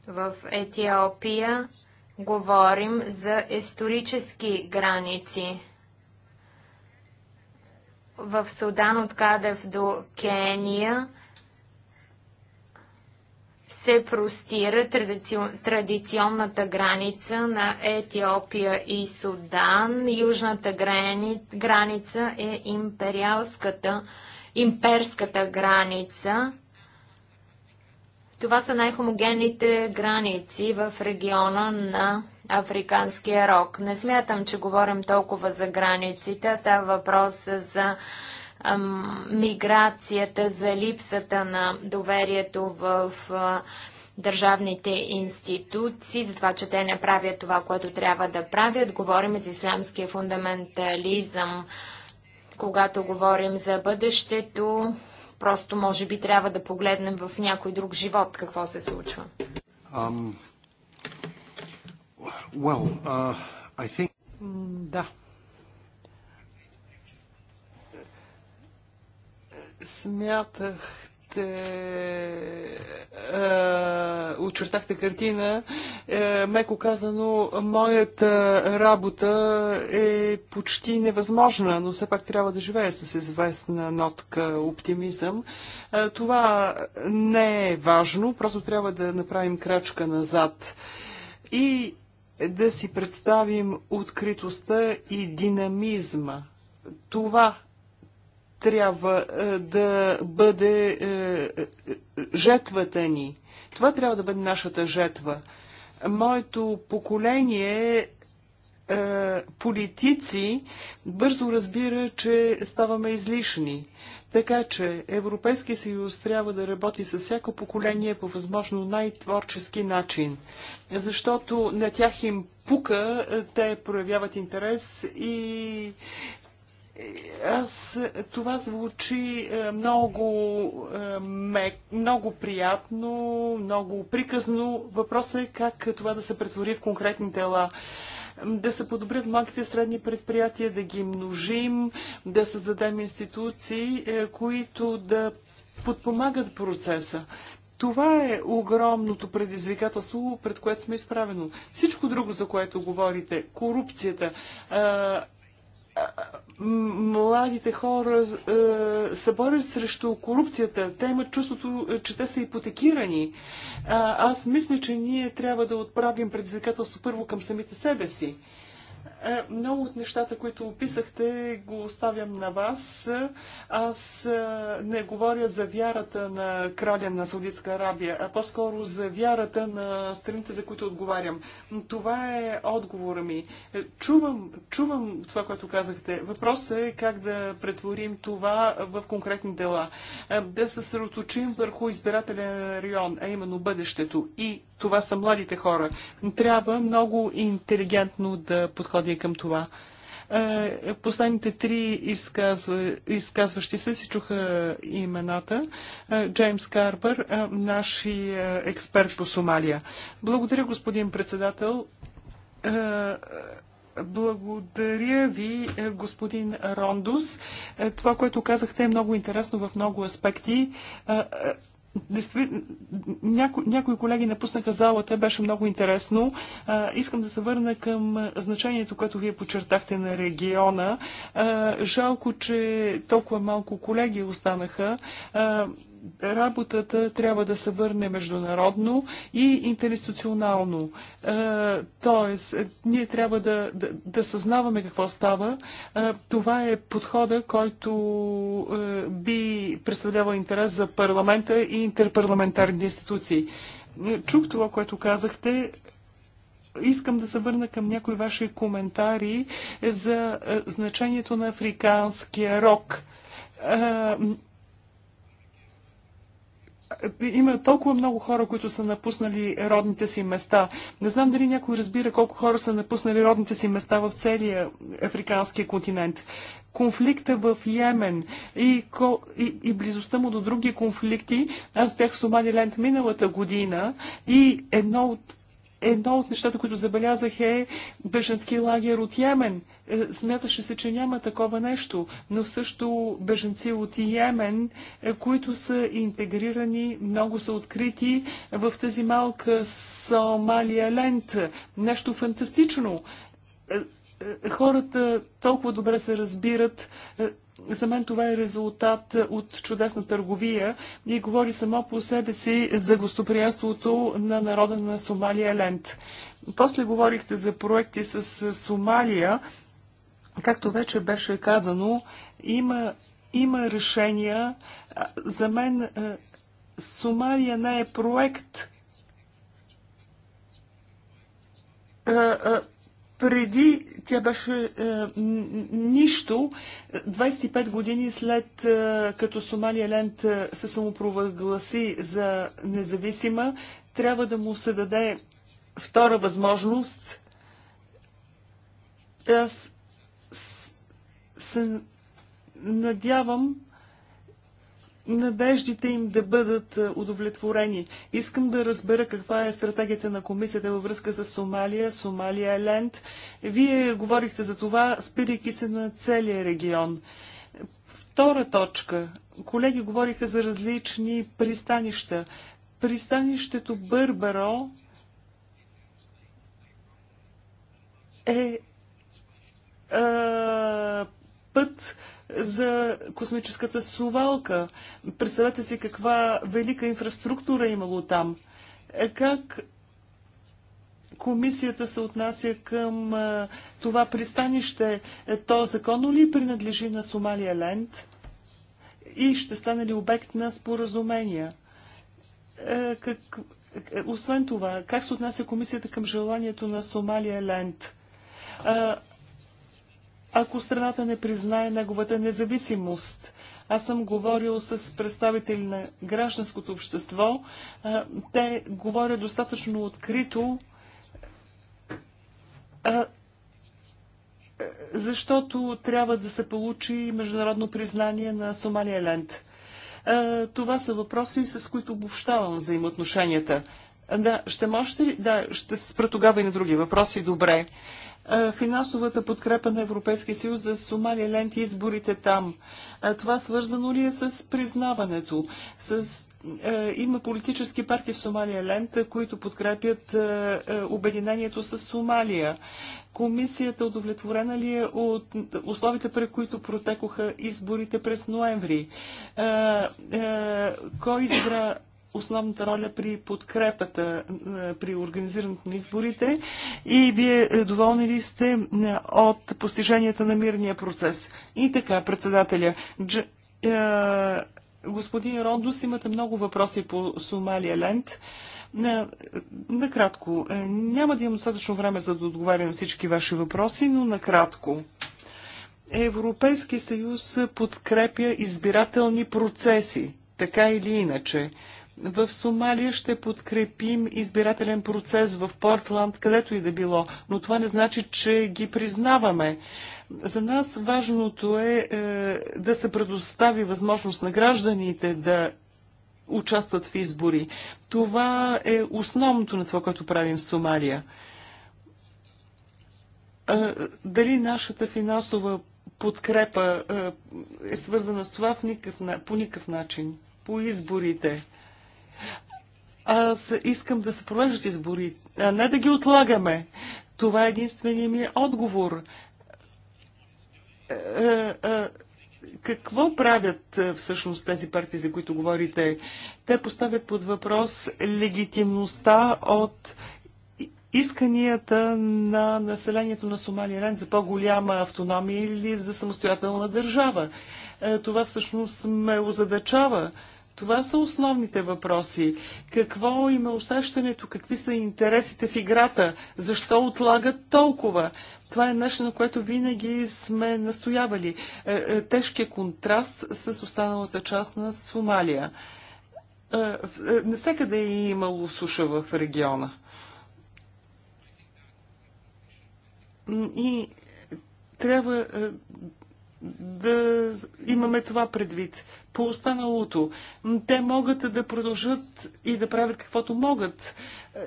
в Етиопия говорим за исторически граници. В Судан от Кадев до Кения – се простира традиционната граница на Етиопия и Судан. Южната граница е империалската, имперската граница. Това са най-хомогенните граници в региона на Африканския рок. Не смятам, че говорим толкова за границите, става въпрос за миграцията, за липсата на доверието в държавните институции, за това, че те не правят това, което трябва да правят. Говорим за ислямския фундаментализъм, когато говорим за бъдещето. Просто може би трябва да погледнем в някой друг живот какво се случва. Um, well, uh, I think... Да, смятах е, очертахте, картина, е, меко казано, моята работа е почти невъзможна, но все пак трябва да живее с известна нотка оптимизъм. Е, това не е важно, просто трябва да направим крачка назад и да си представим откритостта и динамизма. Това трябва е, да бъде е, жетвата ни. Това трябва да бъде нашата жетва. Моето поколение е, политици бързо разбира, че ставаме излишни. Така че Европейския съюз трябва да работи с всяко поколение по възможно най-творчески начин, защото на тях им пука, те проявяват интерес и аз, това звучи е, много, е, мек, много приятно, много приказно. Въпросът е как това да се претвори в конкретни дела да се подобрят малките и средни предприятия, да ги множим, да създадем институции, е, които да подпомагат процеса. Това е огромното предизвикателство, пред което сме изправено. Всичко друго, за което говорите, корупцията, младите хора е, се борят срещу корупцията. Те имат чувството, е, че те са ипотекирани. А, аз мисля, че ние трябва да отправим предизвикателство първо към самите себе си. Е, много от нещата, които описахте, го оставям на вас. Аз е, не говоря за вярата на краля на Саудитска Арабия, а по-скоро за вярата на страните, за които отговарям. Това е отговора ми. Е, чувам, чувам това, което казахте. Въпросът е как да претворим това в конкретни дела. Да се съсредоточим върху избирателен район, а именно бъдещето и това са младите хора. Трябва много интелигентно да подходи към това. Е, последните три изказва, изказващи се си чуха имената. Е, Джеймс Карбър, е, нашия експерт по Сомалия. Благодаря, господин председател. Благодаря ви, господин Рондус. Това, което казахте е много интересно в много аспекти. Няко, някои колеги напуснаха залата, беше много интересно. А, искам да се върна към значението, което вие подчертахте на региона. А, жалко, че толкова малко колеги останаха. А, работата трябва да се върне международно и интерституционално. Е, тоест, ние трябва да, да, да съзнаваме какво става. Е, това е подхода, който е, би представлявал интерес за парламента и интерпарламентарни институции. Чух това, което казахте искам да се върна към някои ваши коментари за значението на африканския рок има толкова много хора, които са напуснали родните си места. Не знам дали някой разбира колко хора са напуснали родните си места в целия африкански континент. Конфликта в Йемен и, и, и близостта му до други конфликти. Аз бях в Сомалиленд миналата година и едно от едно от нещата, които забелязах е беженски лагер от Йемен – е, смяташе се, че няма такова нещо, но също беженци от Йемен, е, които са интегрирани, много са открити в тази малка Сомалия лент. Нещо фантастично. Е, хората толкова добре се разбират, за мен това е резултат от чудесна търговия и говори само по себе си за гостоприемството на народа на Сомалия Лент. После говорихте за проекти с Сомалия Както вече беше казано, има, има решения. За мен Сомалия не е проект. Преди тя беше е, нищо. 25 години след е, като Сомалия Ленд се самопровъгласи за независима, трябва да му се даде втора възможност. Аз се надявам надеждите им да бъдат е, удовлетворени. Искам да разбера каква е стратегията на комисията във връзка с Сомалия, Сомалия Ленд. Вие говорихте за това, спирайки се на целия регион. Втора точка. Колеги говориха за различни пристанища. Пристанището Бърбаро е, е път за космическата сувалка. Представете си каква велика инфраструктура е имало там. Е, как комисията се отнася към е, това пристанище? Е, то законно ли принадлежи на Сомалия Ленд? И ще стане ли обект на споразумения? Как... Освен това, как се отнася комисията към желанието на Сомалия Ленд? ако страната не признае неговата независимост. Аз съм говорил с представители на гражданското общество. Те говорят достатъчно открито, защото трябва да се получи международно признание на Сомалия Ленд. Това са въпроси, с които обобщавам взаимоотношенията. Да, ще можете ли? Да, ще спра тогава и на други въпроси. Добре финансовата подкрепа на Европейския съюз за Сомалия и изборите там. Това свързано ли е с признаването? С има политически партии в Сомалия Ленд, които подкрепят обединението с Сомалия. Комисията удовлетворена ли е от условията, при които протекоха изборите през ноември? кой избра основната роля при подкрепата е, при организирането на изборите и вие е, доволни ли сте е, от постиженията на мирния процес? И така, председателя, дж... господин Рондус, имате много въпроси по Сомалия Ленд. Накратко, няма да имам достатъчно време за да отговарям всички ваши въпроси, но накратко. Европейски съюз подкрепя избирателни процеси, така или иначе. В Сомалия ще подкрепим избирателен процес в Портланд, където и да било, но това не значи, че ги признаваме. За нас важното е, е да се предостави възможност на гражданите да участват в избори. Това е основното на това, което правим в Сомалия. Е, дали нашата финансова подкрепа е, е свързана с това в никакъв, по никакъв начин. По изборите. Аз искам да се провеждат избори, а не да ги отлагаме. Това е единственият ми отговор. Е, е, е, какво правят всъщност тези партии, за които говорите? Те поставят под въпрос легитимността от исканията на населението на Рен за по-голяма автономия или за самостоятелна държава. Това всъщност ме озадачава. Това са основните въпроси. Какво има усещането, какви са интересите в играта, защо отлагат толкова? Това е нещо, на което винаги сме настоявали. Е, е, тежкият контраст с останалата част на Сомалия. Е, Насекъде е имало суша в региона. И трябва да имаме това предвид. По останалото, те могат да продължат и да правят каквото могат. Е, е,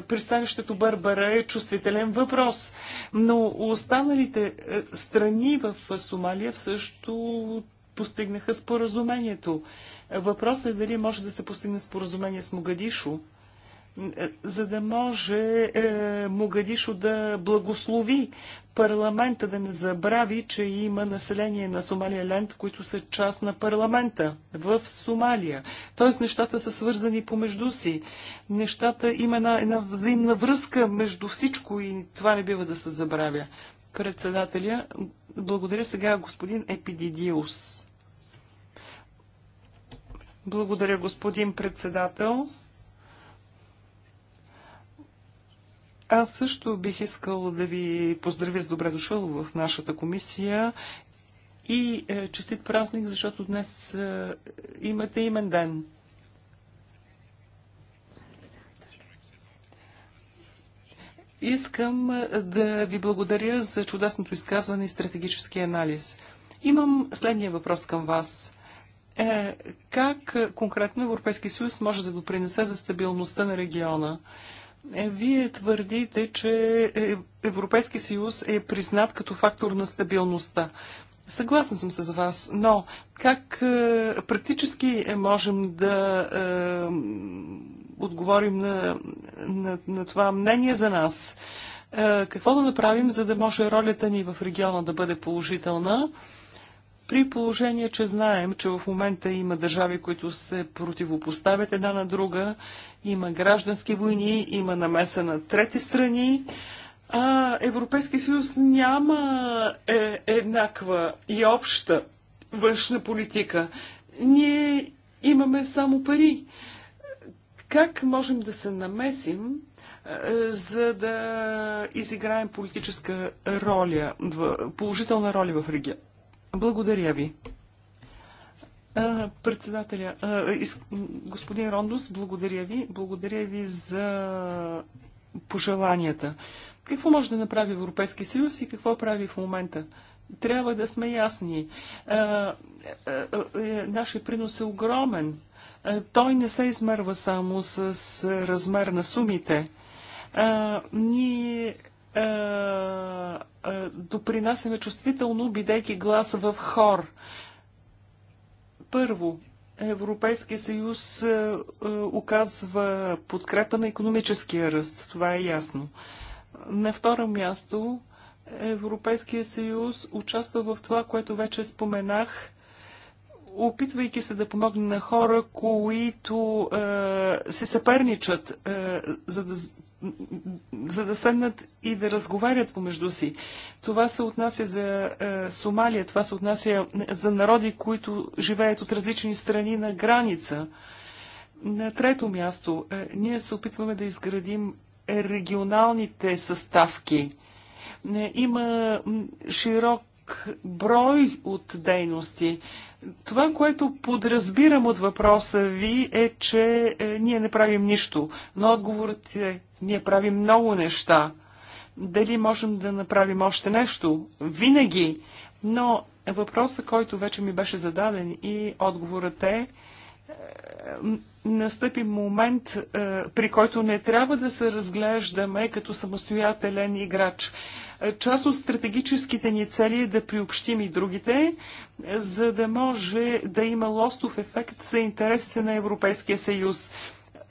пристанището Барбара е чувствителен въпрос, но останалите е, страни в Сомалия също постигнаха споразумението. Въпросът е дали може да се постигне споразумение с Могадишо за да може е, Могадишо да благослови парламента, да не забрави, че има население на Сомалия Ленд, които са част на парламента в Сомалия. Тоест нещата са свързани помежду си. Нещата има една, една взаимна връзка между всичко и това не бива да се забравя. Председателя, благодаря сега господин Епидидиус. Благодаря, господин председател. Аз също бих искал да ви поздравя с добре дошъл в нашата комисия и е, честит празник, защото днес е, имате имен ден. Искам е, да ви благодаря за чудесното изказване и стратегически анализ. Имам следния въпрос към вас. Е, как е, конкретно Европейски съюз може да допринесе за стабилността на региона? Е, вие твърдите, че е, Европейски съюз е признат като фактор на стабилността. Съгласен съм с вас, но как е, практически можем да е, отговорим на, на, на това мнение за нас? Е, какво да направим, за да може ролята ни в региона да бъде положителна? Е, при положение, че знаем, че в момента има държави, които се противопоставят една на друга, има граждански войни, има намеса на трети страни, а Европейския съюз няма е, еднаква и обща външна политика. Ние имаме само пари. Как можем да се намесим, е, за да изиграем политическа роля, положителна роля в региона? Благодаря ви. Председателя, господин Рондос, благодаря ви. Благодаря ви за пожеланията. Какво може да направи Европейския съюз и какво прави в момента? Трябва да сме ясни. Е, нашия принос е огромен. Той не се измерва само с размер на сумите. Ние е, е, допринасяме чувствително, бидейки глас в хор. Първо, Европейския съюз е, оказва подкрепа на економическия ръст. Това е ясно. На второ място, Европейския съюз участва в това, което вече споменах, опитвайки се да помогне на хора, които се съперничат, за да за да седнат и да разговарят помежду си. Това се отнася за е, Сомалия, това се отнася за народи, които живеят от различни страни на граница. На трето място, е, ние се опитваме да изградим регионалните съставки. Е, има широк брой от дейности. Това, което подразбирам от въпроса ви е, че е, ние не правим нищо, но отговорът е ние правим много неща. Дали можем да направим още нещо? Винаги. Но въпросът, който вече ми беше зададен и отговорът е, настъпи момент, е, при който не трябва да се разглеждаме като самостоятелен играч. Част от стратегическите ни цели е да приобщим и другите, за да може да има лостов ефект за интересите на Европейския съюз.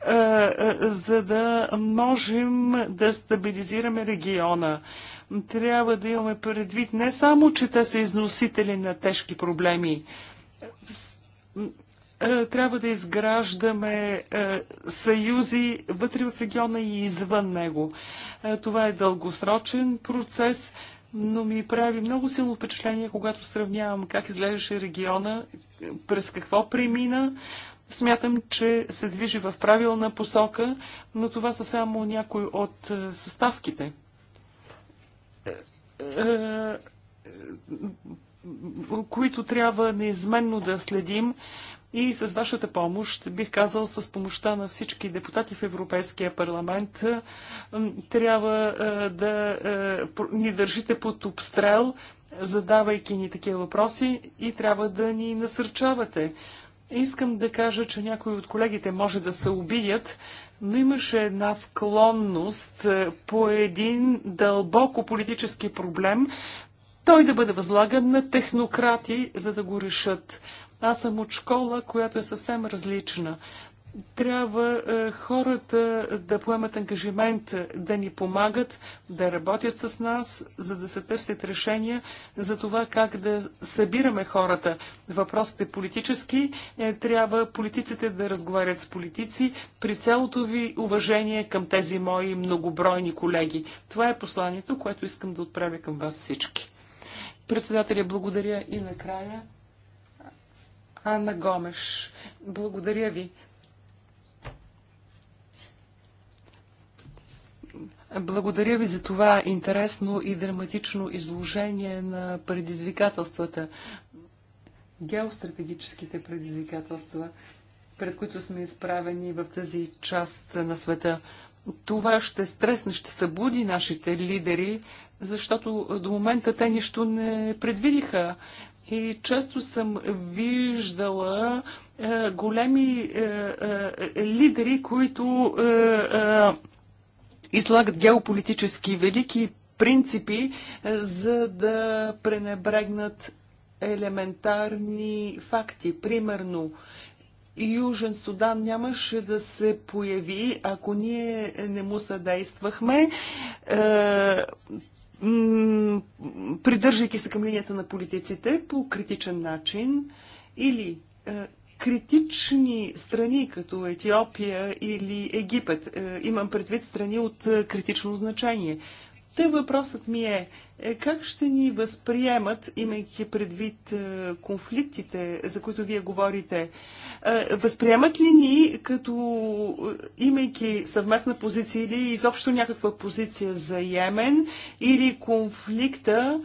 Е, е, за да можем да стабилизираме региона. Трябва да имаме предвид не само, че те са износители на тежки проблеми. Е, трябва да изграждаме съюзи вътре в региона и извън него. Това е дългосрочен процес, но ми прави много силно впечатление, когато сравнявам как изглеждаше региона, през какво премина, Смятам, че се движи в правилна посока, но това са само някои от е, съставките е, е, които трябва неизменно да следим и с вашата помощ, бих казал с помощта на всички депутати в Европейския парламент, трябва да ни държите под обстрел, задавайки ни такива въпроси и трябва да ни насърчавате. Искам да кажа, че някои от колегите може да се обидят, но имаше една склонност е, по един дълбоко политически проблем, той да бъде възлаган на технократи, за да го решат. Аз съм от школа, която е съвсем различна трябва е, хората да поемат ангажимент, да ни помагат, да работят с нас, за да се търсят решения за това как да събираме хората. Въпросът е политически. Е, трябва политиците да разговарят с политици при цялото ви уважение към тези мои многобройни колеги. Това е посланието, което искам да отправя към вас всички. Председателя, благодаря и накрая. Анна Гомеш, благодаря ви. Благодаря ви за това интересно и драматично изложение на предизвикателствата, геостратегическите предизвикателства, пред които сме изправени в тази част на света. Това ще стресне, ще събуди нашите лидери, защото до момента те нищо не предвидиха. И често съм виждала е, големи е, е, лидери, които е, е, и слагат геополитически велики принципи, е, за да пренебрегнат елементарни факти. Примерно, Южен Судан нямаше да се появи, ако ние не му съдействахме, е, придържайки се към линията на политиците по критичен начин или е, критични страни, като Етиопия или Египет. Е, имам предвид страни от е, критично значение. Те въпросът ми е, е, как ще ни възприемат, имайки предвид конфликтите, за които вие говорите, възприемат ли ни, като имайки съвместна позиция или изобщо някаква позиция за Йемен или конфликта,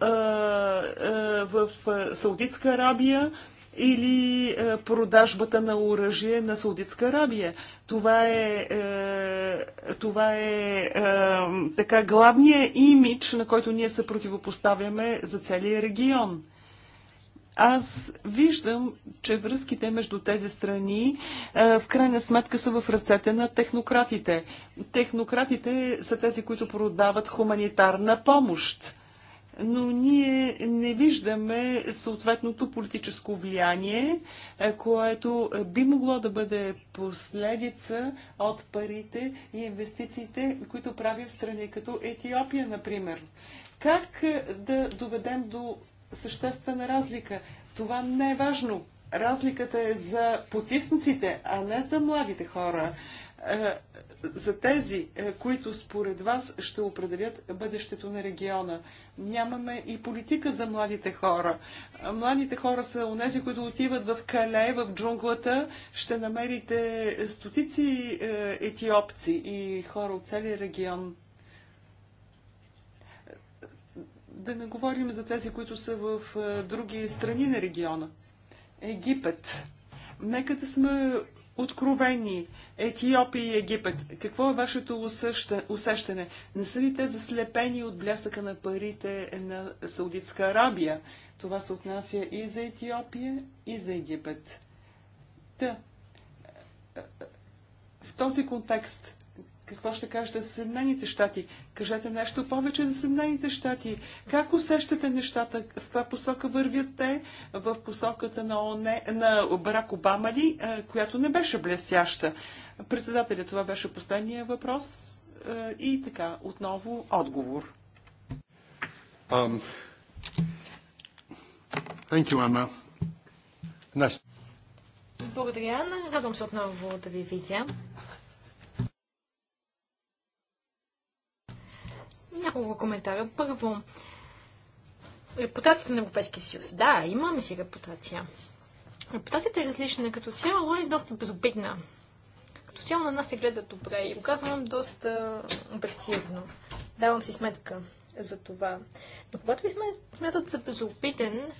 в Саудитска Арабия или продажбата на оръжие на Саудитска Арабия. Това е, е, това е, е така главният имидж, на който ние се противопоставяме за целия регион. Аз виждам, че връзките между тези страни е, в крайна сметка са в ръцете на технократите. Технократите са тези, които продават хуманитарна помощ но ние не виждаме съответното политическо влияние, е, което би могло да бъде последица от парите и инвестициите, които прави в страни като Етиопия, например. Как е, да доведем до съществена разлика? Това не е важно. Разликата е за потисниците, а не за младите хора. Е, за тези, е, които според вас ще определят бъдещето на региона. Нямаме и политика за младите хора. Е, младите хора са онези, които отиват в Кале, в джунглата. Ще намерите стотици етиопци и хора от целия регион. Да не говорим за тези, които са в други страни на региона. Египет. Нека да сме откровени Етиопия и Египет. Какво е вашето усещане? Не са ли те заслепени от блясъка на парите на Саудитска Арабия? Това се отнася и за Етиопия, и за Египет. Та, в този контекст какво ще кажете за Съединените щати? Кажете нещо повече за Съединените щати. Как усещате нещата? В каква посока вървят те? В посоката на, ОНЕ, на Барак Обама ли, която не беше блестяща? Председателя, това беше последния въпрос. И така, отново отговор. Um, thank you, Anna. Nice. Благодаря, Анна. Радвам се отново да ви видя. няколко коментара. Първо, репутацията на Европейския съюз. Да, имаме си репутация. Репутацията е различна като цяло е доста безобидна. Като цяло на нас се гледа добре и го казвам доста обективно. Давам си сметка за това. Но когато ви смятат за безобиден,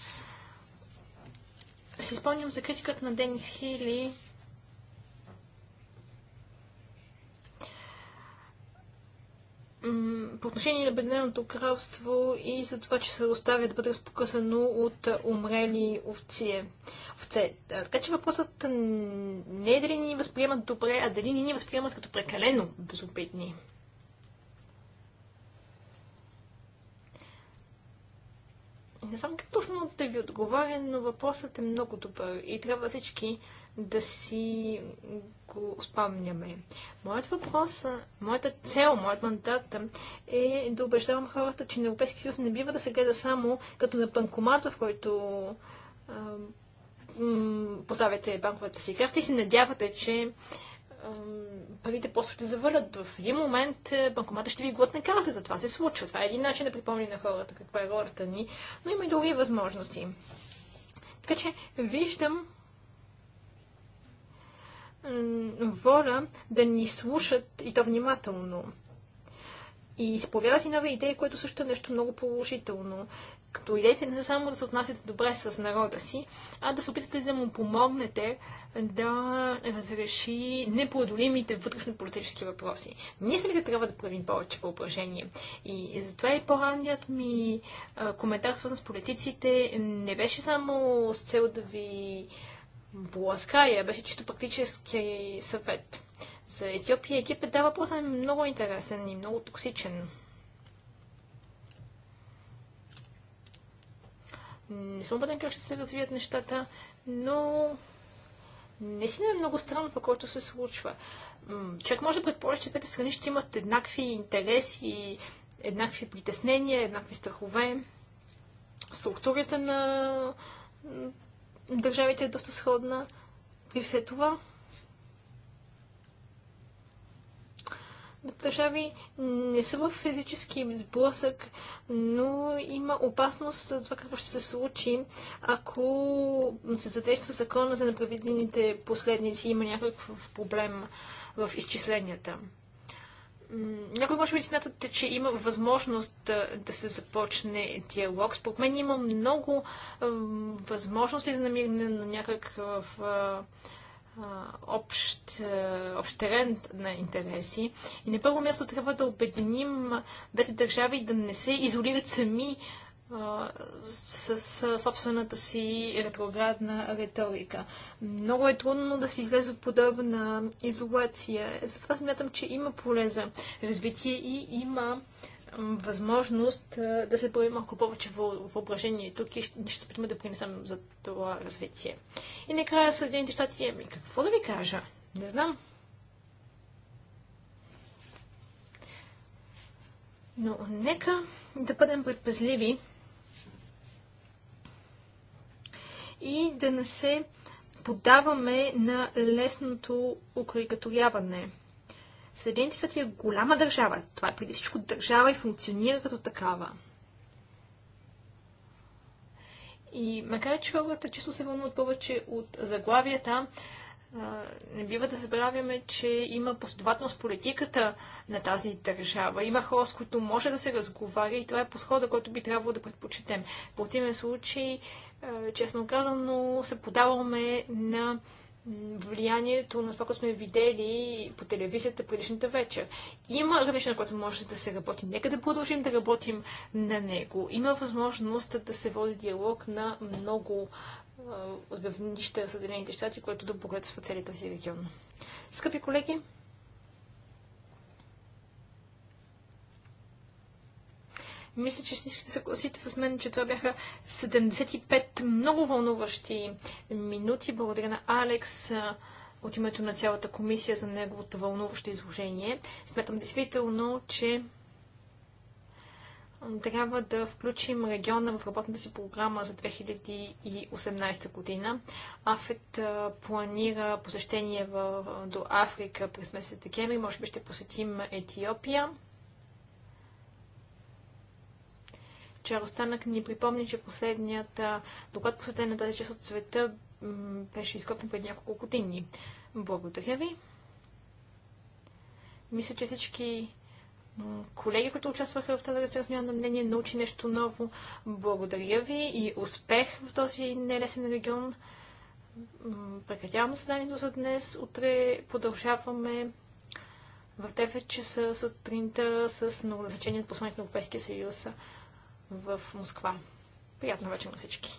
се изпълням за критиката на Денис Хили по отношение на Обединеното кралство и за това, че се оставя да бъде разпокъсано от умрели овци. овце. Така че въпросът не е дали ни възприемат добре, а дали ни ни възприемат като прекалено безобидни. Не знам как точно да ви отговаря, но въпросът е много добър и трябва всички да си го спомняме. Моят въпрос, моята цел, моят мандат е да убеждавам хората, че на Европейския съюз не бива да се гледа само като на банкомата, в който поставяте банковата си карта и се надявате, че парите после ще завалят. В един момент е, банкомата ще ви глътне картата. Това се случва. Това е един начин да припомни на хората каква е ролята ни, но има и други възможности. Така че виждам воля да ни слушат и то внимателно. И изповядат и нови идеи, което също е нещо много положително. Като идеите не са само да се отнасяте добре с народа си, а да се опитате да му помогнете да разреши непреодолимите вътрешно-политически въпроси. Ние самите трябва да правим повече въображение. И затова и по-ранният ми коментар, свързан с политиците, не беше само с цел да ви я беше чисто практически съвет. За Етиопия и Египет дава въпросът е много интересен и много токсичен. Не съм убеден как ще се развият нещата, но Не не е много странно това, което се случва. Човек може да предположи, че двете страни ще имат еднакви интереси, еднакви притеснения, еднакви страхове. Структурата на държавите е доста сходна. И все това държави не са в физически сблъсък, но има опасност за това какво ще се случи, ако се задейства закона за непредвидените последници, и има някакъв проблем в изчисленията някой може би смятате, че има възможност да, да се започне диалог. Според мен има много а, възможности за намиране на някакъв а, общ, общ терен на интереси. И на първо място трябва да обединим двете държави да не се изолират сами с, с собствената си ретроградна риторика. Много е трудно да се излезе от подобна изолация. Затова смятам, че има поле за развитие и има възможност да се появи малко повече въображение тук и ще, ще приема да принесам за това развитие. И накрая Съединените щати, ами какво да ви кажа? Не знам. Но нека да бъдем предпазливи и да не се подаваме на лесното укарикатуряване. Съединените щати е голяма държава. Това е преди всичко държава и функционира като такава. И макар, че хората често се вълнуват повече от заглавията, не бива да забравяме, че има последователност политиката на тази държава. Има хора, с които може да се разговаря и това е подхода, който би трябвало да предпочетем. В противен случай е, честно казано, се подаваме на влиянието на това, което сме видели по телевизията предишната вечер. Има различно, на което може да се работи. Нека да продължим да работим на него. Има възможност да се води диалог на много е, равнища в Съединените щати, което да богатства целият този регион. Скъпи колеги, Мисля, че ще се съгласите с мен, че това бяха 75 много вълнуващи минути. Благодаря на Алекс от името на цялата комисия за неговото вълнуващо изложение. Сметам действително, че трябва да включим региона в работната си програма за 2018 година. АФЕТ планира посещение в, до Африка през месец декември. Може би ще посетим Етиопия. Чарлз ни припомни, че последният доклад посветен на тази част от света беше изкопен преди няколко години. Благодаря ви. Мисля, че всички колеги, които участваха в тази размяна на мнение, научи нещо ново. Благодаря ви и успех в този нелесен регион. Прекратявам заседанието за днес. Утре продължаваме в 9 часа сутринта с новозначение посланието на Европейския съюз в Москва. Приятна вечер на всички!